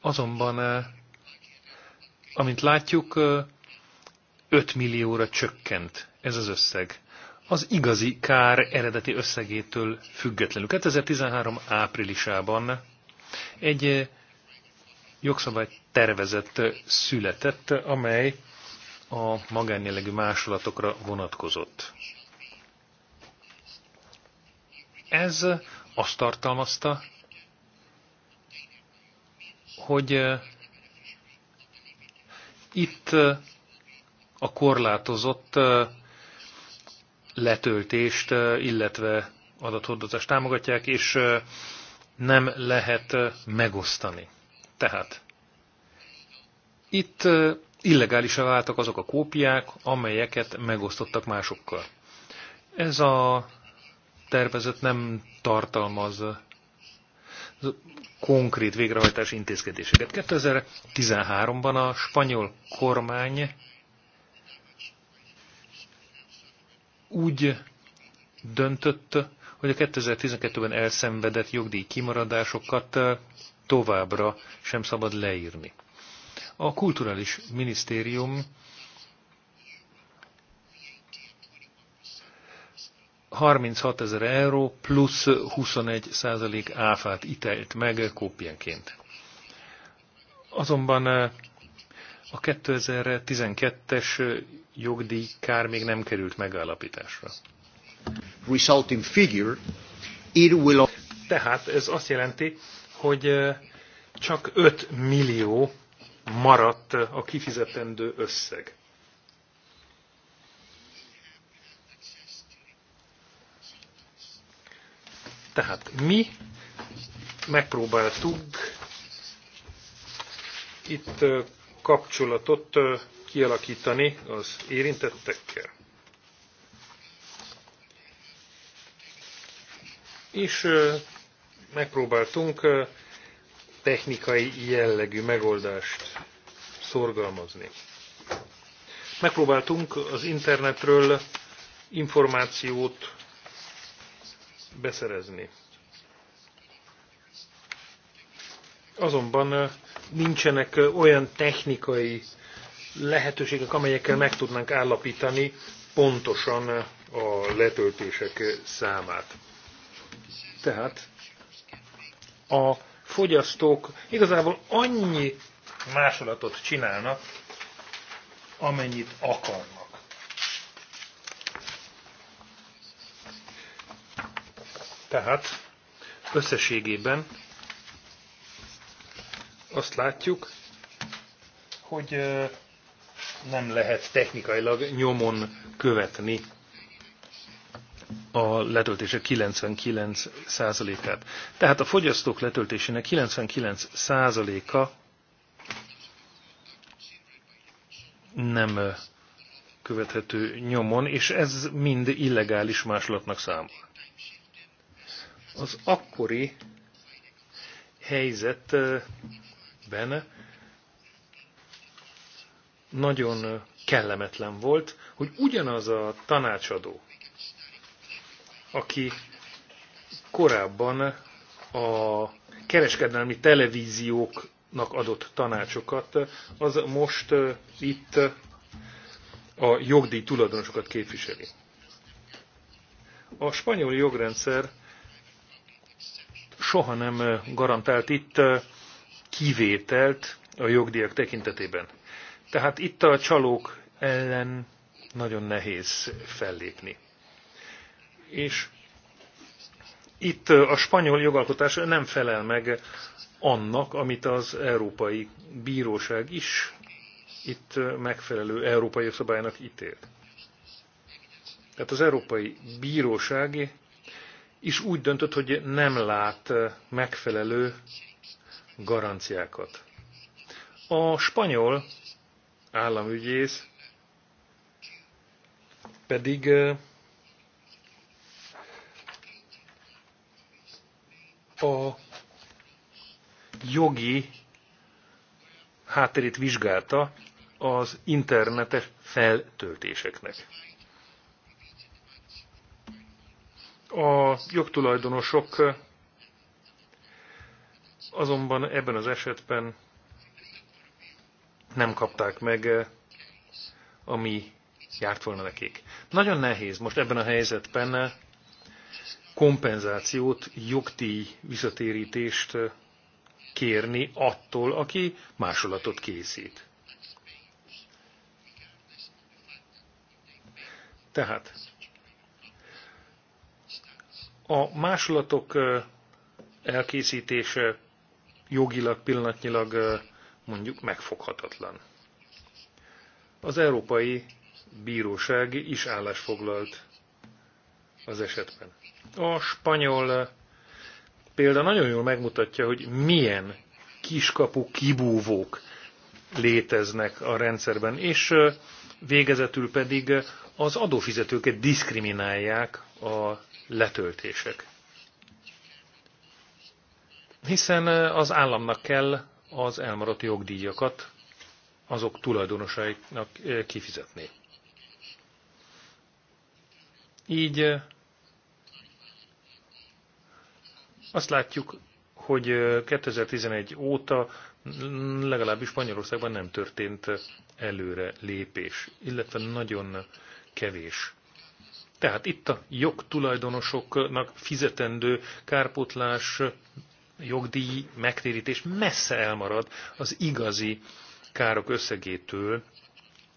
Azonban, eh, amint látjuk, eh, 5 millióra csökkent ez az összeg. Az igazi kár eredeti összegétől függetlenül. 2013 áprilisában egy eh, jogszabály tervezett eh, született, amely a magánjellegű másolatokra vonatkozott. Ez azt tartalmazta, hogy eh, itt a korlátozott letöltést, illetve adathordozást támogatják, és nem lehet megosztani. Tehát itt illegálisan váltak azok a kópiák, amelyeket megosztottak másokkal. Ez a tervezet nem tartalmaz konkrét végrehajtási intézkedéseket. 2013-ban a spanyol kormány úgy döntött, hogy a 2012-ben elszenvedett jogdíj kimaradásokat eh, továbbra sem szabad leírni. A Kulturális Minisztérium 36 ezer euró plusz 21 százalék áfát ítelt meg kópjenként. Azonban eh, a 2012-es jogdíjkár még nem került megállapításra. Resulting figure, it will... Tehát ez azt jelenti, hogy csak 5 millió maradt a kifizetendő összeg. Tehát mi megpróbáltuk itt kapcsolatot kialakítani az érintettekkel. És megpróbáltunk technikai jellegű megoldást szorgalmazni. Megpróbáltunk az internetről információt beszerezni. Azonban nincsenek olyan technikai lehetőségek, amelyekkel meg tudnánk állapítani pontosan a letöltések számát. Tehát a fogyasztók igazából annyi másolatot csinálnak, amennyit akarnak. Tehát összességében azt látjuk, hogy nem lehet technikailag nyomon követni a letöltése 99%-át. Tehát a fogyasztók letöltésének 99%-a nem követhető nyomon, és ez mind illegális másolatnak számol. Az akkori helyzet benne, nagyon kellemetlen volt, hogy ugyanaz a tanácsadó, aki korábban a kereskedelmi televízióknak adott tanácsokat, az most itt a jogdíj tulajdonosokat képviseli. A spanyol jogrendszer soha nem garantált itt kivételt a jogdíjak tekintetében. Tehát itt a csalók ellen nagyon nehéz fellépni. És itt a spanyol jogalkotás nem felel meg annak, amit az Európai Bíróság is itt megfelelő európai jogszabálynak ítélt. Tehát az Európai Bíróság is úgy döntött, hogy nem lát megfelelő garanciákat. A spanyol államügyész pedig a jogi hátterét vizsgálta az internetes feltöltéseknek. A jogtulajdonosok azonban ebben az esetben nem kapták meg, eh, ami járt volna nekik. Nagyon nehéz most ebben a helyzetben eh, kompenzációt, jogdíj visszatérítést eh, kérni attól, aki másolatot készít. Tehát a másolatok elkészítése jogilag pillanatnyilag mondjuk megfoghatatlan. Az Európai Bíróság is állásfoglalt az esetben. A spanyol példa nagyon jól megmutatja, hogy milyen kiskapu kibúvók léteznek a rendszerben, és végezetül pedig az adófizetőket diszkriminálják a letöltések hiszen az államnak kell az elmaradt jogdíjakat azok tulajdonosainak kifizetni. Így azt látjuk, hogy 2011 óta legalábbis Spanyolországban nem történt előre lépés, illetve nagyon kevés. Tehát itt a jogtulajdonosoknak fizetendő kárpótlás jogdíj megtérítés messze elmarad az igazi károk összegétől,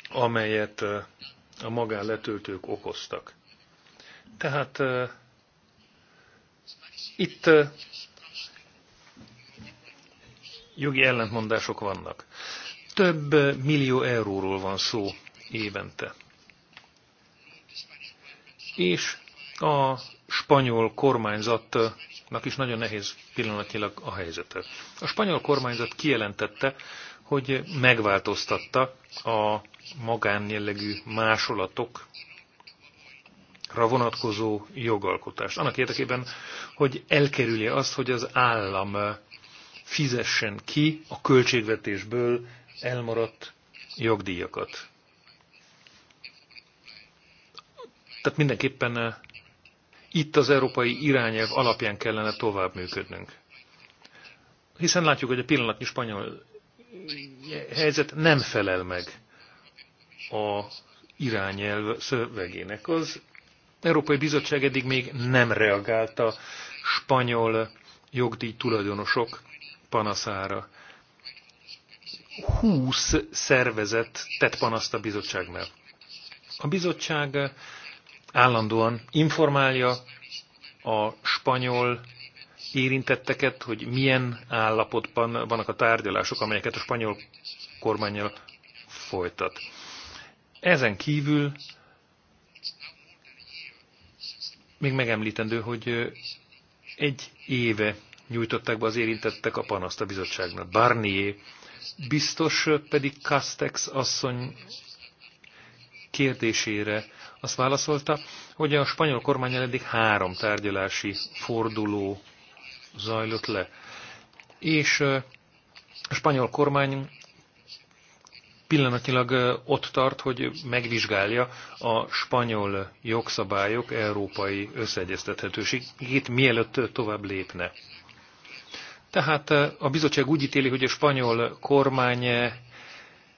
amelyet a magánletöltők okoztak. Tehát uh, itt uh, jogi ellentmondások vannak. Több millió euróról van szó évente. És a spanyol kormányzat nak is nagyon nehéz pillanatnyilag a helyzete. A spanyol kormányzat kijelentette, hogy megváltoztatta a magánjellegű másolatok vonatkozó jogalkotást. Annak érdekében, hogy elkerülje azt, hogy az állam fizessen ki a költségvetésből elmaradt jogdíjakat. Tehát mindenképpen itt az európai irányelv alapján kellene tovább működnünk. Hiszen látjuk, hogy a pillanatnyi spanyol helyzet nem felel meg a irányelv szövegének. Az Európai Bizottság eddig még nem reagálta spanyol jogdíj tulajdonosok panaszára. 20 szervezet tett panaszt a bizottságnál. A bizottság állandóan informálja a spanyol érintetteket, hogy milyen állapotban vannak a tárgyalások, amelyeket a spanyol kormányjal folytat. Ezen kívül még megemlítendő, hogy egy éve nyújtották be az érintettek a panaszt a bizottságnak. Barnier biztos pedig Castex asszony kérdésére azt válaszolta, hogy a spanyol kormány eddig három tárgyalási forduló zajlott le. És a spanyol kormány pillanatnyilag ott tart, hogy megvizsgálja a spanyol jogszabályok európai összeegyeztethetőségét, mielőtt tovább lépne. Tehát a bizottság úgy ítéli, hogy a spanyol kormány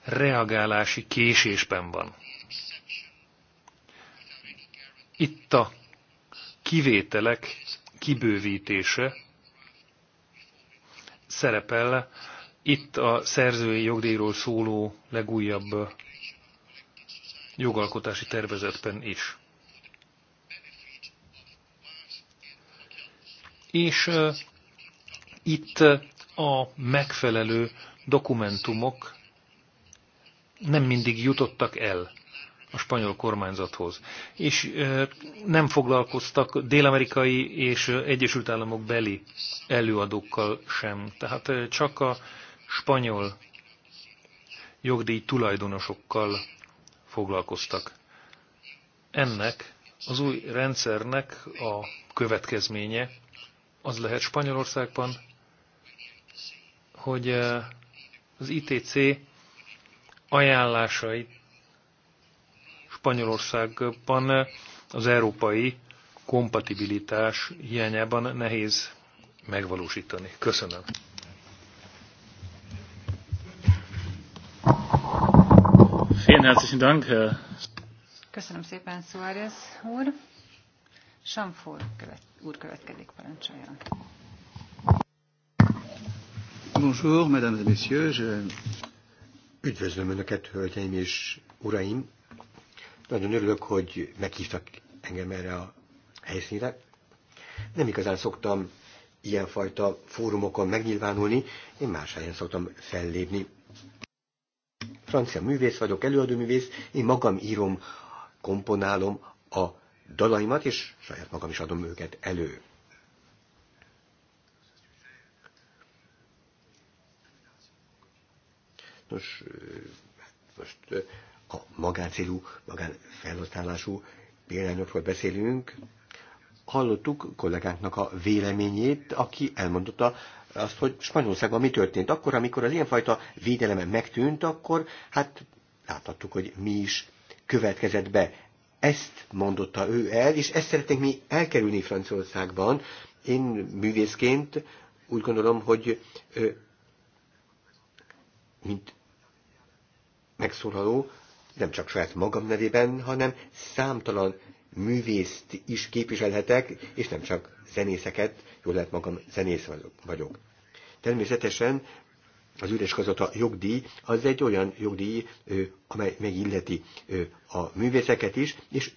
reagálási késésben van. Itt a kivételek kibővítése szerepel itt a szerzői jogdíjról szóló legújabb jogalkotási tervezetben is. És uh, itt a megfelelő dokumentumok nem mindig jutottak el a spanyol kormányzathoz, és nem foglalkoztak dél-amerikai és Egyesült Államok beli előadókkal sem. Tehát csak a spanyol jogdíj tulajdonosokkal foglalkoztak. Ennek az új rendszernek a következménye az lehet Spanyolországban, hogy az ITC ajánlásait Spanyolországban az európai kompatibilitás hiányában nehéz megvalósítani. Köszönöm. Köszönöm szépen, Suárez úr. Samfor követ, úr következik, parancsoljon. Bonjour, mesdames et messieurs. Je... Üdvözlöm Önöket, hölgyeim és uraim. Nagyon örülök, hogy meghívtak engem erre a helyszínre. Nem igazán szoktam ilyenfajta fórumokon megnyilvánulni, én más helyen szoktam fellépni. Francia művész vagyok, előadó művész. én magam írom, komponálom a dalaimat, és saját magam is adom őket elő. Nos, hát most a magáncélú, magánfelhasználású példányokról beszélünk. Hallottuk kollégánknak a véleményét, aki elmondotta azt, hogy Spanyolországban mi történt. Akkor, amikor az ilyenfajta védeleme megtűnt, akkor hát láthattuk, hogy mi is következett be. Ezt mondotta ő el, és ezt szeretnénk mi elkerülni Franciaországban. Én művészként úgy gondolom, hogy mint megszólaló, nem csak saját magam nevében, hanem számtalan művészt is képviselhetek, és nem csak zenészeket, jól lehet magam zenész vagyok. Természetesen az üres kazata jogdíj, az egy olyan jogdíj, amely megilleti a művészeket is, és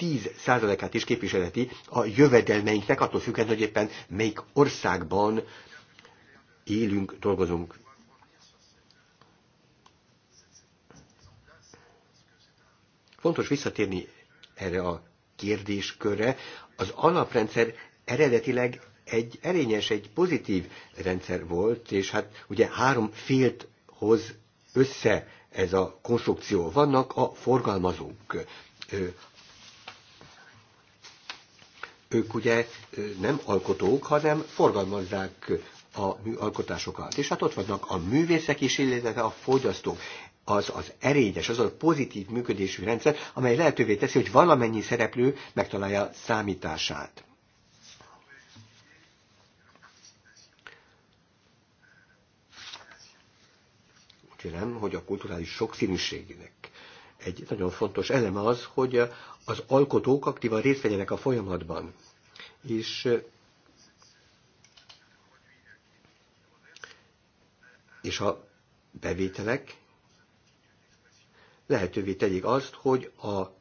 5-10 százalékát is képviselheti a jövedelmeinknek, attól függően, hogy éppen melyik országban élünk, dolgozunk. Fontos visszatérni erre a kérdéskörre. Az alaprendszer eredetileg egy erényes, egy pozitív rendszer volt, és hát ugye három félt hoz össze ez a konstrukció. Vannak a forgalmazók. Ők ugye nem alkotók, hanem forgalmazzák a műalkotásokat. És hát ott vannak a művészek is, illetve a fogyasztók az az erényes, az a pozitív működésű rendszer, amely lehetővé teszi, hogy valamennyi szereplő megtalálja számítását. Úgy hogy a kulturális sokszínűségének egy nagyon fontos eleme az, hogy az alkotók aktívan részt vegyenek a folyamatban. És és a bevételek lehetővé tegyék azt, hogy a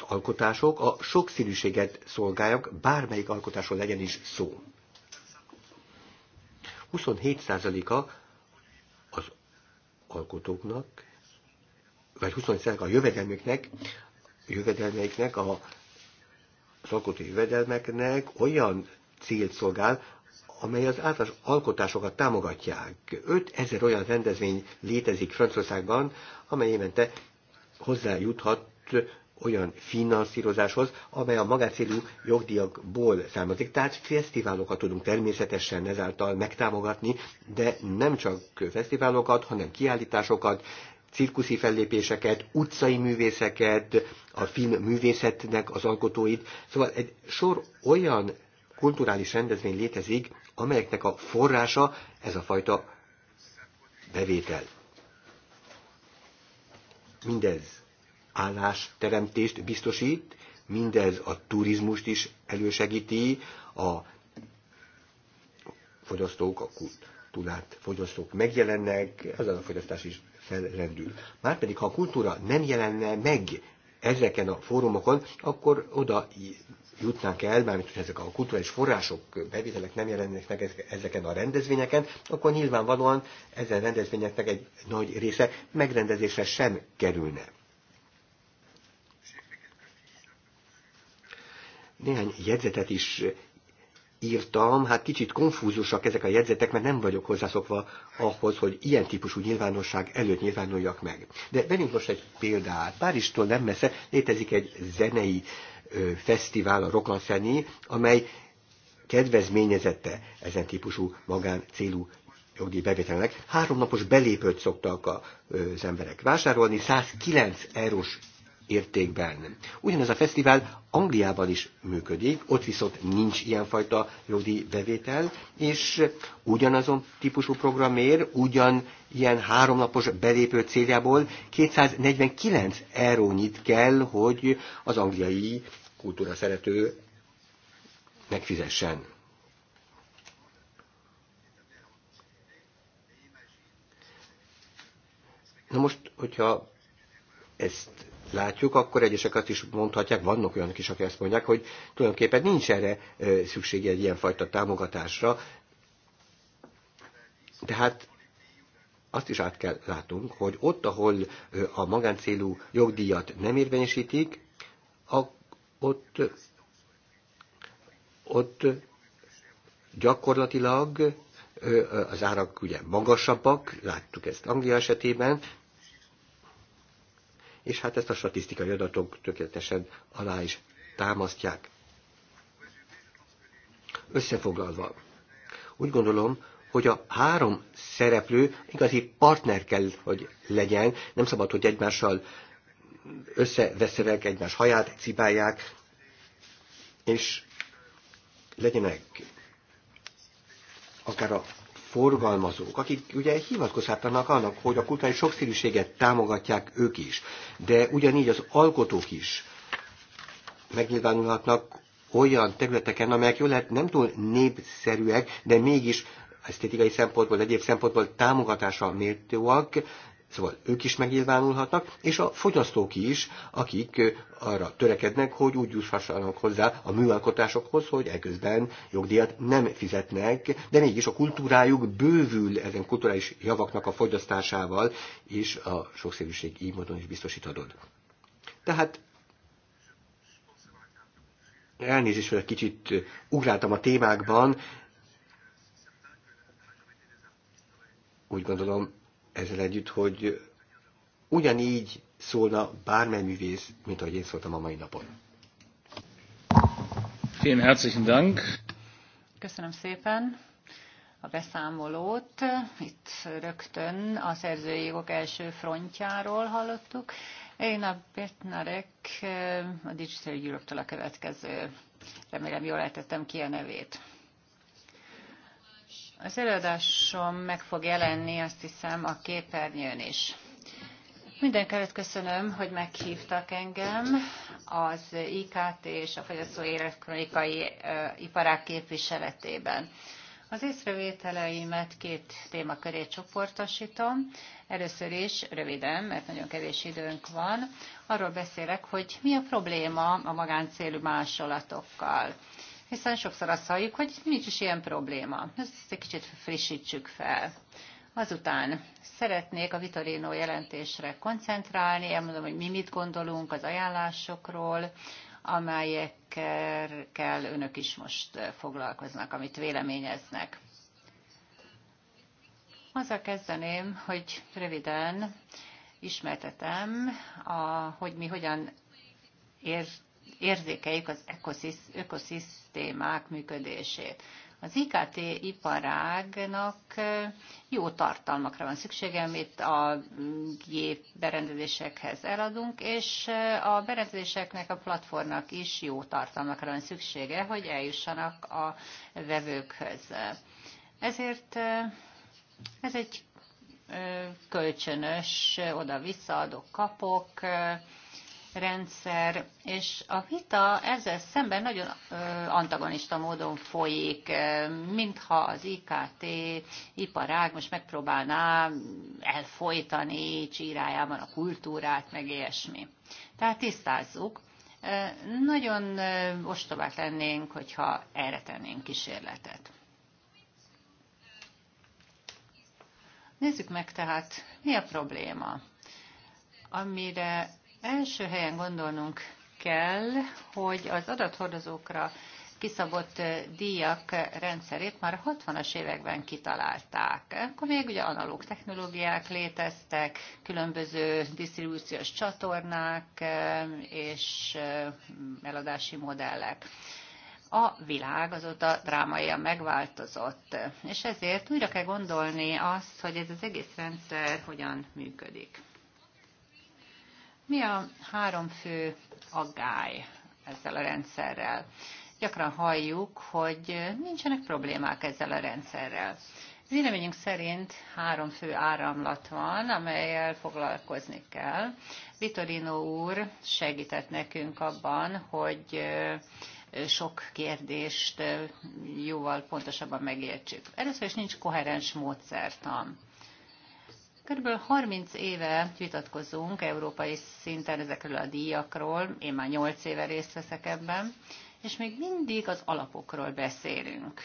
az alkotások a sokszínűséget szolgálják, bármelyik alkotásról legyen is szó. 27%-a az alkotóknak, vagy 27%-a a jövedelmüknek, jövedelmeiknek, a, az alkotó jövedelmeknek olyan célt szolgál, amely az általános alkotásokat támogatják. 5000 olyan rendezvény létezik Franciaországban, amely évente hozzájuthat olyan finanszírozáshoz, amely a magánszélű jogdíjakból származik. Tehát fesztiválokat tudunk természetesen ezáltal megtámogatni, de nem csak fesztiválokat, hanem kiállításokat, cirkuszi fellépéseket, utcai művészeket, a film művészetnek az alkotóit. Szóval egy sor olyan kulturális rendezvény létezik, amelyeknek a forrása ez a fajta bevétel mindez állásteremtést biztosít, mindez a turizmust is elősegíti, a fogyasztók, a kultúrát fogyasztók megjelennek, ezzel a fogyasztás is felrendül. Márpedig, ha a kultúra nem jelenne meg ezeken a fórumokon, akkor oda jutnánk el, mármint hogy ezek a kulturális források, bevételek nem jelennek meg ezeken a rendezvényeken, akkor nyilvánvalóan ezen rendezvényeknek egy nagy része megrendezésre sem kerülne. Néhány jegyzetet is írtam, hát kicsit konfúzusak ezek a jegyzetek, mert nem vagyok hozzászokva ahhoz, hogy ilyen típusú nyilvánosság előtt nyilvánuljak meg. De vegyünk most egy példát. Párizstól nem messze létezik egy zenei ö, fesztivál, a Rokanszeni, amely kedvezményezette ezen típusú magán célú jogi bevételnek. Háromnapos belépőt szoktak az emberek vásárolni, 109 eurós értékben. Ugyanez a fesztivál Angliában is működik, ott viszont nincs ilyenfajta jogi bevétel, és ugyanazon típusú programért, ugyan ilyen háromnapos belépő céljából 249 eurónyit kell, hogy az angliai kultúra szerető megfizessen. Na most, hogyha ezt látjuk, akkor egyesek azt is mondhatják, vannak olyanok is, akik ezt mondják, hogy tulajdonképpen nincs erre szüksége egy ilyenfajta támogatásra. Tehát azt is át kell látnunk, hogy ott, ahol a magáncélú jogdíjat nem érvényesítik, a, ott, ott gyakorlatilag az árak ugye magasabbak, láttuk ezt Anglia esetében, és hát ezt a statisztikai adatok tökéletesen alá is támasztják. Összefoglalva, úgy gondolom, hogy a három szereplő igazi partner kell, hogy legyen, nem szabad, hogy egymással összeveszerek, egymás haját cibálják, és legyenek akár a forgalmazók, akik ugye hivatkozhatnak annak, hogy a kultúrai sokszínűséget támogatják ők is, de ugyanígy az alkotók is megnyilvánulhatnak olyan területeken, amelyek jól lehet nem túl népszerűek, de mégis esztétikai szempontból, egyéb szempontból támogatásra méltóak, Szóval ők is megnyilvánulhatnak, és a fogyasztók is, akik arra törekednek, hogy úgy juthassanak hozzá a műalkotásokhoz, hogy eközben jogdíjat nem fizetnek, de mégis a kultúrájuk bővül ezen kulturális javaknak a fogyasztásával, és a sokszínűség így módon is biztosíthatod. Tehát elnézést, hogy egy kicsit ugráltam a témákban, úgy gondolom, ezzel együtt, hogy ugyanígy szólna bármely művész, mint ahogy én szóltam a mai napon. Vielen herzlichen Dank. Köszönöm szépen a beszámolót. Itt rögtön a szerzői jogok első frontjáról hallottuk. Én a Betnarek, a Digital Europe-tól a következő. Remélem jól lehetettem ki a nevét. Az előadásom meg fog jelenni, azt hiszem, a képernyőn is. Mindenkelőtt köszönöm, hogy meghívtak engem az IKT és a fogyasztó elektronikai iparák képviseletében. Az észrevételeimet két témaköré csoportosítom. Először is, röviden, mert nagyon kevés időnk van, arról beszélek, hogy mi a probléma a magáncélú másolatokkal hiszen sokszor azt halljuk, hogy nincs is ilyen probléma. Ezt egy kicsit frissítsük fel. Azután szeretnék a Vitorino jelentésre koncentrálni, elmondom, hogy mi mit gondolunk az ajánlásokról, amelyekkel önök is most foglalkoznak, amit véleményeznek. Azzal kezdeném, hogy röviden ismertetem, a, hogy mi hogyan ért érzékeljük az ökoszisztémák működését. Az IKT iparágnak jó tartalmakra van szüksége, amit a gép berendezésekhez eladunk, és a berendezéseknek, a platformnak is jó tartalmakra van szüksége, hogy eljussanak a vevőkhöz. Ezért ez egy kölcsönös, oda-visszaadok, kapok, rendszer, és a vita ezzel szemben nagyon antagonista módon folyik, mintha az IKT iparág most megpróbálná elfolytani csírájában a kultúrát, meg ilyesmi. Tehát tisztázzuk, nagyon ostobák lennénk, hogyha erre tennénk kísérletet. Nézzük meg tehát, mi a probléma, amire Első helyen gondolnunk kell, hogy az adathordozókra kiszabott díjak rendszerét már a 60-as években kitalálták. Akkor még ugye analóg technológiák léteztek, különböző disztribúciós csatornák és eladási modellek. A világ azóta drámaian megváltozott, és ezért újra kell gondolni azt, hogy ez az egész rendszer hogyan működik. Mi a három fő aggály ezzel a rendszerrel? Gyakran halljuk, hogy nincsenek problémák ezzel a rendszerrel. Véleményünk szerint három fő áramlat van, amelyel foglalkozni kell. Vitorino úr segített nekünk abban, hogy sok kérdést jóval pontosabban megértsük. Először is nincs koherens módszertan. Körülbelül 30 éve vitatkozunk európai szinten ezekről a díjakról, én már 8 éve részt veszek ebben, és még mindig az alapokról beszélünk.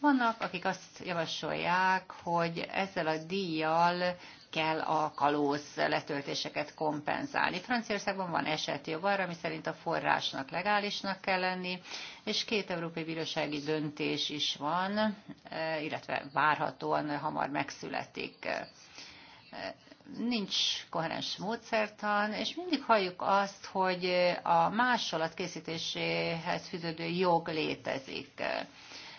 Vannak, akik azt javasolják, hogy ezzel a díjjal kell a kalóz letöltéseket kompenzálni. Franciaországban van esetjog arra, ami szerint a forrásnak legálisnak kell lenni, és két európai bírósági döntés is van, eh, illetve várhatóan hamar megszületik nincs koherens módszertan, és mindig halljuk azt, hogy a másolat készítéséhez fűződő jog létezik.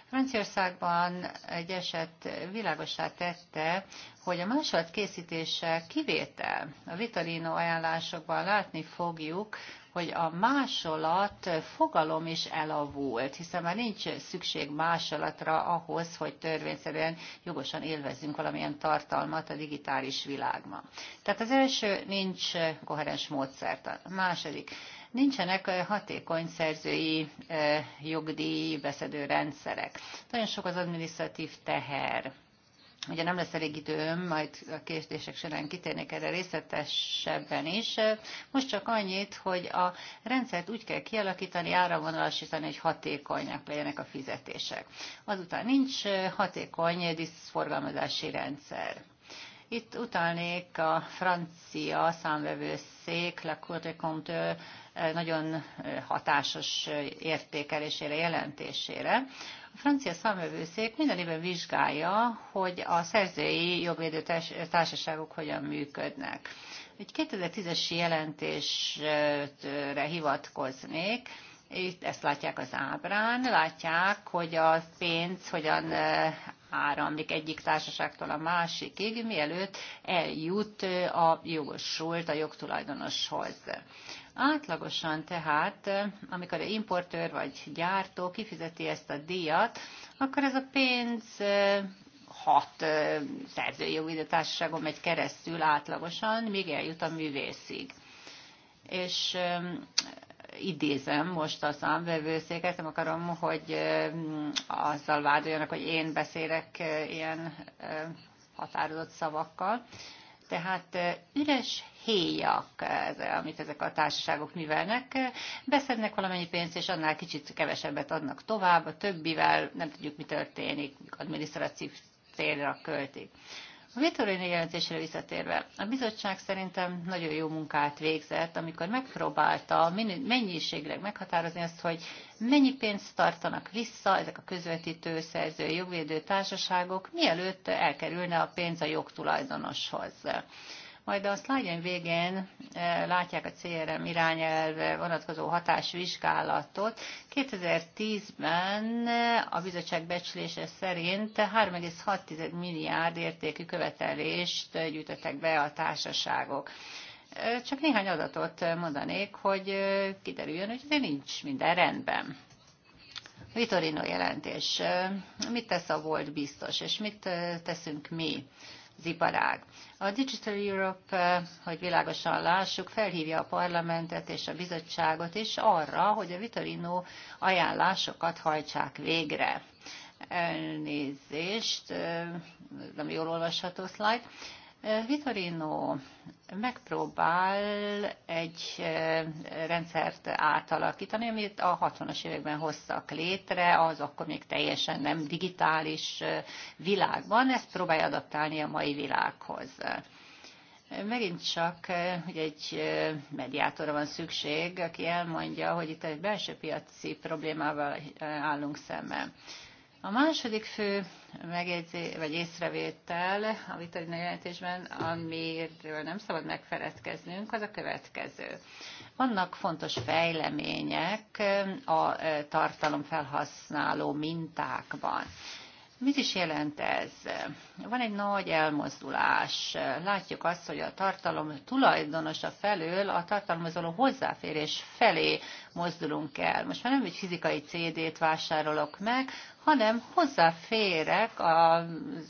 Franciaországban egy eset világosá tette, hogy a másolat készítése kivétel. A Vitalino ajánlásokban látni fogjuk, hogy a másolat fogalom is elavult, hiszen már nincs szükség másolatra ahhoz, hogy törvényszerűen jogosan élvezzünk valamilyen tartalmat a digitális világban. Tehát az első nincs koherens módszertan. A második, nincsenek hatékony szerzői eh, jogdíj beszedő rendszerek. Nagyon sok az administratív teher, Ugye nem lesz elég időm, majd a kérdések során kitérnék erre részletesebben is. Most csak annyit, hogy a rendszert úgy kell kialakítani, áramvonalasítani, hogy hatékonyak legyenek a fizetések. Azután nincs hatékony diszforgalmazási rendszer. Itt utalnék a francia számvevőszék, Le Côte Comte nagyon hatásos értékelésére, jelentésére, a francia számövőszék minden évben vizsgálja, hogy a szerzői jogvédő társaságok hogyan működnek. Egy 2010-es jelentésre hivatkoznék, itt ezt látják az ábrán, látják, hogy a pénz hogyan eh, áramlik egyik társaságtól a másikig, mielőtt eljut eh, a jogosult a jogtulajdonoshoz. Átlagosan tehát, amikor a importőr vagy gyártó kifizeti ezt a díjat, akkor ez a pénz hat szerzőjogi megy keresztül átlagosan, míg eljut a művészig. És idézem most a számvevőszéket, nem akarom, hogy azzal vádoljanak, hogy én beszélek ilyen határozott szavakkal, tehát üres héjak, ez, amit ezek a társaságok művelnek, beszednek valamennyi pénzt, és annál kicsit kevesebbet adnak tovább, a többivel nem tudjuk, mi történik, adminisztratív célra költik. A Vitorino jelentésre visszatérve, a bizottság szerintem nagyon jó munkát végzett, amikor megpróbálta mennyiségleg meghatározni azt, hogy mennyi pénzt tartanak vissza ezek a közvetítő, szerző, jogvédő társaságok, mielőtt elkerülne a pénz a jogtulajdonoshoz. Majd a szlájdjen végén eh, látják a CRM irányelv vonatkozó hatásvizsgálatot. 2010-ben eh, a bizottság becslése szerint 3,6 milliárd értékű követelést eh, gyűjtöttek be a társaságok. Csak néhány adatot mondanék, hogy kiderüljön, hogy azért nincs minden rendben. Vitorino jelentés. Mit tesz a volt biztos, és mit teszünk mi? iparág. A Digital Europe, eh, hogy világosan lássuk, felhívja a parlamentet és a bizottságot is arra, hogy a Vitorino ajánlásokat hajtsák végre. Elnézést, eh, nem jól olvasható slide. Vitorino megpróbál egy e, rendszert átalakítani, amit a 60-as években hoztak létre, az akkor még teljesen nem digitális e, világban, ezt próbálja adaptálni a mai világhoz. Megint csak e, hogy egy mediátorra van szükség, aki elmondja, hogy itt egy belső piaci problémával állunk szemben. A második fő megjegyzé, vagy észrevétel a vitalina jelentésben, amiről nem szabad megfeledkeznünk, az a következő. Vannak fontos fejlemények eh, a eh, tartalomfelhasználó mintákban. Mit is jelent ez? Van egy nagy elmozdulás. Látjuk azt, hogy a tartalom tulajdonosa felől a tartalomhoz való hozzáférés felé mozdulunk el. Most már nem egy fizikai CD-t vásárolok meg, hanem hozzáférek az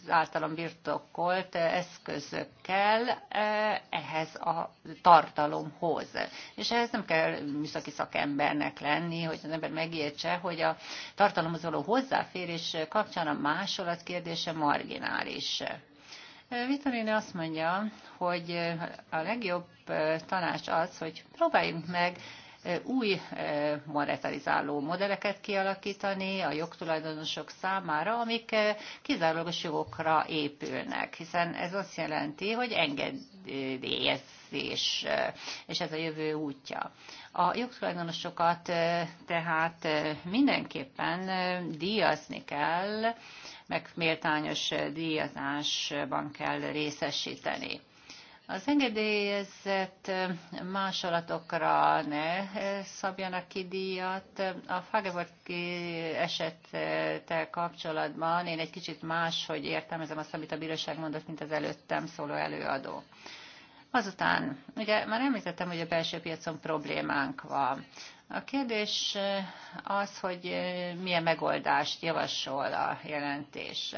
általam birtokolt eszközökkel eh, ehhez a tartalomhoz. És ehhez nem kell műszaki szakembernek lenni, hogy az ember megértse, hogy a tartalomhoz való hozzáférés kapcsán a másolat kérdése marginális. Eh, Vitorine azt mondja, hogy a legjobb eh, tanács az, hogy próbáljunk meg új eh, monetarizáló modelleket kialakítani a jogtulajdonosok számára, amik eh, kizárólagos jogokra épülnek, hiszen ez azt jelenti, hogy engedélyezés és, eh, és ez a jövő útja. A jogtulajdonosokat tehát mindenképpen díjazni kell, meg méltányos díjazásban kell részesíteni. Az engedélyezett másolatokra ne szabjanak ki díjat. A Fagevorki esettel kapcsolatban én egy kicsit más, hogy értelmezem azt, amit a bíróság mondott, mint az előttem szóló előadó. Azután, ugye már említettem, hogy a belső piacon problémánk van. A kérdés az, hogy milyen megoldást javasol a jelentés.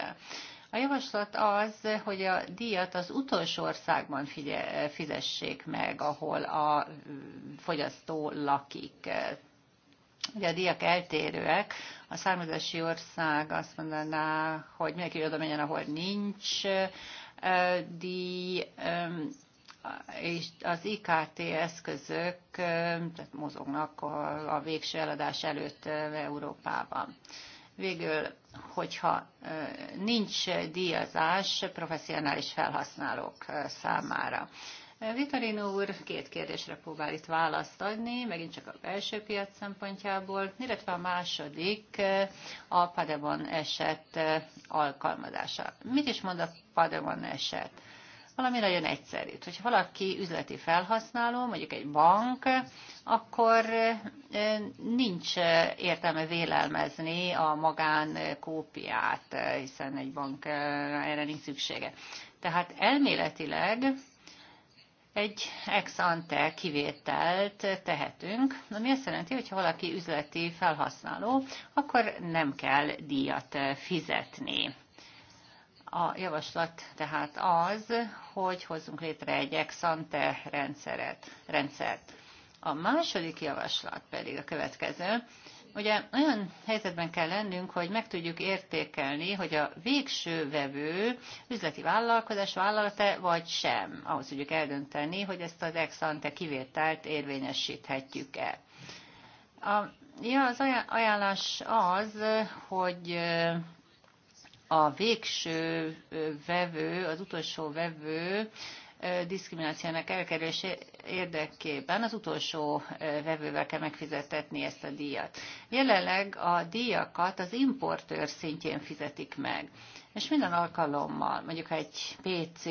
A javaslat az, hogy a díjat az utolsó országban figye, fizessék meg, ahol a fogyasztó lakik. Ugye a díjak eltérőek. A származási ország azt mondaná, hogy mindenki oda menjen, ahol nincs díj, és az IKT eszközök tehát mozognak a végső eladás előtt Európában. Végül, hogyha nincs díjazás professzionális felhasználók számára. Vitorino úr két kérdésre próbál itt választ adni, megint csak a belső piac szempontjából, illetve a második a Pademon eset alkalmazása. Mit is mond a Pademon eset? valami nagyon egyszerű. Hogyha valaki üzleti felhasználó, mondjuk egy bank, akkor nincs értelme vélelmezni a magán kópiát, hiszen egy bank erre nincs szüksége. Tehát elméletileg egy ex ante kivételt tehetünk, ami azt jelenti, hogy ha valaki üzleti felhasználó, akkor nem kell díjat fizetni a javaslat tehát az, hogy hozzunk létre egy ex-ante rendszeret, rendszert. A második javaslat pedig a következő. Ugye olyan helyzetben kell lennünk, hogy meg tudjuk értékelni, hogy a végső vevő üzleti vállalkozás vállalata vagy sem. Ahhoz tudjuk eldönteni, hogy ezt az ex ante kivételt érvényesíthetjük-e. A, ja, az ajánlás az, hogy a végső vevő, az utolsó vevő diszkriminációnak elkerülése érdekében az utolsó vevővel kell megfizetetni ezt a díjat. Jelenleg a díjakat az importőr szintjén fizetik meg. És minden alkalommal, mondjuk ha egy PC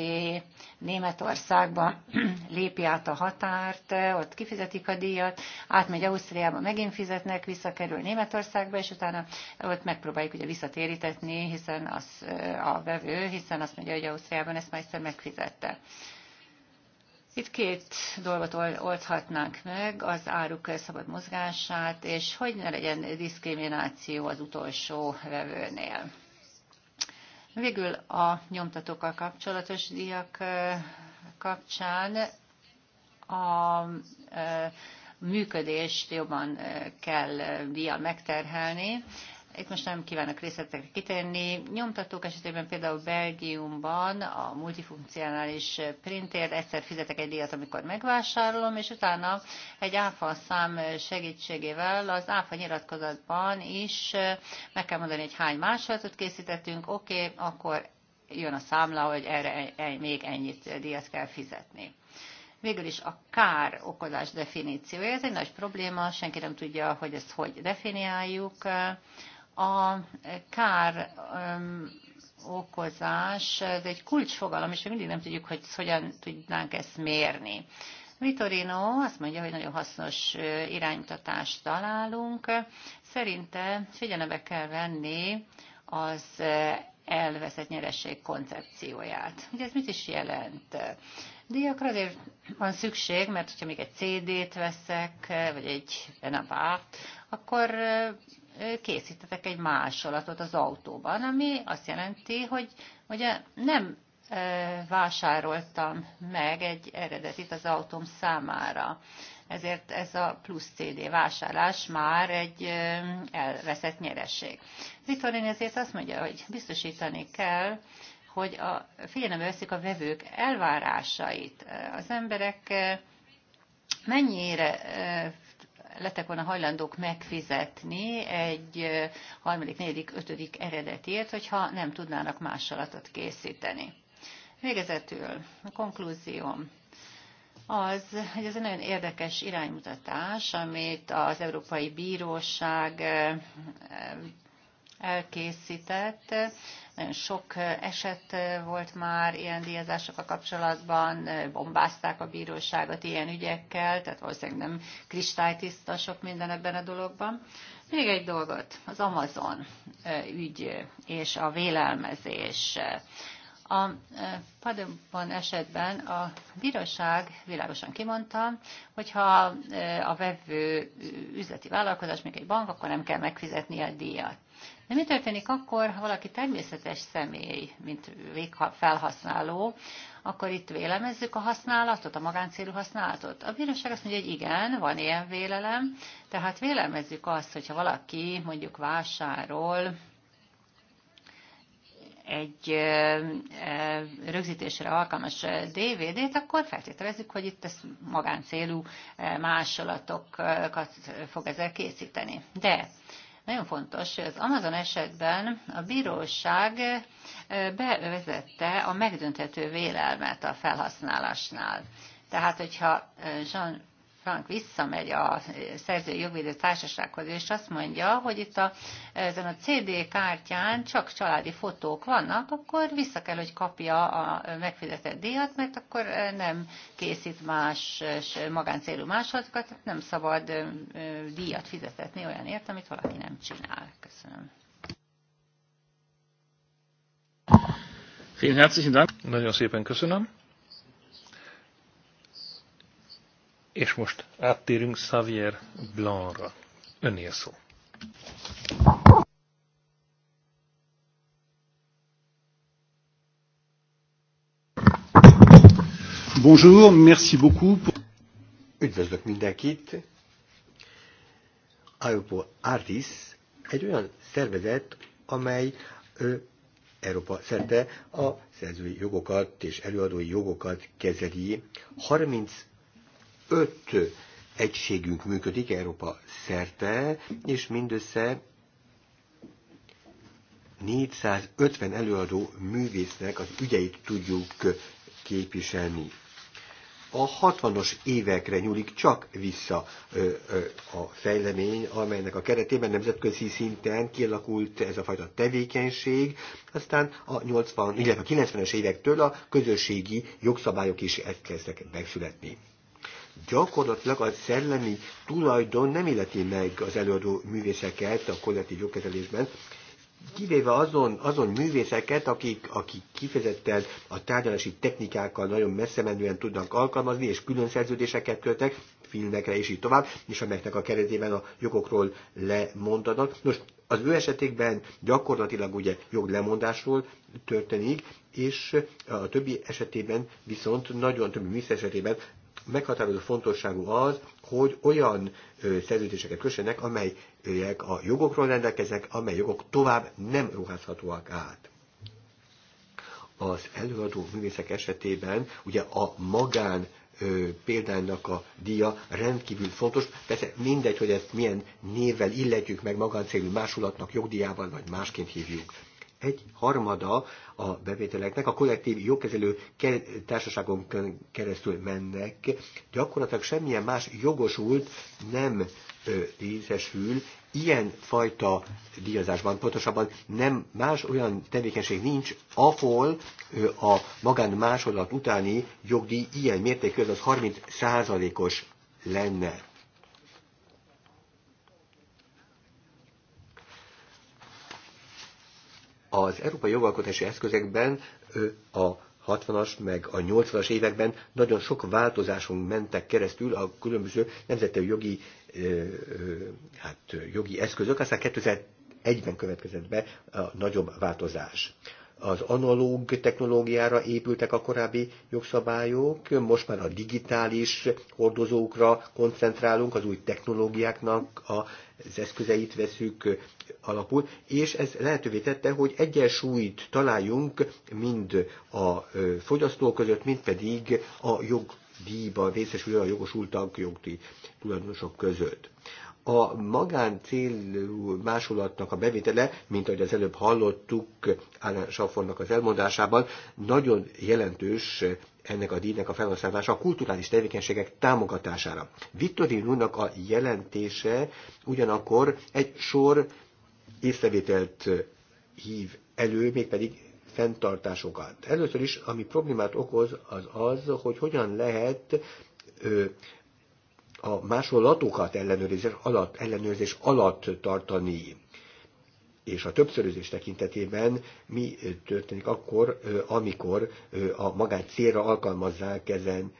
Németországban lépi át a határt, ott kifizetik a díjat, átmegy Ausztriába, megint fizetnek, visszakerül Németországba, és utána ott megpróbáljuk ugye visszatérítetni, hiszen az a vevő, hiszen azt mondja, hogy Ausztriában ezt már egyszer megfizette. Itt két dolgot oldhatnánk meg, az áruk szabad mozgását, és hogy ne legyen diszkrimináció az utolsó vevőnél. Végül a nyomtatókkal kapcsolatos díjak kapcsán a működést jobban kell díjjal megterhelni, itt most nem kívánok részletekre kitérni. Nyomtatók esetében például Belgiumban a multifunkcionális printért egyszer fizetek egy díjat, amikor megvásárolom, és utána egy áfa szám segítségével az áfa nyilatkozatban is meg kell mondani, hogy hány másolatot készítettünk, oké, okay, akkor jön a számla, hogy erre e, e, még ennyit díjat kell fizetni végül is a kár okozás definíciója. Ez egy nagy probléma, senki nem tudja, hogy ezt hogy definiáljuk. A kár okozás, ez egy kulcsfogalom, és még mindig nem tudjuk, hogy hogyan tudnánk ezt mérni. Vitorino azt mondja, hogy nagyon hasznos iránymutatást találunk. Szerinte figyelembe kell venni az elveszett nyeresség koncepcióját. Ugye ez mit is jelent? Diakra azért van szükség, mert hogyha még egy CD-t veszek, vagy egy Benavart, akkor készítetek egy másolatot az autóban, ami azt jelenti, hogy ugye nem vásároltam meg egy eredetit az autóm számára. Ezért ez a plusz CD vásárlás már egy elveszett nyereség. Vitorin ezért azt mondja, hogy biztosítani kell, hogy a, figyelembe veszik a vevők elvárásait. Az emberek mennyire lettek volna hajlandók megfizetni egy harmadik, negyedik, ötödik eredetért, hogyha nem tudnának másolatot készíteni. Végezetül a konklúzióm az, hogy ez egy nagyon érdekes iránymutatás, amit az Európai Bíróság elkészített, nagyon sok eset volt már ilyen díjazásokkal kapcsolatban, bombázták a bíróságot ilyen ügyekkel, tehát valószínűleg nem kristálytiszta sok minden ebben a dologban. Még egy dolgot, az Amazon ügy és a vélelmezés. A Padomban esetben a bíróság világosan kimondta, hogyha a vevő üzleti vállalkozás, még egy bank, akkor nem kell megfizetni a díjat. De mi történik akkor, ha valaki természetes személy, mint végfelhasználó, akkor itt vélemezzük a használatot, a magáncélú használatot. A bíróság azt mondja, hogy igen, van ilyen vélelem, tehát vélemezzük azt, hogyha valaki mondjuk vásárol egy rögzítésre alkalmas DVD-t, akkor feltételezzük, hogy itt ezt magáncélú másolatokat fog ezzel készíteni. De nagyon fontos, hogy az Amazon esetben a bíróság bevezette a megdönthető vélelmet a felhasználásnál. Tehát, hogyha Jean Frank visszamegy a szerző jogvédő társasághoz, és azt mondja, hogy itt a, ezen a CD kártyán csak családi fotók vannak, akkor vissza kell, hogy kapja a megfizetett díjat, mert akkor e, nem készít más magáncélú másolatokat, nem szabad e, e, díjat fizetetni olyanért, amit valaki nem csinál. Köszönöm. Vielen herzlichen Nagyon szépen köszönöm. És most áttérünk Xavier Blanc-ra. Önél szó. Bonjour, merci beaucoup. Pour... Üdvözlök mindenkit. Európa Artis egy olyan szervezet, amely ö, Európa szerte a szerzői jogokat és előadói jogokat kezeli. 30 öt egységünk működik Európa szerte, és mindössze 450 előadó művésznek az ügyeit tudjuk képviselni. A 60-as évekre nyúlik csak vissza ö, ö, a fejlemény, amelynek a keretében nemzetközi szinten kialakult ez a fajta tevékenység, aztán a 80, illetve a 90-es évektől a közösségi jogszabályok is ezt kezdtek megszületni gyakorlatilag a szellemi tulajdon nem illeti meg az előadó művészeket a kollektív jogkezelésben, kivéve azon, azon művészeket, akik, akik kifejezetten a tárgyalási technikákkal nagyon messze menően tudnak alkalmazni, és külön szerződéseket kötnek, filmekre és így tovább, és amelyeknek a keretében a jogokról lemondanak. Nos, az ő esetékben gyakorlatilag ugye joglemondásról történik, és a többi esetében viszont nagyon, többi műsz esetében meghatározó fontosságú az, hogy olyan szerződéseket kössenek, amelyek a jogokról rendelkeznek, amely jogok tovább nem ruházhatóak át az előadó művészek esetében ugye a magán ö, példának a díja rendkívül fontos. Persze mindegy, hogy ezt milyen névvel illetjük meg magáncélű másolatnak, jogdíjával, vagy másként hívjuk egy harmada a bevételeknek a kollektív jogkezelő társaságon keresztül mennek, gyakorlatilag semmilyen más jogosult nem részesül ilyen fajta díjazásban, pontosabban nem más olyan tevékenység nincs, ahol a magán másolat utáni jogdíj ilyen mértékű, az 30 os lenne. az európai jogalkotási eszközekben a 60-as meg a 80-as években nagyon sok változáson mentek keresztül a különböző nemzeti jogi, hát, jogi eszközök, aztán 2001-ben következett be a nagyobb változás az analóg technológiára épültek a korábbi jogszabályok, most már a digitális hordozókra koncentrálunk, az új technológiáknak a az eszközeit veszük alapul, és ez lehetővé tette, hogy egyensúlyt találjunk mind a fogyasztó között, mind pedig a jogdíjba részesülő a jogosultak jogdíj tulajdonosok között a magáncélú másolatnak a bevétele, mint ahogy az előbb hallottuk Alan Schaffornak az elmondásában, nagyon jelentős ennek a díjnek a felhasználása a kulturális tevékenységek támogatására. Vittorin úrnak a jelentése ugyanakkor egy sor észrevételt hív elő, mégpedig fenntartásokat. Először is, ami problémát okoz, az az, hogy hogyan lehet ö, a másolatokat ellenőrzés alatt, ellenőrzés alatt tartani és a többszörözés tekintetében mi történik akkor, amikor a magány célra alkalmazzák ezen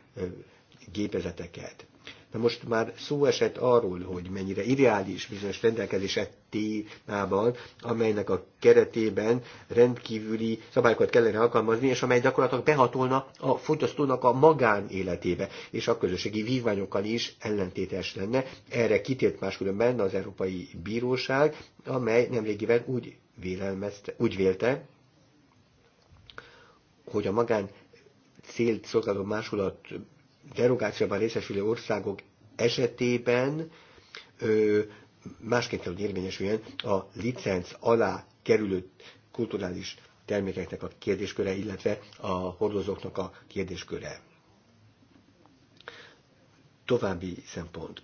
gépezeteket. Na most már szó esett arról, hogy mennyire ideális bizonyos rendelkezések témában, amelynek a keretében rendkívüli szabályokat kellene alkalmazni, és amely gyakorlatilag behatolna a fogyasztónak a magánéletébe, és a közösségi vívványokkal is ellentétes lenne. Erre kitért máskülönben az Európai Bíróság, amely nemrégiben úgy, úgy vélte, hogy a magán célt szolgáló másolat derogációban részesülő országok esetében ö, másként kell, hogy érvényesüljön a licenc alá kerülő kulturális termékeknek a kérdésköre, illetve a hordozóknak a kérdésköre. További szempont.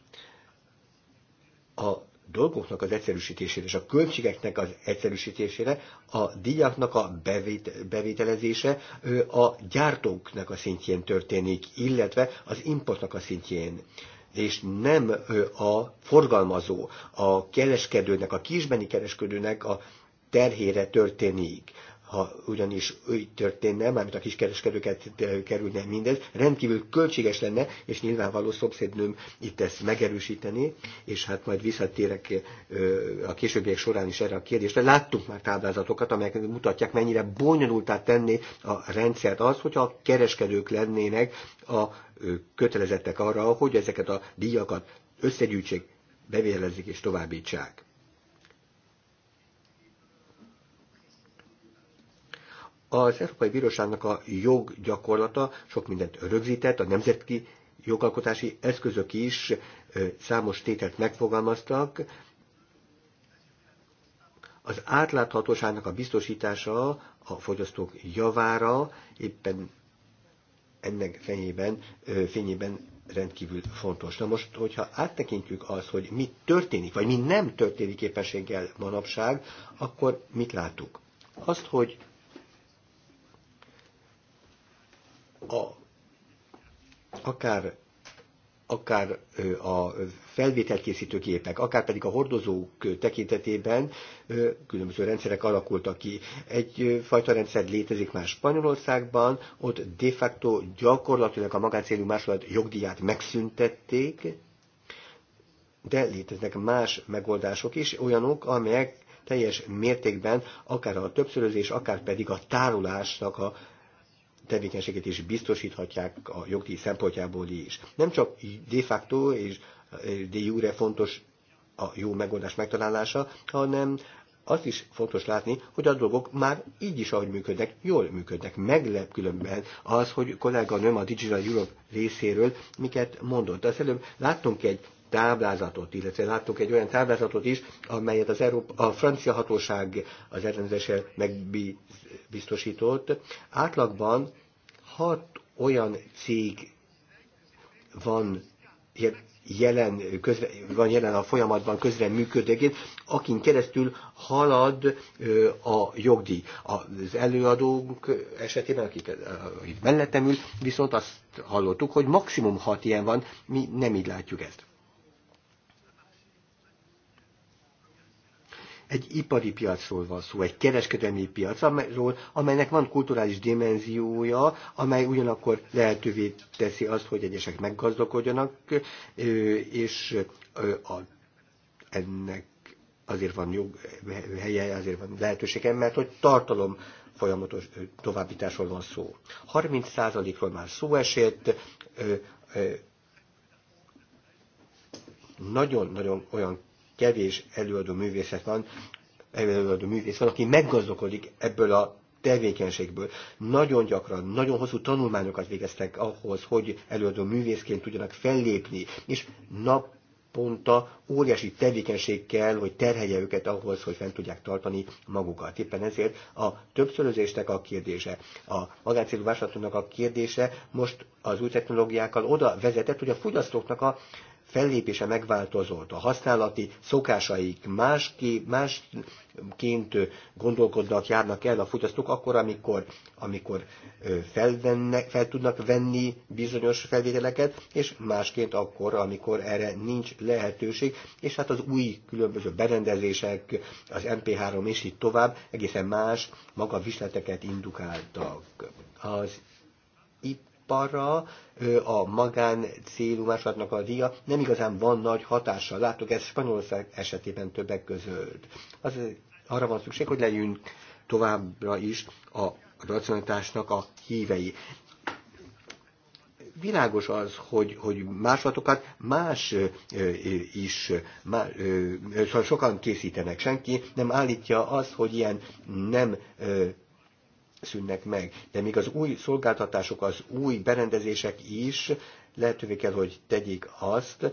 A dolgoknak az egyszerűsítésére és a költségeknek az egyszerűsítésére, a díjaknak a bevét, bevételezése a gyártóknak a szintjén történik, illetve az importnak a szintjén és nem a forgalmazó, a kereskedőnek, a kisbeni kereskedőnek a terhére történik ha ugyanis úgy történne, mármint a kiskereskedőket eh, kerülne mindez, rendkívül költséges lenne, és nyilvánvaló szomszédnőm itt ezt megerősíteni, és hát majd visszatérek eh, a későbbiek során is erre a kérdésre. Láttunk már táblázatokat, amelyek mutatják, mennyire bonyolultá tenni a rendszert az, hogyha a kereskedők lennének a kötelezettek arra, hogy ezeket a díjakat összegyűjtsék, bevélezik és továbbítsák. Az Európai Bíróságnak a joggyakorlata sok mindent rögzített, a nemzetki jogalkotási eszközök is számos tételt megfogalmaztak. Az átláthatóságnak a biztosítása a fogyasztók javára éppen ennek fenyében, fényében rendkívül fontos. Na most, hogyha áttekintjük az, hogy mi történik, vagy mi nem történik képességgel manapság, akkor mit látunk? Azt, hogy a, akár akár a felvételkészítő gépek, akár pedig a hordozók tekintetében különböző rendszerek alakultak ki. Egyfajta rendszer létezik már Spanyolországban, ott de facto gyakorlatilag a magáncélú másolat jogdíját megszüntették, de léteznek más megoldások is, olyanok, amelyek teljes mértékben akár a többszörözés, akár pedig a tárolásnak a tevékenységet is biztosíthatják a jogdíj szempontjából is. Nem csak de facto és de jure fontos a jó megoldás megtalálása, hanem azt is fontos látni, hogy a dolgok már így is, ahogy működnek, jól működnek. Meglep különben az, hogy kolléganőm a Digital Europe részéről miket mondott. Az előbb láttunk egy táblázatot, illetve láttuk egy olyan táblázatot is, amelyet az Európa, a francia hatóság az ellenzéssel megbiztosított. Átlagban hat olyan cég van jelen, közre, van jelen a folyamatban közre működőként, akin keresztül halad a jogdíj. Az előadónk esetében, akik itt mellettem ül, viszont azt hallottuk, hogy maximum hat ilyen van, mi nem így látjuk ezt. egy ipari piacról van szó, egy kereskedelmi piacról, amelynek van kulturális dimenziója, amely ugyanakkor lehetővé teszi azt, hogy egyesek meggazdagodjanak, és a, ennek azért van jog, helye, azért van lehetősége, mert hogy tartalom folyamatos továbbításról van szó. 30%-ról már szó esett, nagyon-nagyon olyan kevés előadó művészet van, előadó művész van, aki meggazdokodik ebből a tevékenységből. Nagyon gyakran, nagyon hosszú tanulmányokat végeztek ahhoz, hogy előadó művészként tudjanak fellépni, és nap ponta óriási tevékenység kell, hogy terhelje őket ahhoz, hogy fent tudják tartani magukat. Éppen ezért a többszörözésnek a kérdése, a magáncélú vásárlóknak a kérdése most az új technológiákkal oda vezetett, hogy a fogyasztóknak a fellépése megváltozott, a használati szokásaik máské, másként gondolkodnak, járnak el a fogyasztók, akkor, amikor, amikor felvennek, fel tudnak venni bizonyos felvételeket, és másként akkor, amikor erre nincs lehetőség, és hát az új különböző berendezések, az MP3 és így tovább egészen más maga magaviseleteket indukáltak. Az para, a magán célú másolatnak a díja nem igazán van nagy hatással. Látok ez Spanyolország esetében többek között. Az, arra van szükség, hogy legyünk továbbra is a racionalitásnak a hívei világos az, hogy, hogy másolatokat más ö, is, má, ö, szóval sokan készítenek. Senki nem állítja azt, hogy ilyen nem ö, szűnnek meg. De még az új szolgáltatások, az új berendezések is lehetővé kell, hogy tegyék azt,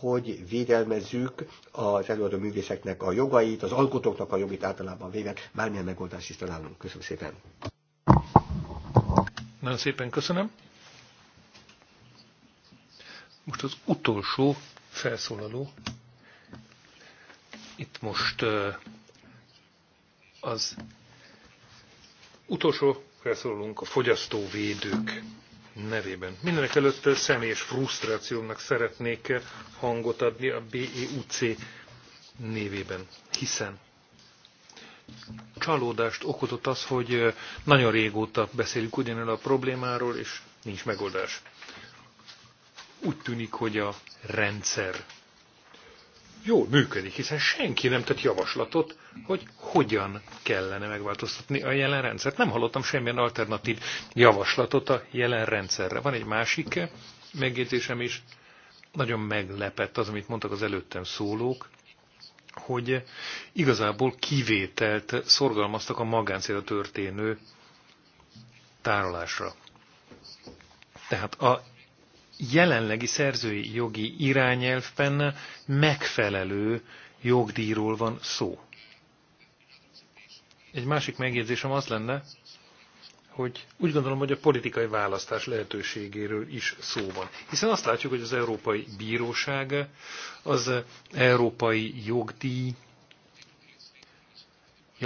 hogy védelmezzük az előadó művészeknek a jogait, az alkotóknak a jogit általában véve, bármilyen megoldást is találunk. Köszönöm szépen. Nagyon szépen köszönöm. Most az utolsó felszólaló. Itt most az utolsó felszólalunk a fogyasztóvédők nevében. Mindenek előtt személyes frusztrációmnak szeretnék hangot adni a BEUC névében, hiszen csalódást okozott az, hogy nagyon régóta beszélünk ugyanarról a problémáról, és nincs megoldás. Úgy tűnik, hogy a rendszer jól működik, hiszen senki nem tett javaslatot, hogy hogyan kellene megváltoztatni a jelen rendszert. Nem hallottam semmilyen alternatív javaslatot a jelen rendszerre. Van egy másik megjegyzésem is, nagyon meglepett az, amit mondtak az előttem szólók, hogy igazából kivételt szorgalmaztak a magáncélra történő tárolásra. Tehát a jelenlegi szerzői jogi irányelvben megfelelő jogdíjról van szó. Egy másik megjegyzésem az lenne, hogy úgy gondolom, hogy a politikai választás lehetőségéről is szó van. Hiszen azt látjuk, hogy az Európai Bíróság, az Európai Jogdíj,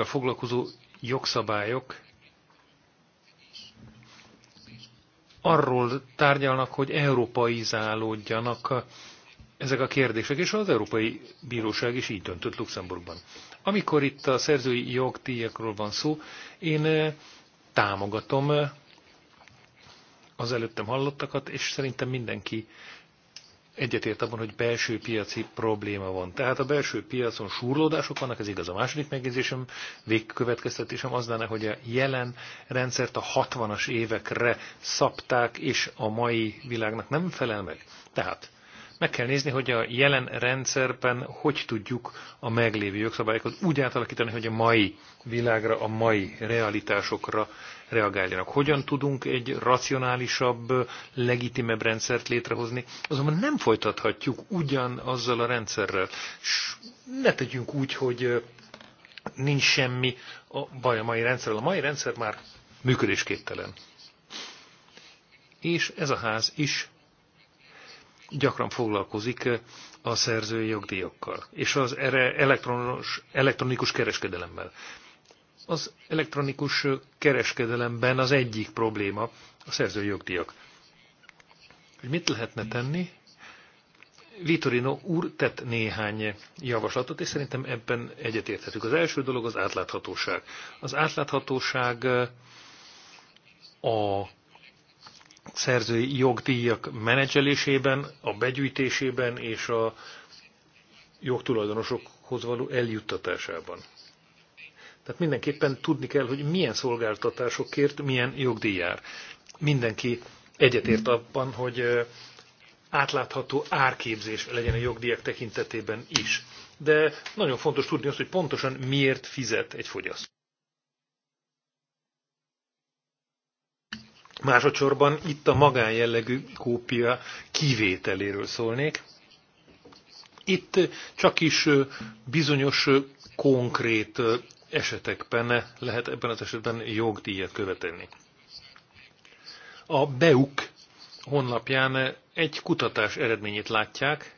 foglalkozó jogszabályok arról tárgyalnak, hogy zálódjanak ezek a kérdések, és az Európai Bíróság is így döntött Luxemburgban. Amikor itt a szerzői jogdíjakról van szó, én eh, támogatom eh, az előttem hallottakat, és szerintem mindenki egyetért abban, hogy belső piaci probléma van. Tehát a belső piacon súrlódások vannak, ez igaz. A második megjegyzésem, végkövetkeztetésem az lenne, hogy a jelen rendszert a 60-as évekre szapták, és a mai világnak nem felel meg. Tehát meg kell nézni, hogy a jelen rendszerben hogy tudjuk a meglévő jogszabályokat úgy átalakítani, hogy a mai világra, a mai realitásokra reagáljanak. Hogyan tudunk egy racionálisabb, legitimebb rendszert létrehozni? Azonban nem folytathatjuk ugyanazzal a rendszerrel. S ne tegyünk úgy, hogy nincs semmi a baj a mai rendszerrel. A mai rendszer már működésképtelen. És ez a ház is gyakran foglalkozik a szerzői jogdíjakkal és az elektronos, elektronikus kereskedelemmel. Az elektronikus kereskedelemben az egyik probléma a szerzői jogdíjak. Hogy mit lehetne tenni? Vitorino úr tett néhány javaslatot, és szerintem ebben egyetérthetünk. Az első dolog az átláthatóság. Az átláthatóság a szerzői jogdíjak menedzselésében, a begyűjtésében és a jogtulajdonosokhoz való eljuttatásában. Tehát mindenképpen tudni kell, hogy milyen szolgáltatásokért milyen jogdíj jár. Mindenki egyetért abban, hogy átlátható árképzés legyen a jogdíjak tekintetében is. De nagyon fontos tudni azt, hogy pontosan miért fizet egy fogyasztó. Másodszorban itt a magánjellegű kópia kivételéről szólnék. Itt csak is bizonyos konkrét esetekben lehet ebben az esetben jogdíjat követelni. A BEUK honlapján egy kutatás eredményét látják.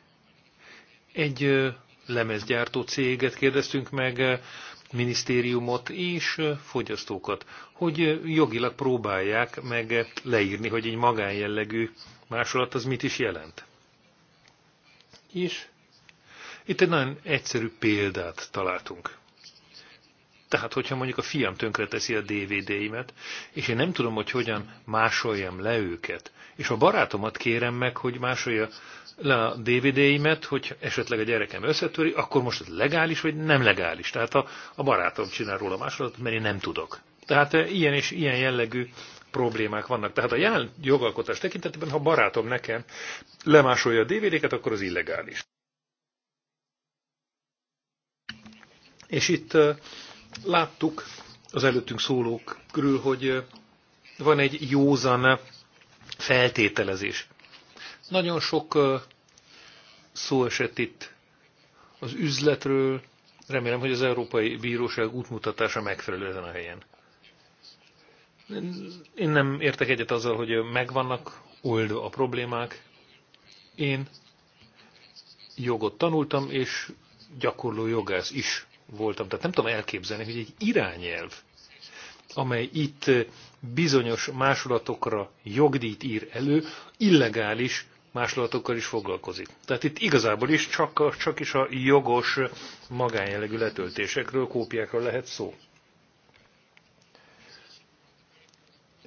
Egy lemezgyártó céget kérdeztünk meg, minisztériumot és fogyasztókat, hogy jogilag próbálják meg leírni, hogy egy magánjellegű másolat az mit is jelent. És itt egy nagyon egyszerű példát találtunk. Tehát, hogyha mondjuk a fiam tönkreteszi a DVD-imet, és én nem tudom, hogy hogyan másoljam le őket, és a barátomat kérem meg, hogy másolja le a DVD-imet, hogy esetleg a gyerekem összetöri, akkor most ez legális, vagy nem legális. Tehát a, a barátom csinál róla másolatot, mert én nem tudok. Tehát eh, ilyen és ilyen jellegű problémák vannak. Tehát a jelen jogalkotás tekintetében, ha barátom nekem lemásolja a DVD-ket, akkor az illegális. És itt eh, Láttuk az előttünk szólók körül, hogy van egy józan feltételezés. Nagyon sok szó esett itt az üzletről, remélem, hogy az Európai Bíróság útmutatása megfelelő ezen a helyen. Én nem értek egyet azzal, hogy megvannak oldva a problémák. Én jogot tanultam, és gyakorló jogász is voltam, tehát nem tudom elképzelni, hogy egy irányelv, amely itt eh, bizonyos másolatokra jogdíjt ír elő, illegális másolatokkal is foglalkozik. Tehát itt igazából is csak, csak is a jogos magánjellegű letöltésekről, kópiákról lehet szó.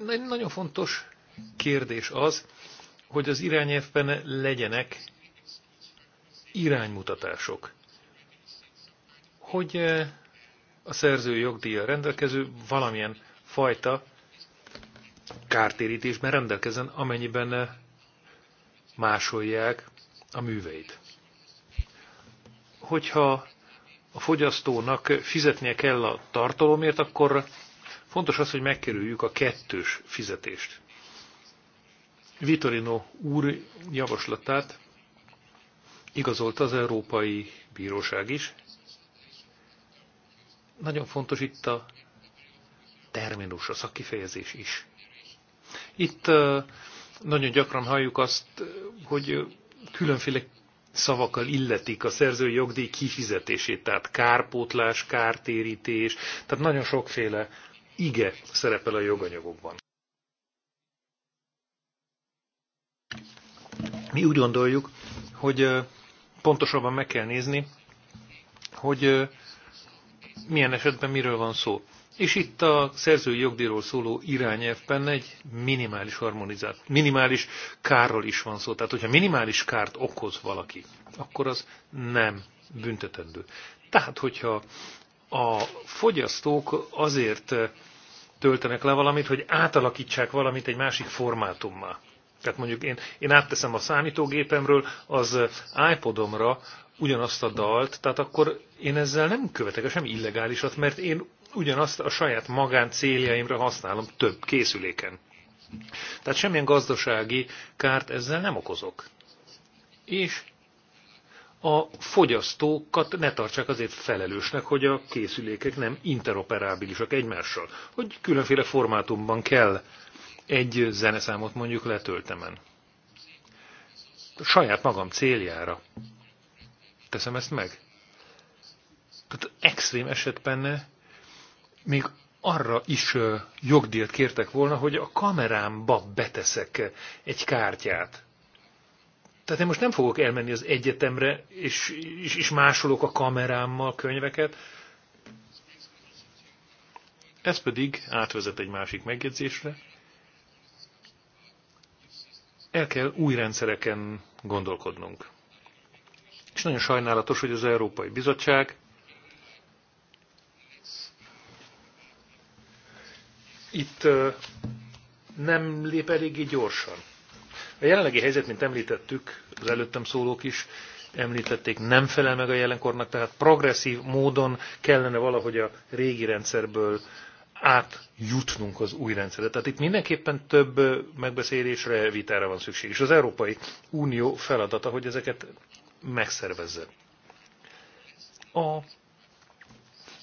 Egy nagyon fontos kérdés az, hogy az irányelvben legyenek iránymutatások hogy eh, a szerző jogdíja rendelkező valamilyen fajta kártérítésben rendelkezzen, amennyiben eh, másolják a műveit. Hogyha a fogyasztónak fizetnie kell a tartalomért, akkor fontos az, hogy megkerüljük a kettős fizetést. Vitorino úr javaslatát igazolt az Európai Bíróság is, nagyon fontos itt a terminus, a szakifejezés is. Itt nagyon gyakran halljuk azt, hogy különféle szavakkal illetik a szerzői jogdíj kifizetését, tehát kárpótlás, kártérítés, tehát nagyon sokféle ige szerepel a joganyagokban. Mi úgy gondoljuk, hogy pontosabban meg kell nézni, hogy milyen esetben miről van szó. És itt a szerzői jogdíjról szóló irányelvben egy minimális harmonizált, minimális kárról is van szó. Tehát, hogyha minimális kárt okoz valaki, akkor az nem büntetendő. Tehát, hogyha a fogyasztók azért töltenek le valamit, hogy átalakítsák valamit egy másik formátummal. Tehát mondjuk én, én átteszem a számítógépemről az iPodomra ugyanazt a dalt, tehát akkor én ezzel nem követek sem illegálisat, mert én ugyanazt a saját magán céljaimra használom több készüléken. Tehát semmilyen gazdasági kárt ezzel nem okozok. És a fogyasztókat ne tartsák azért felelősnek, hogy a készülékek nem interoperábilisak egymással, hogy különféle formátumban kell egy zeneszámot mondjuk letöltemen. Saját magam céljára. Teszem ezt meg. Tehát extrém esetben még arra is jogdíjat kértek volna, hogy a kamerámba beteszek egy kártyát. Tehát én most nem fogok elmenni az egyetemre, és, és, és másolok a kamerámmal könyveket. Ez pedig átvezet egy másik megjegyzésre el kell új rendszereken gondolkodnunk. És nagyon sajnálatos, hogy az Európai Bizottság itt nem lép eléggé gyorsan. A jelenlegi helyzet, mint említettük, az előttem szólók is említették, nem felel meg a jelenkornak, tehát progresszív módon kellene valahogy a régi rendszerből átjutnunk az új rendszerre. Tehát itt mindenképpen több megbeszélésre, vitára van szükség. És az Európai Unió feladata, hogy ezeket megszervezze. A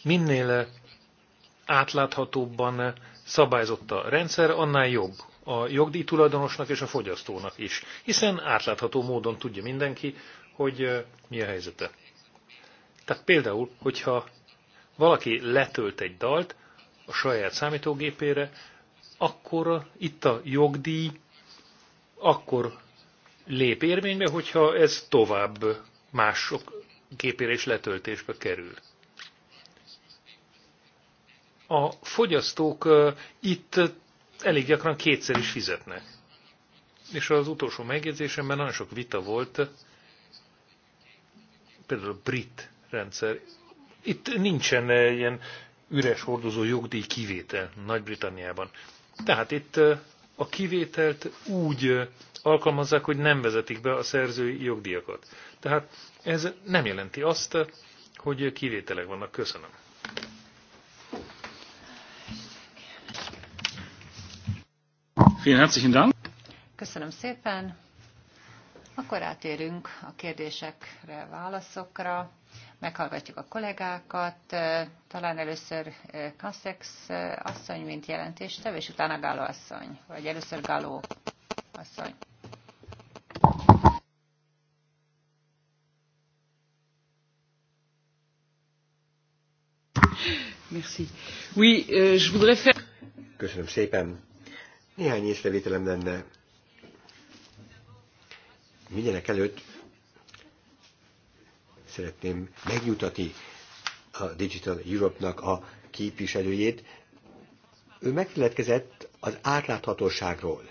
minél átláthatóbban szabályzott a rendszer, annál jobb a jogdíj tulajdonosnak és a fogyasztónak is, hiszen átlátható módon tudja mindenki, hogy mi a helyzete. Tehát például, hogyha valaki letölt egy dalt, a saját számítógépére, akkor itt a jogdíj akkor lép érvénybe, hogyha ez tovább mások gépére és letöltésbe kerül. A fogyasztók itt elég gyakran kétszer is fizetnek. És az utolsó megjegyzésemben nagyon sok vita volt, például a brit rendszer. Itt nincsen ilyen üres hordozó jogdíj kivétel Nagy-Britanniában. Tehát itt a kivételt úgy alkalmazzák, hogy nem vezetik be a szerzői jogdíjakat. Tehát ez nem jelenti azt, hogy kivételek vannak. Köszönöm. Köszönöm szépen. Akkor átérünk a kérdésekre, válaszokra meghallgatjuk a kollégákat, talán először Kassex asszony, mint jelentéstev, és utána Galo asszony, vagy először Galo asszony. Merci. Oui, euh, je voudrais faire... Köszönöm szépen. Néhány észrevételem lenne. Mindenek előtt szeretném megnyugtatni a Digital Europe-nak a képviselőjét. Ő megfeledkezett az átláthatóságról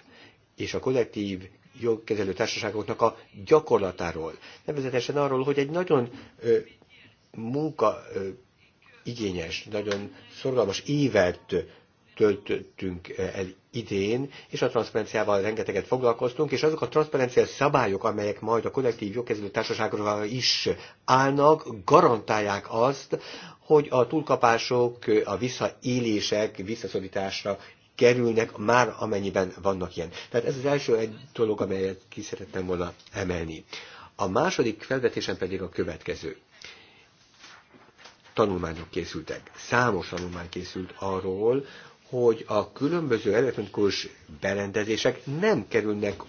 és a kollektív jogkezelő társaságoknak a gyakorlatáról. Nevezetesen arról, hogy egy nagyon ö, munka ö, igényes, nagyon szorgalmas évet töltöttünk el idén, és a transzparenciával rengeteget foglalkoztunk, és azok a transzparencia szabályok, amelyek majd a kollektív jogkezelő társaságról is állnak, garantálják azt, hogy a túlkapások, a visszaélések visszaszorításra kerülnek már amennyiben vannak ilyen. Tehát ez az első egy dolog, amelyet ki szerettem volna emelni. A második felvetésem pedig a következő tanulmányok készültek. Számos tanulmány készült arról, hogy a különböző elektronikus berendezések nem kerülnek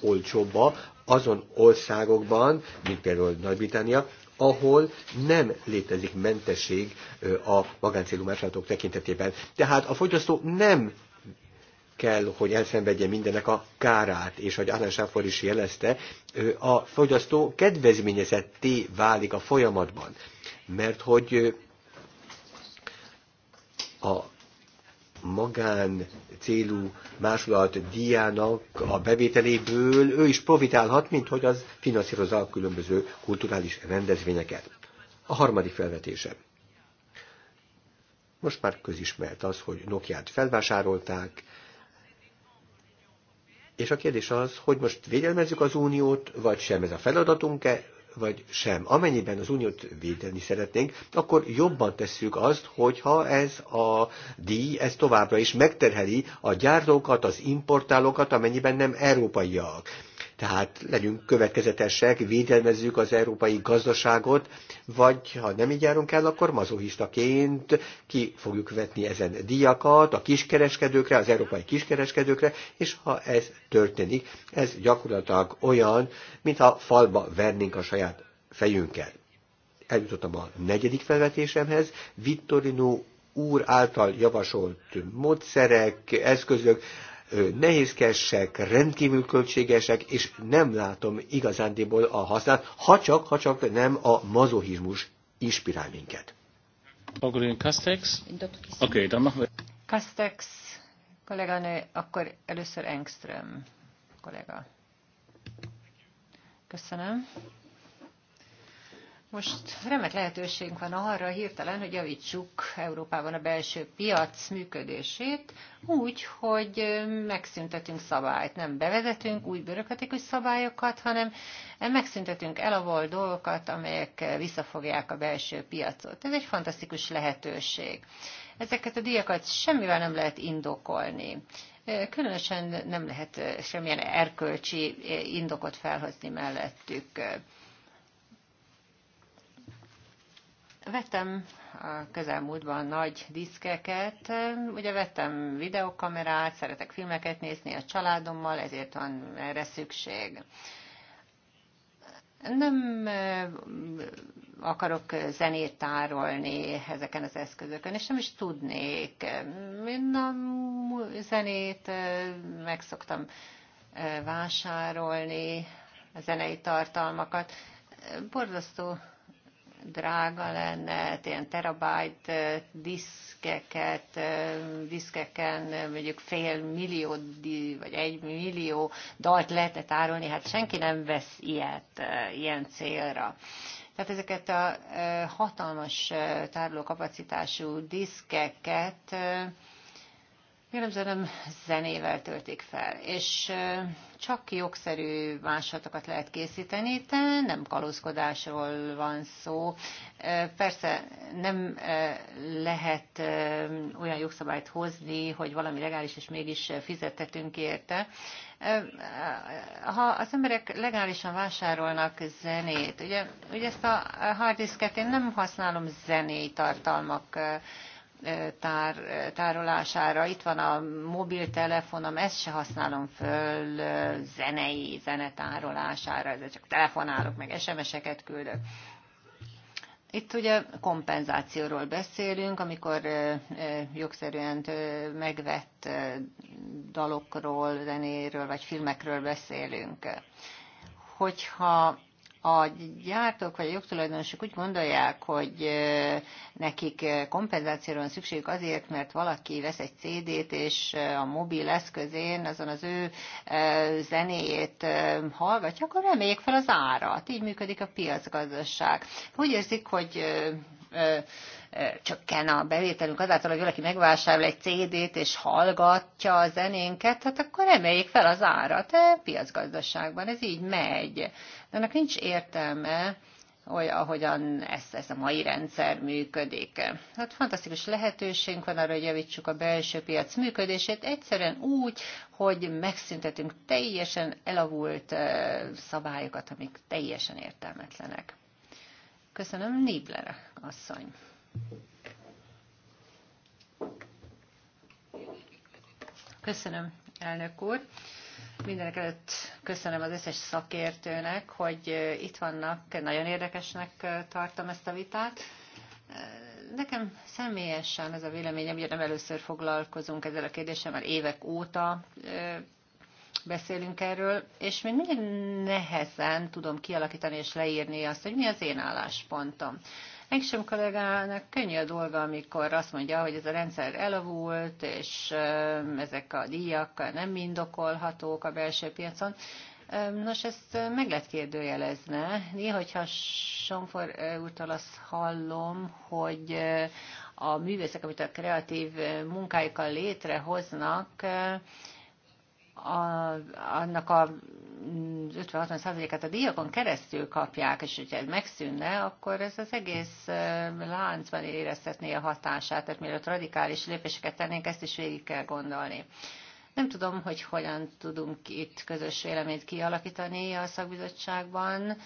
olcsóbba azon országokban, mint például Nagy-Britannia, ahol nem létezik mentesség a magáncélú másolatok tekintetében. Tehát a fogyasztó nem kell, hogy elszenvedje mindennek a kárát, és ahogy Alan Sáfor is jelezte, a fogyasztó kedvezményezetté válik a folyamatban, mert hogy a magán célú másolat díjának a bevételéből ő is profitálhat, mint hogy az finanszírozza a különböző kulturális rendezvényeket. A harmadik felvetése. Most már közismert az, hogy Nokiát felvásárolták, és a kérdés az, hogy most védelmezzük az uniót, vagy sem, ez a feladatunk-e, vagy sem. Amennyiben az uniót védeni szeretnénk, akkor jobban tesszük azt, hogyha ez a díj, ez továbbra is megterheli a gyártókat, az importálókat, amennyiben nem európaiak tehát legyünk következetesek, védelmezzük az európai gazdaságot, vagy ha nem így járunk el, akkor mazohistaként ki fogjuk vetni ezen díjakat a kiskereskedőkre, az európai kiskereskedőkre, és ha ez történik, ez gyakorlatilag olyan, mintha falba vernénk a saját fejünkkel. Eljutottam a negyedik felvetésemhez, Vittorino úr által javasolt módszerek, eszközök, nehézkesek, rendkívül költségesek, és nem látom igazándiból a hasznát, ha csak, ha csak nem a mazohizmus inspirál minket. Akkor Kastex? Oké, okay, Kastex kolléganő, akkor először Engström kollega. Köszönöm. Most remek lehetőségünk van arra hirtelen, hogy javítsuk Európában a belső piac működését úgy, hogy megszüntetünk szabályt. Nem bevezetünk új bürokratikus szabályokat, hanem megszüntetünk elavol dolgokat, amelyek visszafogják a belső piacot. Ez egy fantasztikus lehetőség. Ezeket a díjakat semmivel nem lehet indokolni. Különösen nem lehet semmilyen erkölcsi indokot felhozni mellettük Vettem a közelmúltban nagy diszkeket, ugye vettem videokamerát, szeretek filmeket nézni a családommal, ezért van erre szükség. Nem akarok zenét tárolni ezeken az eszközökön, és nem is tudnék. Én a zenét megszoktam vásárolni, a zenei tartalmakat. Borzasztó drága lenne, hát ilyen terabájt diszkeket, diszkeken mondjuk fél millió vagy egy millió dalt lehetne tárolni, hát senki nem vesz ilyet, ilyen célra. Tehát ezeket a hatalmas tárolókapacitású diszkeket jellemzően nem zenével töltik fel, és csak jogszerű másolatokat lehet készíteni, de nem kalózkodásról van szó. Persze nem lehet olyan jogszabályt hozni, hogy valami legális, és mégis fizettetünk érte. Ha az emberek legálisan vásárolnak zenét, ugye, ugye ezt a harddisket én nem használom zenéi tartalmak tár, tárolására. Itt van a mobiltelefonom, ezt se használom föl zenei, zenetárolására, ez csak telefonálok, meg SMS-eket küldök. Itt ugye kompenzációról beszélünk, amikor jogszerűen megvett dalokról, zenéről vagy filmekről beszélünk. Hogyha a gyártók vagy a jogtulajdonosok úgy gondolják, hogy nekik kompenzációra van szükségük azért, mert valaki vesz egy CD-t, és a mobil eszközén azon az ő zenéjét hallgatja, akkor emeljék fel az árat. Így működik a piacgazdaság. Úgy érzik, hogy csökken a bevételünk azáltal, hogy valaki megvásárol egy CD-t és hallgatja a zenénket, hát akkor emeljék fel az árat. E, piacgazdaságban ez így megy. de Ennek nincs értelme, hogy ahogyan ez, ez a mai rendszer működik. Hát fantasztikus lehetőségünk van arra, hogy javítsuk a belső piac működését, egyszerűen úgy, hogy megszüntetünk teljesen elavult szabályokat, amik teljesen értelmetlenek. Köszönöm, Nibler asszony. Köszönöm, elnök úr. Mindenek előtt köszönöm az összes szakértőnek, hogy itt vannak, nagyon érdekesnek tartom ezt a vitát. Nekem személyesen ez a véleményem, ugye nem először foglalkozunk ezzel a kérdéssel, már évek óta beszélünk erről, és még mindig nehezen tudom kialakítani és leírni azt, hogy mi az én álláspontom sem kollégának könnyű a dolga, amikor azt mondja, hogy ez a rendszer elavult, és ezek a díjak nem indokolhatók a belső piacon. Nos, ezt meg lehet kérdőjelezni. Néha, hogyha Somfor úrtól azt hallom, hogy a művészek, amit a kreatív munkáikkal létrehoznak, a, annak a 50-60 százalékát a díjakon keresztül kapják, és hogyha ez megszűnne, akkor ez az egész láncban éreztetné a hatását, tehát mielőtt radikális lépéseket tennénk, ezt is végig kell gondolni. Nem tudom, hogy hogyan tudunk itt közös véleményt kialakítani a szakbizottságban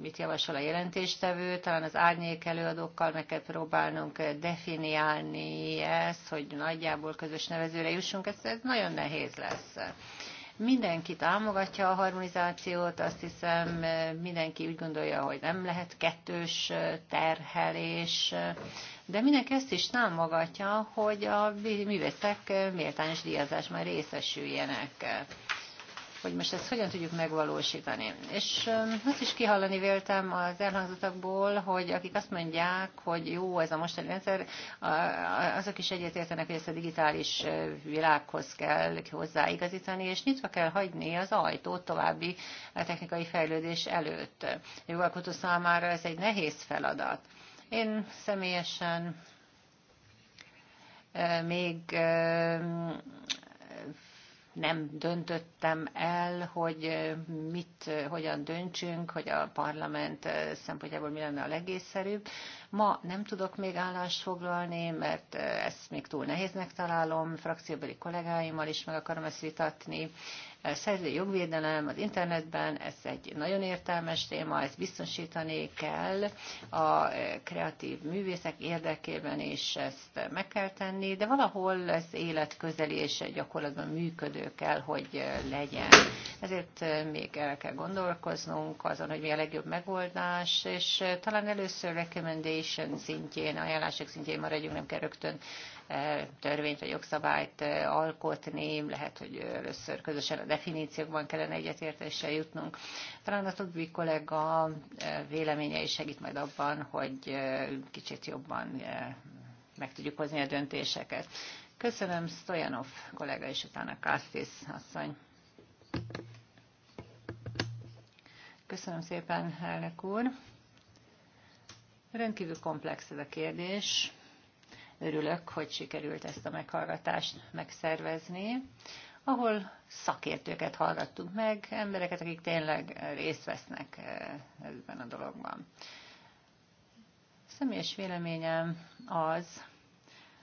mit javasol a jelentéstevő, talán az árnyék előadókkal meg kell próbálnunk definiálni ezt, hogy nagyjából közös nevezőre jussunk, ez, ez nagyon nehéz lesz. Mindenki támogatja a harmonizációt, azt hiszem mindenki úgy gondolja, hogy nem lehet kettős terhelés, de mindenki ezt is támogatja, hogy a művészek méltányos díjazás már részesüljenek hogy most ezt hogyan tudjuk megvalósítani. És um, azt is kihallani véltem az elhangzottakból, hogy akik azt mondják, hogy jó ez a mostani rendszer, azok is egyetértenek, hogy ezt a digitális világhoz kell hozzáigazítani, és nyitva kell hagyni az ajtót további technikai fejlődés előtt. A jogalkotó számára ez egy nehéz feladat. Én személyesen még nem döntöttem el, hogy mit, hogyan döntsünk, hogy a parlament szempontjából mi lenne a legészszerűbb. Ma nem tudok még állást foglalni, mert ezt még túl nehéznek találom, frakcióbeli kollégáimmal is meg akarom ezt vitatni, szerzői jogvédelem az internetben, ez egy nagyon értelmes téma, ezt biztosítani kell a eh, kreatív művészek érdekében, és ezt meg kell tenni, de valahol ez életközeli és gyakorlatban működő kell, hogy eh, legyen. Ezért eh, még el kell gondolkoznunk azon, hogy mi a legjobb megoldás, és talán először recommendation szintjén, ajánlások szintjén maradjunk, nem kell rögtön törvényt vagy jogszabályt alkotni, lehet, hogy először közösen a definíciókban kellene egyetértéssel jutnunk. Talán a többi kollega véleménye is segít majd abban, hogy kicsit jobban meg tudjuk hozni a döntéseket. Köszönöm Stojanov kollega és utána Kastis asszony. Köszönöm szépen, elnök úr. Rendkívül komplex ez a kérdés. Örülök, hogy sikerült ezt a meghallgatást megszervezni, ahol szakértőket hallgattunk meg, embereket, akik tényleg részt vesznek eh, ebben a dologban. A személyes véleményem az,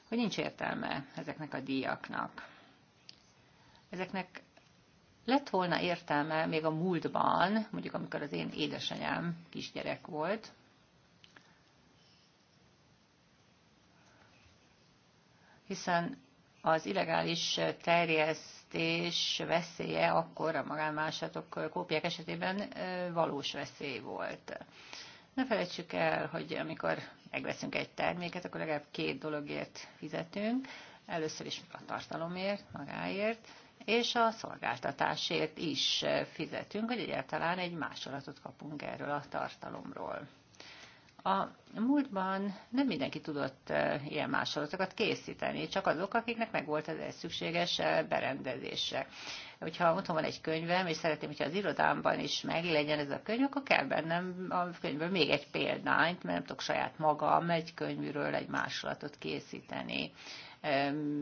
hogy nincs értelme ezeknek a díjaknak. Ezeknek lett volna értelme még a múltban, mondjuk amikor az én édesanyám kisgyerek volt, hiszen az illegális terjesztés veszélye akkor a magánvásárlatok kópiák esetében valós veszély volt. Ne felejtsük el, hogy amikor megveszünk egy terméket, akkor legalább két dologért fizetünk. Először is a tartalomért, magáért, és a szolgáltatásért is fizetünk, hogy egyáltalán egy másolatot kapunk erről a tartalomról. A múltban nem mindenki tudott ilyen másolatokat készíteni, csak azok, akiknek megvolt ez szükséges berendezése. Hogyha otthon van egy könyvem, és szeretném, hogyha az irodámban is meglegyen ez a könyv, akkor kell bennem a könyvből még egy példányt, mert nem tudok saját magam egy könyvről egy másolatot készíteni.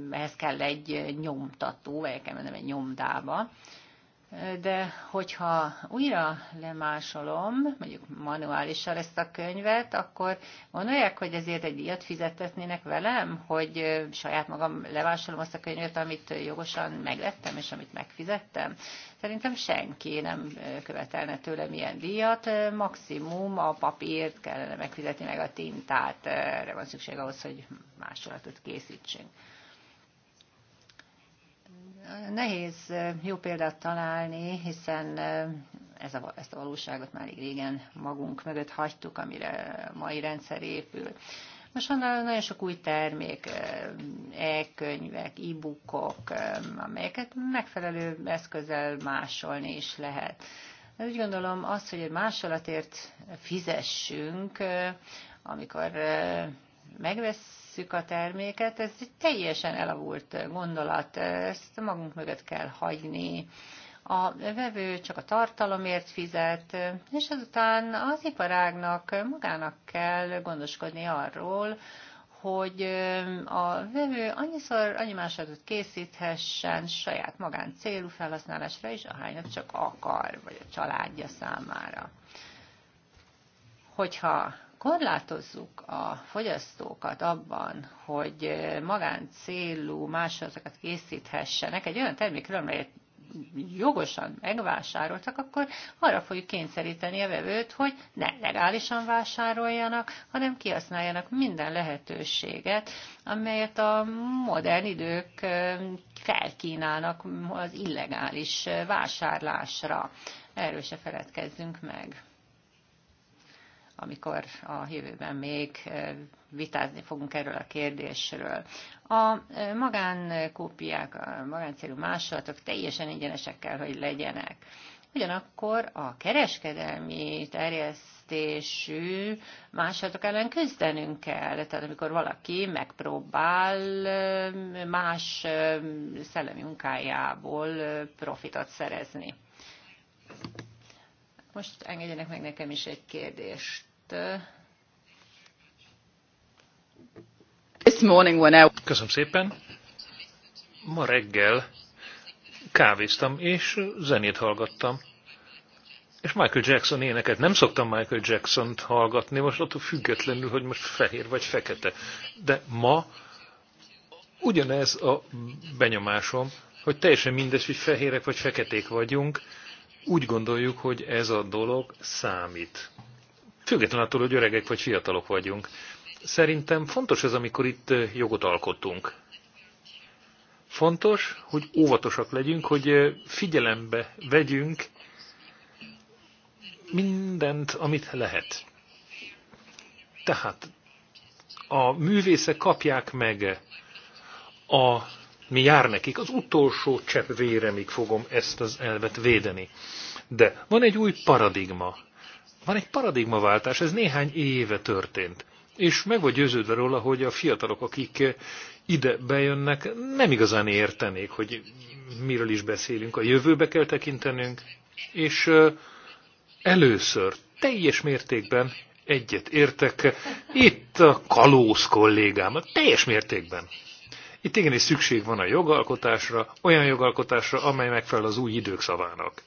Ehhez kell egy nyomtató, vagy kell mennem egy nyomdába de hogyha újra lemásolom, mondjuk manuálisan ezt a könyvet, akkor gondolják, hogy ezért egy díjat fizetetnének velem, hogy saját magam levásolom azt a könyvet, amit jogosan megvettem, és amit megfizettem. Szerintem senki nem követelne tőlem ilyen díjat, maximum a papírt kellene megfizetni, meg a tintát, erre van szükség ahhoz, hogy másolatot készítsünk. Nehéz jó példát találni, hiszen ez a, ezt a valóságot már régen magunk mögött hagytuk, amire mai rendszer épül. Most nagyon sok új termék, e-könyvek, e-bookok, amelyeket megfelelő eszközzel másolni is lehet. Ez úgy gondolom, az, hogy egy másolatért fizessünk, amikor megvesz visszük a terméket, ez egy teljesen elavult gondolat, ezt magunk mögött kell hagyni. A vevő csak a tartalomért fizet, és azután az iparágnak magának kell gondoskodni arról, hogy a vevő annyiszor annyi másolatot készíthessen saját magán célú felhasználásra is, ahányat csak akar, vagy a családja számára. Hogyha korlátozzuk a fogyasztókat abban, hogy magáncélú másolatokat készíthessenek egy olyan termékről, amelyet jogosan megvásároltak, akkor arra fogjuk kényszeríteni a vevőt, hogy ne legálisan vásároljanak, hanem kihasználjanak minden lehetőséget, amelyet a modern idők felkínálnak az illegális vásárlásra. Erről se feledkezzünk meg amikor a jövőben még vitázni fogunk erről a kérdésről. A magánkópiák, a magáncélú másolatok teljesen ingyenesek kell, hogy legyenek. Ugyanakkor a kereskedelmi terjesztésű másolatok ellen küzdenünk kell. Tehát amikor valaki megpróbál más szellemi munkájából profitot szerezni. Most engedjenek meg nekem is egy kérdést. This morning when I... Köszönöm szépen. Ma reggel kávéztam és zenét hallgattam. És Michael Jackson éneket. Nem szoktam Michael Jackson-t hallgatni, most attól függetlenül, hogy most fehér vagy fekete. De ma ugyanez a benyomásom, hogy teljesen mindegy, hogy fehérek vagy feketék vagyunk, úgy gondoljuk, hogy ez a dolog számít. Függetlenül attól, hogy öregek vagy fiatalok vagyunk. Szerintem fontos ez, amikor itt jogot alkottunk. Fontos, hogy óvatosak legyünk, hogy figyelembe vegyünk mindent, amit lehet. Tehát a művészek kapják meg a mi jár nekik, az utolsó csepp véremig fogom ezt az elvet védeni. De van egy új paradigma. Van egy paradigmaváltás, ez néhány éve történt. És meg vagy győződve róla, hogy a fiatalok, akik ide bejönnek, nem igazán értenék, hogy miről is beszélünk. A jövőbe kell tekintenünk, és először teljes mértékben egyet értek itt a kalóz kollégámat, teljes mértékben. Itt igenis szükség van a jogalkotásra, olyan jogalkotásra, amely megfelel az új idők szavának.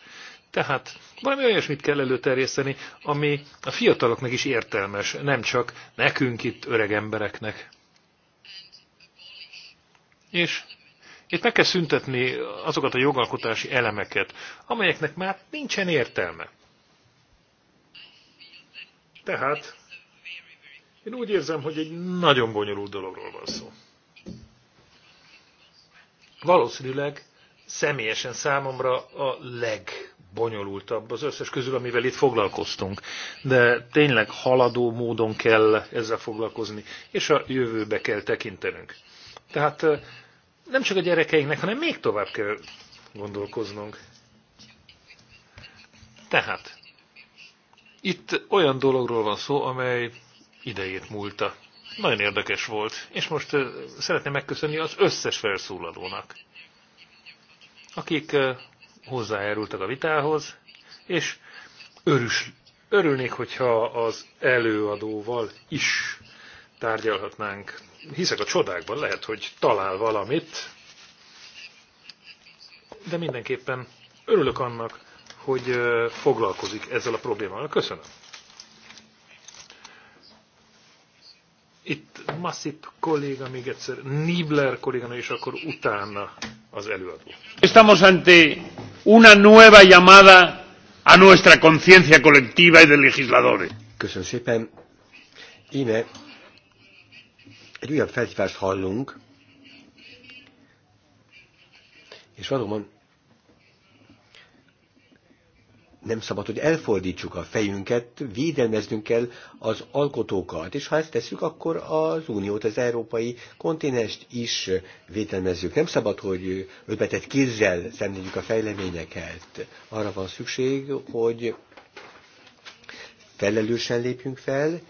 Tehát valami olyasmit kell előterjeszteni, ami a fiataloknak is értelmes, nem csak nekünk itt öreg embereknek. És itt meg kell szüntetni azokat a jogalkotási elemeket, amelyeknek már nincsen értelme. Tehát én úgy érzem, hogy egy nagyon bonyolult dologról van szó valószínűleg személyesen számomra a legbonyolultabb az összes közül, amivel itt foglalkoztunk. De tényleg haladó módon kell ezzel foglalkozni, és a jövőbe kell tekintenünk. Tehát nem csak a gyerekeinknek, hanem még tovább kell gondolkoznunk. Tehát, itt olyan dologról van szó, amely idejét múlta. Nagyon érdekes volt, és most szeretném megköszönni az összes felszólalónak, akik hozzájárultak a vitához, és örüls, örülnék, hogyha az előadóval is tárgyalhatnánk. Hiszek a csodákban, lehet, hogy talál valamit, de mindenképpen örülök annak, hogy foglalkozik ezzel a problémával. Köszönöm. Itt Massip kolléga még egyszer, Nibler kolléga, és akkor utána az előadó. Estamos ante una nueva llamada a nuestra conciencia colectiva y de legisladores. Köszönöm szépen. Íme egy olyan felhívást hallunk, és valóban nem szabad, hogy elfordítsuk a fejünket, védelmeznünk kell az alkotókat, és ha ezt tesszük, akkor az uniót, az európai kontinest is védelmezzük. Nem szabad, hogy öbetett kézzel szemléljük a fejleményeket. Arra van szükség, hogy felelősen lépjünk fel,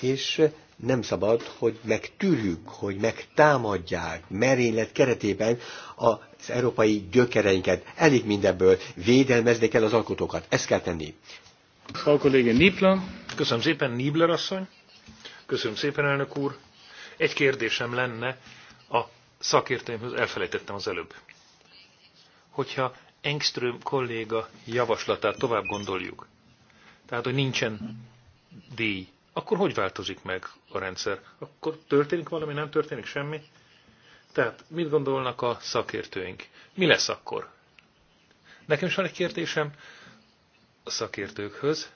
és nem szabad, hogy megtűrjük, hogy megtámadják merénylet keretében az európai gyökereinket. Elég mindebből védelmezni kell az alkotókat. Ezt kell tenni. Frau Köszönöm szépen, Nibler asszony. Köszönöm szépen, elnök úr. Egy kérdésem lenne a szakértőimhöz, elfelejtettem az előbb. Hogyha Engström kolléga javaslatát tovább gondoljuk, tehát, hogy nincsen díj, akkor hogy változik meg a rendszer? Akkor történik valami, nem történik semmi? Tehát mit gondolnak a szakértőink? Mi lesz akkor? Nekem is van egy kérdésem a szakértőkhöz.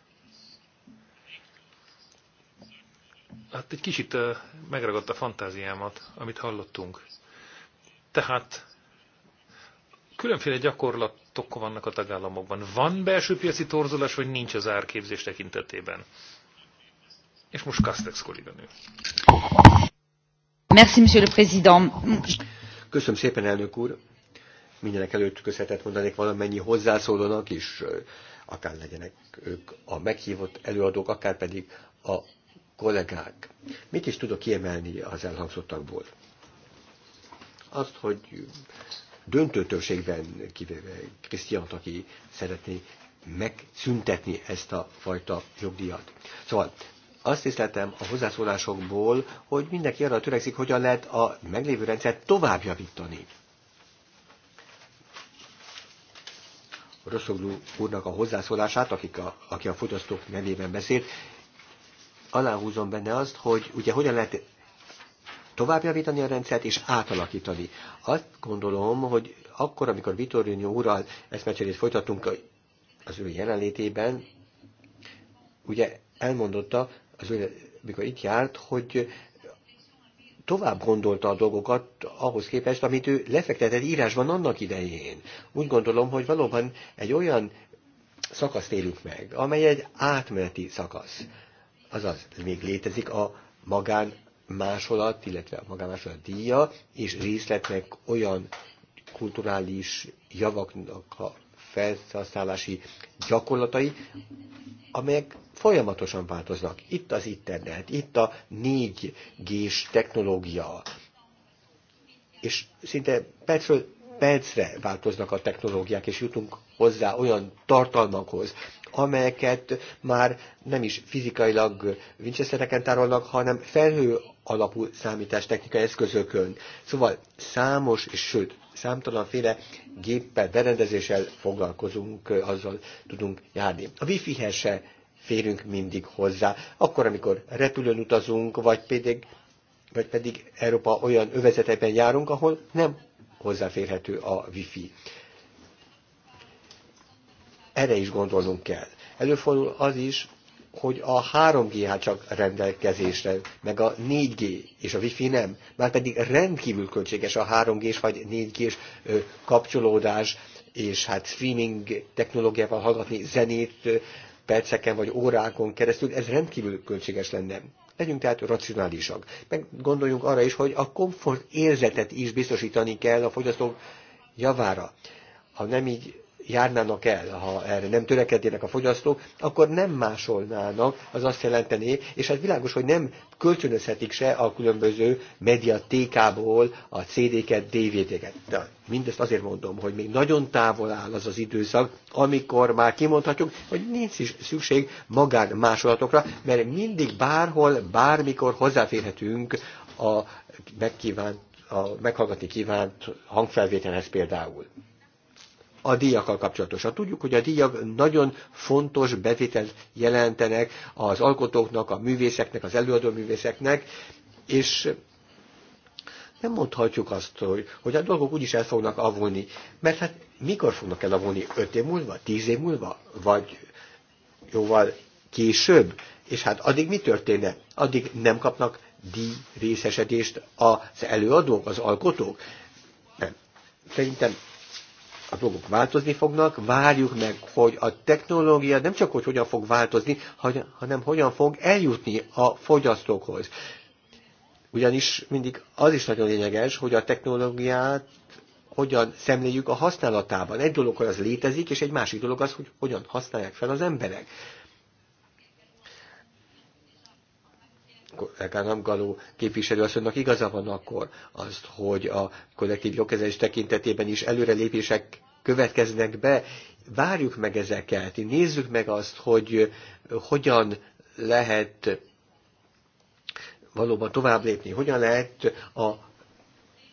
Hát egy kicsit megragadta a fantáziámat, amit hallottunk. Tehát különféle gyakorlatok vannak a tagállamokban. Van belső piaci torzulás, vagy nincs az árképzés tekintetében? És most Kastex kolléganő. Merci, monsieur le président. Köszönöm szépen, elnök úr. Mindenek előtt köszönetet mondanék valamennyi hozzászólónak is, akár legyenek ők a meghívott előadók, akár pedig a kollégák. Mit is tudok kiemelni az elhangzottakból? Azt, hogy döntő többségben, kivéve Krisztiánt, aki szeretné megszüntetni ezt a fajta jogdíjat. Szóval azt tiszteltem a hozzászólásokból, hogy mindenki arra törekszik, hogyan lehet a meglévő rendszert tovább javítani. Rosszoglú úrnak a hozzászólását, akik a, aki a fogyasztók nevében beszélt, aláhúzom benne azt, hogy ugye hogyan lehet továbbjavítani a rendszert és átalakítani. Azt gondolom, hogy akkor, amikor Vitorino úrral eszmecserét folytatunk az ő jelenlétében, ugye elmondotta, az, mikor itt járt, hogy tovább gondolta a dolgokat ahhoz képest, amit ő lefektetett írásban annak idején. Úgy gondolom, hogy valóban egy olyan szakaszt élünk meg, amely egy átmeneti szakasz. Azaz, még létezik a magán másolat, illetve a magánmásolat díja, és részletnek olyan kulturális javaknak a felhasználási gyakorlatai, amelyek folyamatosan változnak. Itt az internet, itt a 4G-s technológia, és szinte percről percre változnak a technológiák, és jutunk hozzá olyan tartalmakhoz, amelyeket már nem is fizikailag vincseszereken tárolnak, hanem felhő alapú számítástechnikai eszközökön. Szóval számos, és sőt, számtalanféle géppel, berendezéssel foglalkozunk, azzal tudunk járni. A wifi se férünk mindig hozzá. Akkor, amikor repülőn utazunk, vagy pedig, vagy pedig Európa olyan övezetekben járunk, ahol nem hozzáférhető a wifi. Erre is gondolnunk kell. Előfordul az is, hogy a 3G hát csak rendelkezésre, meg a 4G és a Wi-Fi nem. Márpedig rendkívül költséges a 3G-s vagy 4G-s kapcsolódás, és hát streaming technológiával hallgatni zenét perceken vagy órákon keresztül, ez rendkívül költséges lenne. Legyünk tehát racionálisak. Meg gondoljunk arra is, hogy a komfort érzetet is biztosítani kell a fogyasztók javára. Ha nem így járnának el, ha erre nem törekednének a fogyasztók, akkor nem másolnának, az azt jelentené, és hát világos, hogy nem kölcsönözhetik se a különböző mediatékából a CD-ket, DVD-ket. De mindezt azért mondom, hogy még nagyon távol áll az az időszak, amikor már kimondhatjuk, hogy nincs is szükség magán másolatokra, mert mindig bárhol, bármikor hozzáférhetünk a megkívánt a meghallgatni kívánt hangfelvételhez például a díjakkal kapcsolatosan. Tudjuk, hogy a díjak nagyon fontos bevételt jelentenek az alkotóknak, a művészeknek, az előadó művészeknek, és nem mondhatjuk azt, hogy, hogy a dolgok úgyis el fognak avulni. Mert hát mikor fognak avulni? Öt év múlva? Tíz év múlva? Vagy jóval később? És hát addig mi történne? Addig nem kapnak díj részesedést az előadók, az alkotók? Nem. Szerintem a dolgok változni fognak, várjuk meg, hogy a technológia nem csak hogy hogyan fog változni, hanem hogyan fog eljutni a fogyasztókhoz. Ugyanis mindig az is nagyon lényeges, hogy a technológiát hogyan szemléljük a használatában. Egy dolog, hogy az létezik, és egy másik dolog az, hogy hogyan használják fel az emberek. kollégának Galó képviselőasszonynak igaza van akkor azt, hogy a kollektív jogkezelés tekintetében is előrelépések következnek be. Várjuk meg ezeket, nézzük meg azt, hogy eh, hogyan lehet valóban tovább lépni, hogyan lehet a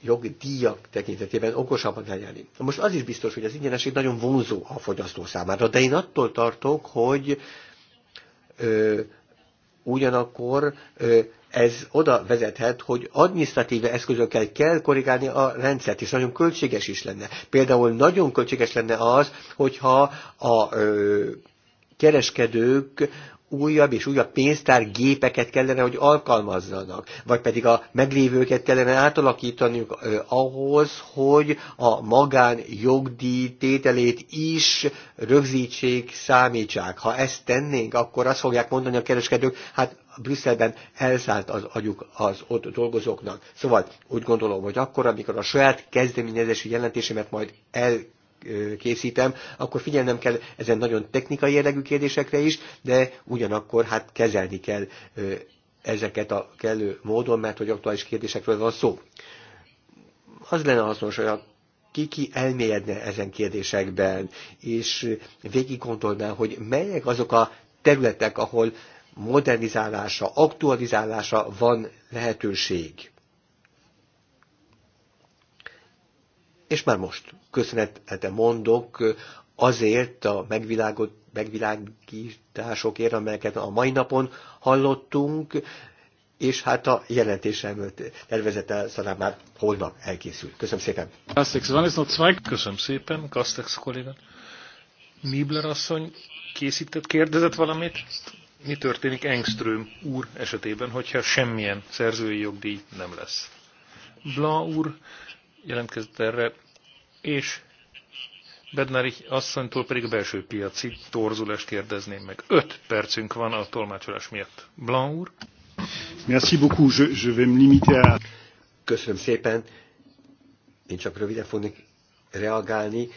jogdíjak tekintetében okosabban eljárni. Most az is biztos, hogy az ingyenesség nagyon vonzó a fogyasztó számára, de én attól tartok, hogy ö, eh, Ugyanakkor ez oda vezethet, hogy adminisztratív eszközökkel kell korrigálni a rendszert, és nagyon költséges is lenne. Például nagyon költséges lenne az, hogyha a kereskedők újabb és újabb pénztárgépeket kellene, hogy alkalmazzanak, vagy pedig a meglévőket kellene átalakítaniuk eh, ahhoz, hogy a magán jogdíj tételét is rögzítsék, számítsák. Ha ezt tennénk, akkor azt fogják mondani a kereskedők, hát Brüsszelben elszállt az agyuk az ott dolgozóknak. Szóval úgy gondolom, hogy akkor, amikor a saját kezdeményezési jelentésemet majd el készítem, akkor figyelnem kell ezen nagyon technikai jellegű kérdésekre is, de ugyanakkor hát kezelni kell ezeket a kellő módon, mert hogy aktuális kérdésekről van szó. Az lenne hasznos, hogy a ki-ki elmélyedne ezen kérdésekben, és végig gondolná, hogy melyek azok a területek, ahol modernizálása, aktualizálása van lehetőség. és már most köszönetet mondok azért a megvilágot, megvilágításokért, amelyeket a mai napon hallottunk, és hát a jelentésem tervezete talán már holnap elkészül. Köszönöm szépen. Kastex, van Köszönöm szépen, Kastex kolléga. Nibler asszony készített, kérdezett valamit? Mi történik Engström úr esetében, hogyha semmilyen szerzői jogdíj nem lesz? Bla úr jelentkezett erre, és Bednári asszonytól pedig a belső piaci torzulást kérdezném meg. Öt percünk van a tolmácsolás miatt. Blanc úr? Merci beaucoup, je, je vais me limiter à... Köszönöm szépen. Én csak röviden fognék reagálni.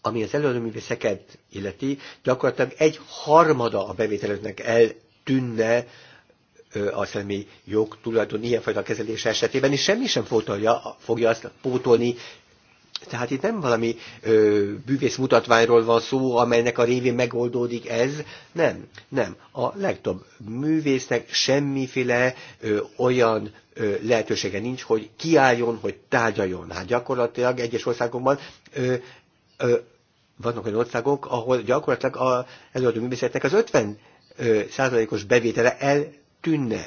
Ami az előröművészeket illeti, gyakorlatilag egy harmada a bevételőknek eltűnne, a személy jog tulajdon ilyenfajta kezelése esetében, és semmi sem fotolja, fogja azt pótolni, tehát itt nem valami ö, bűvész mutatványról van szó, amelynek a révén megoldódik ez. Nem, nem. A legtöbb művésznek semmiféle ö, olyan ö, lehetősége nincs, hogy kiálljon, hogy tárgyaljon. Hát gyakorlatilag egyes országokban ö, ö, vannak olyan országok, ahol gyakorlatilag az előadó művészetnek az 50 százalékos bevétele el tűnne.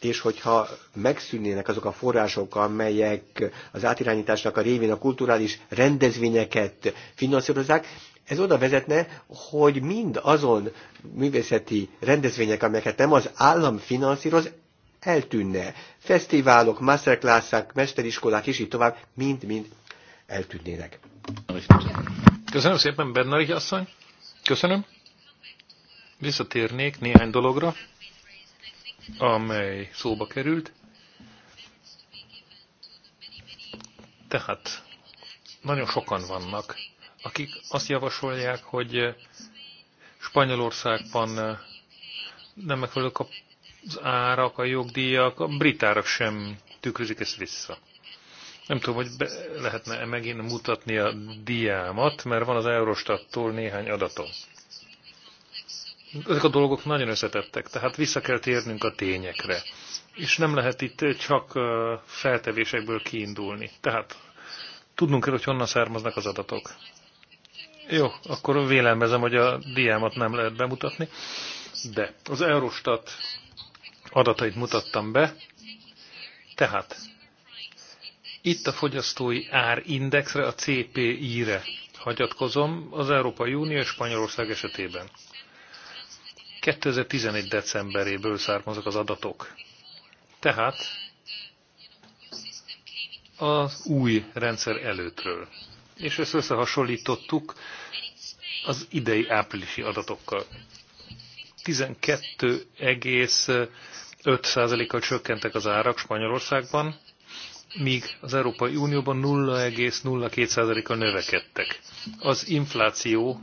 És hogyha megszűnnének azok a források, amelyek az átirányításnak a révén a kulturális rendezvényeket finanszírozzák, ez oda vezetne, hogy mind azon művészeti rendezvények, amelyeket nem az állam finanszíroz, eltűnne. Fesztiválok, masterclassák, mesteriskolák és így tovább, mind-mind eltűnnének. Köszönöm szépen, Bernari asszony. Köszönöm. Visszatérnék néhány dologra, amely szóba került. Tehát nagyon sokan vannak, akik azt javasolják, hogy Spanyolországban nem megfelelők az árak, a jogdíjak, a brit árak sem tükrözik ezt vissza. Nem tudom, hogy be lehetne -e megint mutatni a diámat, mert van az Eurostattól néhány adatom ezek a dolgok nagyon összetettek, tehát vissza kell térnünk a tényekre. És nem lehet itt csak feltevésekből kiindulni. Tehát tudnunk kell, hogy honnan származnak az adatok. Jó, akkor vélelmezem, hogy a diámat nem lehet bemutatni, de az Eurostat adatait mutattam be, tehát itt a fogyasztói árindexre, a CPI-re hagyatkozom az Európai Unió és Spanyolország esetében. 2011. decemberéből származnak az adatok. Tehát az új rendszer előttről. És ezt összehasonlítottuk az idei áprilisi adatokkal. 12,5%-kal csökkentek az árak Spanyolországban, míg az Európai Unióban 0,02%-kal növekedtek. Az infláció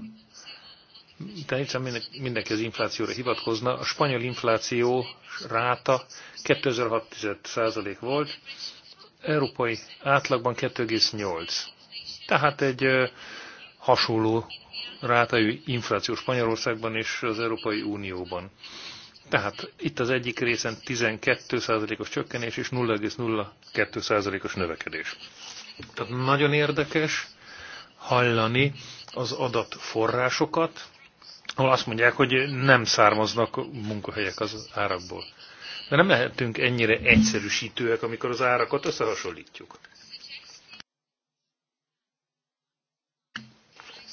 teljesen mindenki az inflációra hivatkozna. A spanyol infláció ráta 2,6% volt, európai átlagban 2,8%. Tehát egy hasonló rátajú infláció Spanyolországban és az Európai Unióban. Tehát itt az egyik részen 12%-os csökkenés és 0,02%-os növekedés. Tehát nagyon érdekes hallani az adatforrásokat, ahol azt mondják, hogy nem származnak munkahelyek az árakból. De nem lehetünk ennyire egyszerűsítőek, amikor az árakat összehasonlítjuk.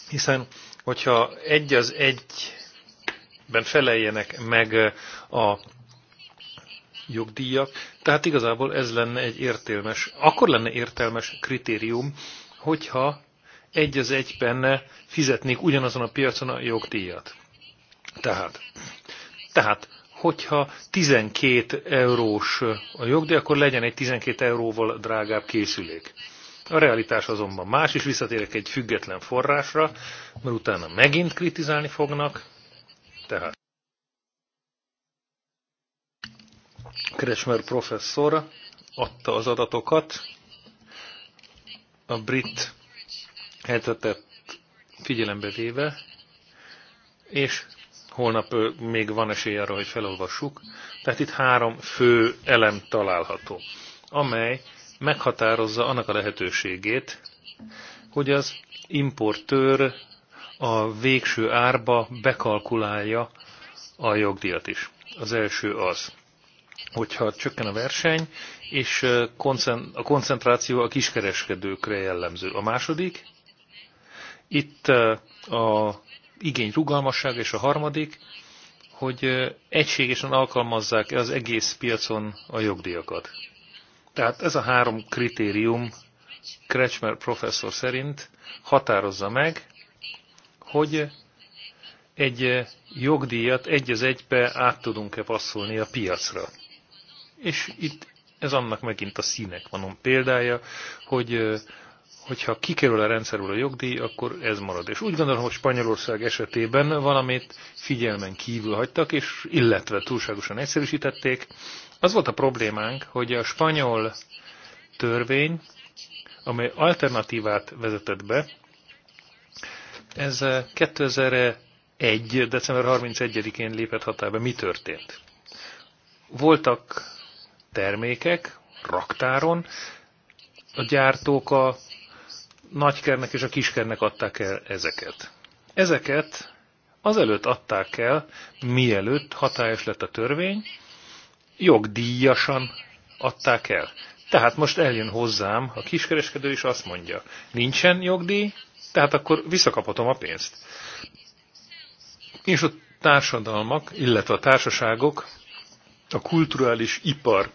Hiszen, hogyha egy az egyben feleljenek meg a jogdíjak, tehát igazából ez lenne egy értelmes, akkor lenne értelmes kritérium, hogyha egy az egyben fizetnék ugyanazon a piacon a jogdíjat. Tehát, tehát hogyha 12 eurós a jogdíj, akkor legyen egy 12 euróval drágább készülék. A realitás azonban más, és visszatérek egy független forrásra, mert utána megint kritizálni fognak. Tehát Kresmer professzor adta az adatokat a brit helyzetet figyelembe véve, és holnap még van esély arra, hogy felolvassuk. Tehát itt három fő elem található, amely meghatározza annak a lehetőségét, hogy az importőr a végső árba bekalkulálja a jogdíjat is. Az első az, hogyha csökken a verseny, és a koncentráció a kiskereskedőkre jellemző. A második, itt a igény rugalmasság, és a harmadik, hogy egységesen alkalmazzák az egész piacon a jogdíjakat. Tehát ez a három kritérium Kretschmer professzor szerint határozza meg, hogy egy jogdíjat egy az egybe át tudunk-e passzolni a piacra. És itt ez annak megint a színek van példája, hogy hogyha kikerül a rendszerből a jogdíj, akkor ez marad. És úgy gondolom, hogy Spanyolország esetében valamit figyelmen kívül hagytak, és illetve túlságosan egyszerűsítették. Az volt a problémánk, hogy a spanyol törvény, amely alternatívát vezetett be, ez 2001. december 31-én lépett hatába. Mi történt? Voltak termékek raktáron, a gyártók a nagykernek és a kiskernek adták el ezeket. Ezeket azelőtt adták el, mielőtt hatályos lett a törvény, jogdíjasan adták el. Tehát most eljön hozzám a kiskereskedő, és azt mondja, nincsen jogdíj, tehát akkor visszakaphatom a pénzt. És a társadalmak, illetve a társaságok a kulturális ipar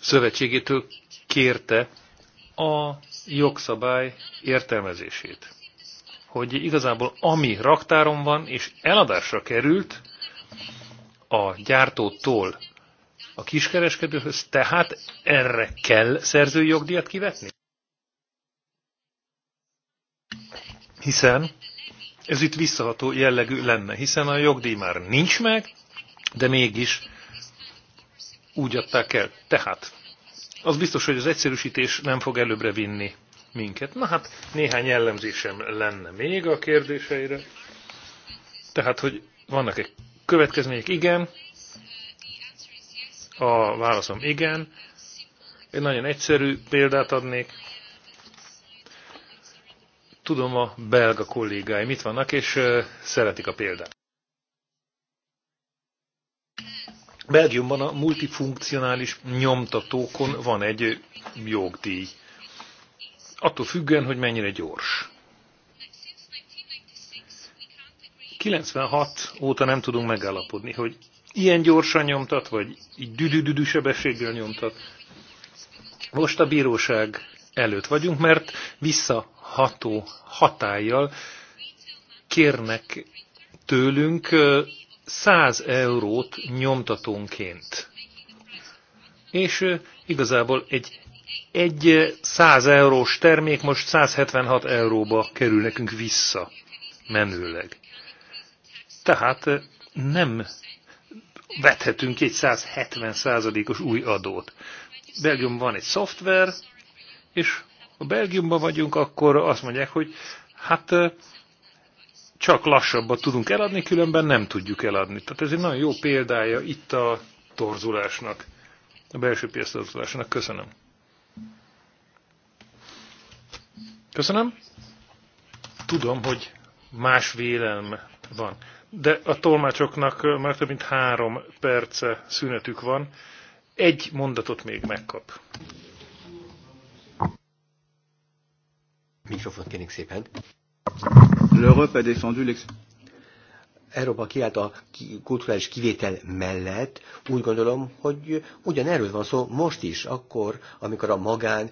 szövetségétől kérte a jogszabály értelmezését. Hogy igazából ami raktáron van és eladásra került a gyártótól a kiskereskedőhöz, tehát erre kell szerzői jogdíjat kivetni? Hiszen ez itt visszaható jellegű lenne, hiszen a jogdíj már nincs meg, de mégis úgy adták el. Tehát az biztos, hogy az egyszerűsítés nem fog előbbre vinni minket. Na hát néhány jellemzésem lenne még a kérdéseire. Tehát, hogy vannak-e következmények? Igen. A válaszom igen. Egy nagyon egyszerű példát adnék. Tudom a belga kollégáim mit vannak, és szeretik a példát. Belgiumban a multifunkcionális nyomtatókon van egy jogdíj. Attól függően, hogy mennyire gyors. 96 óta nem tudunk megállapodni, hogy ilyen gyorsan nyomtat, vagy így düdüdüdű sebességgel nyomtat. Most a bíróság előtt vagyunk, mert visszaható hatállyal kérnek tőlünk 100 eurót nyomtatónként. És igazából egy egy 100 eurós termék most 176 euróba kerül nekünk vissza menőleg. Tehát nem vethetünk egy 170 százalékos új adót. Belgium van egy szoftver, és ha Belgiumban vagyunk, akkor azt mondják, hogy hát csak lassabban tudunk eladni, különben nem tudjuk eladni. Tehát ez egy nagyon jó példája itt a torzulásnak, a belső piac torzulásnak. Köszönöm. Köszönöm. Tudom, hogy más vélem van. De a tolmácsoknak már több mint három perce szünetük van. Egy mondatot még megkap. Mikrofon kérnék szépen. L'Europe a défendu Európa kiállt a kulturális kivétel mellett, úgy gondolom, hogy ugyanerről van szó most is, akkor, amikor a magán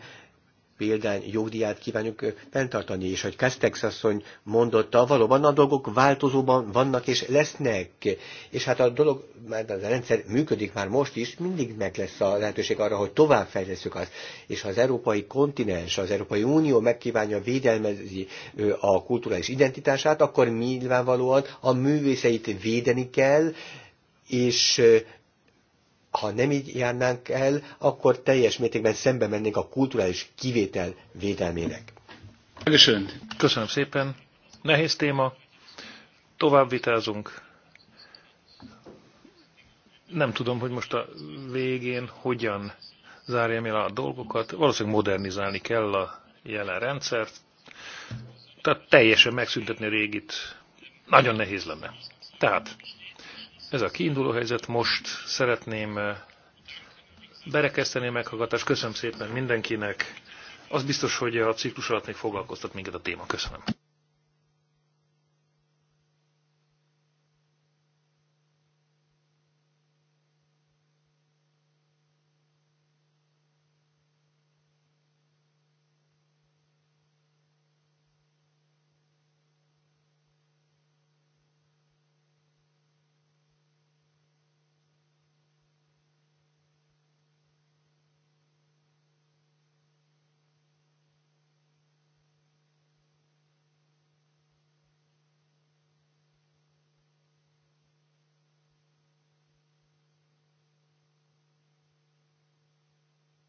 példány jogdíját kívánjuk fenntartani, és hogy Kestex asszony mondotta, valóban a dolgok változóban vannak és lesznek, és hát a dolog, már a rendszer működik már most is, mindig meg lesz a lehetőség arra, hogy tovább továbbfejleszünk azt, és ha az európai kontinens, az Európai Unió megkívánja védelmezni a kulturális identitását, akkor nyilvánvalóan a művészeit védeni kell, és ha nem így járnánk el, akkor teljes mértékben szembe mennénk a kulturális kivétel védelmének. Köszönöm. Köszönöm szépen. Nehéz téma. Tovább vitázunk. Nem tudom, hogy most a végén hogyan zárjam el a dolgokat. Valószínűleg modernizálni kell a jelen rendszert. Tehát teljesen megszüntetni a régit nagyon nehéz lenne. Tehát ez a kiinduló helyzet. Most szeretném eh, berekeszteni a meghallgatást. Köszönöm szépen mindenkinek. Az biztos, hogy a ciklus alatt még foglalkoztat minket a téma. Köszönöm.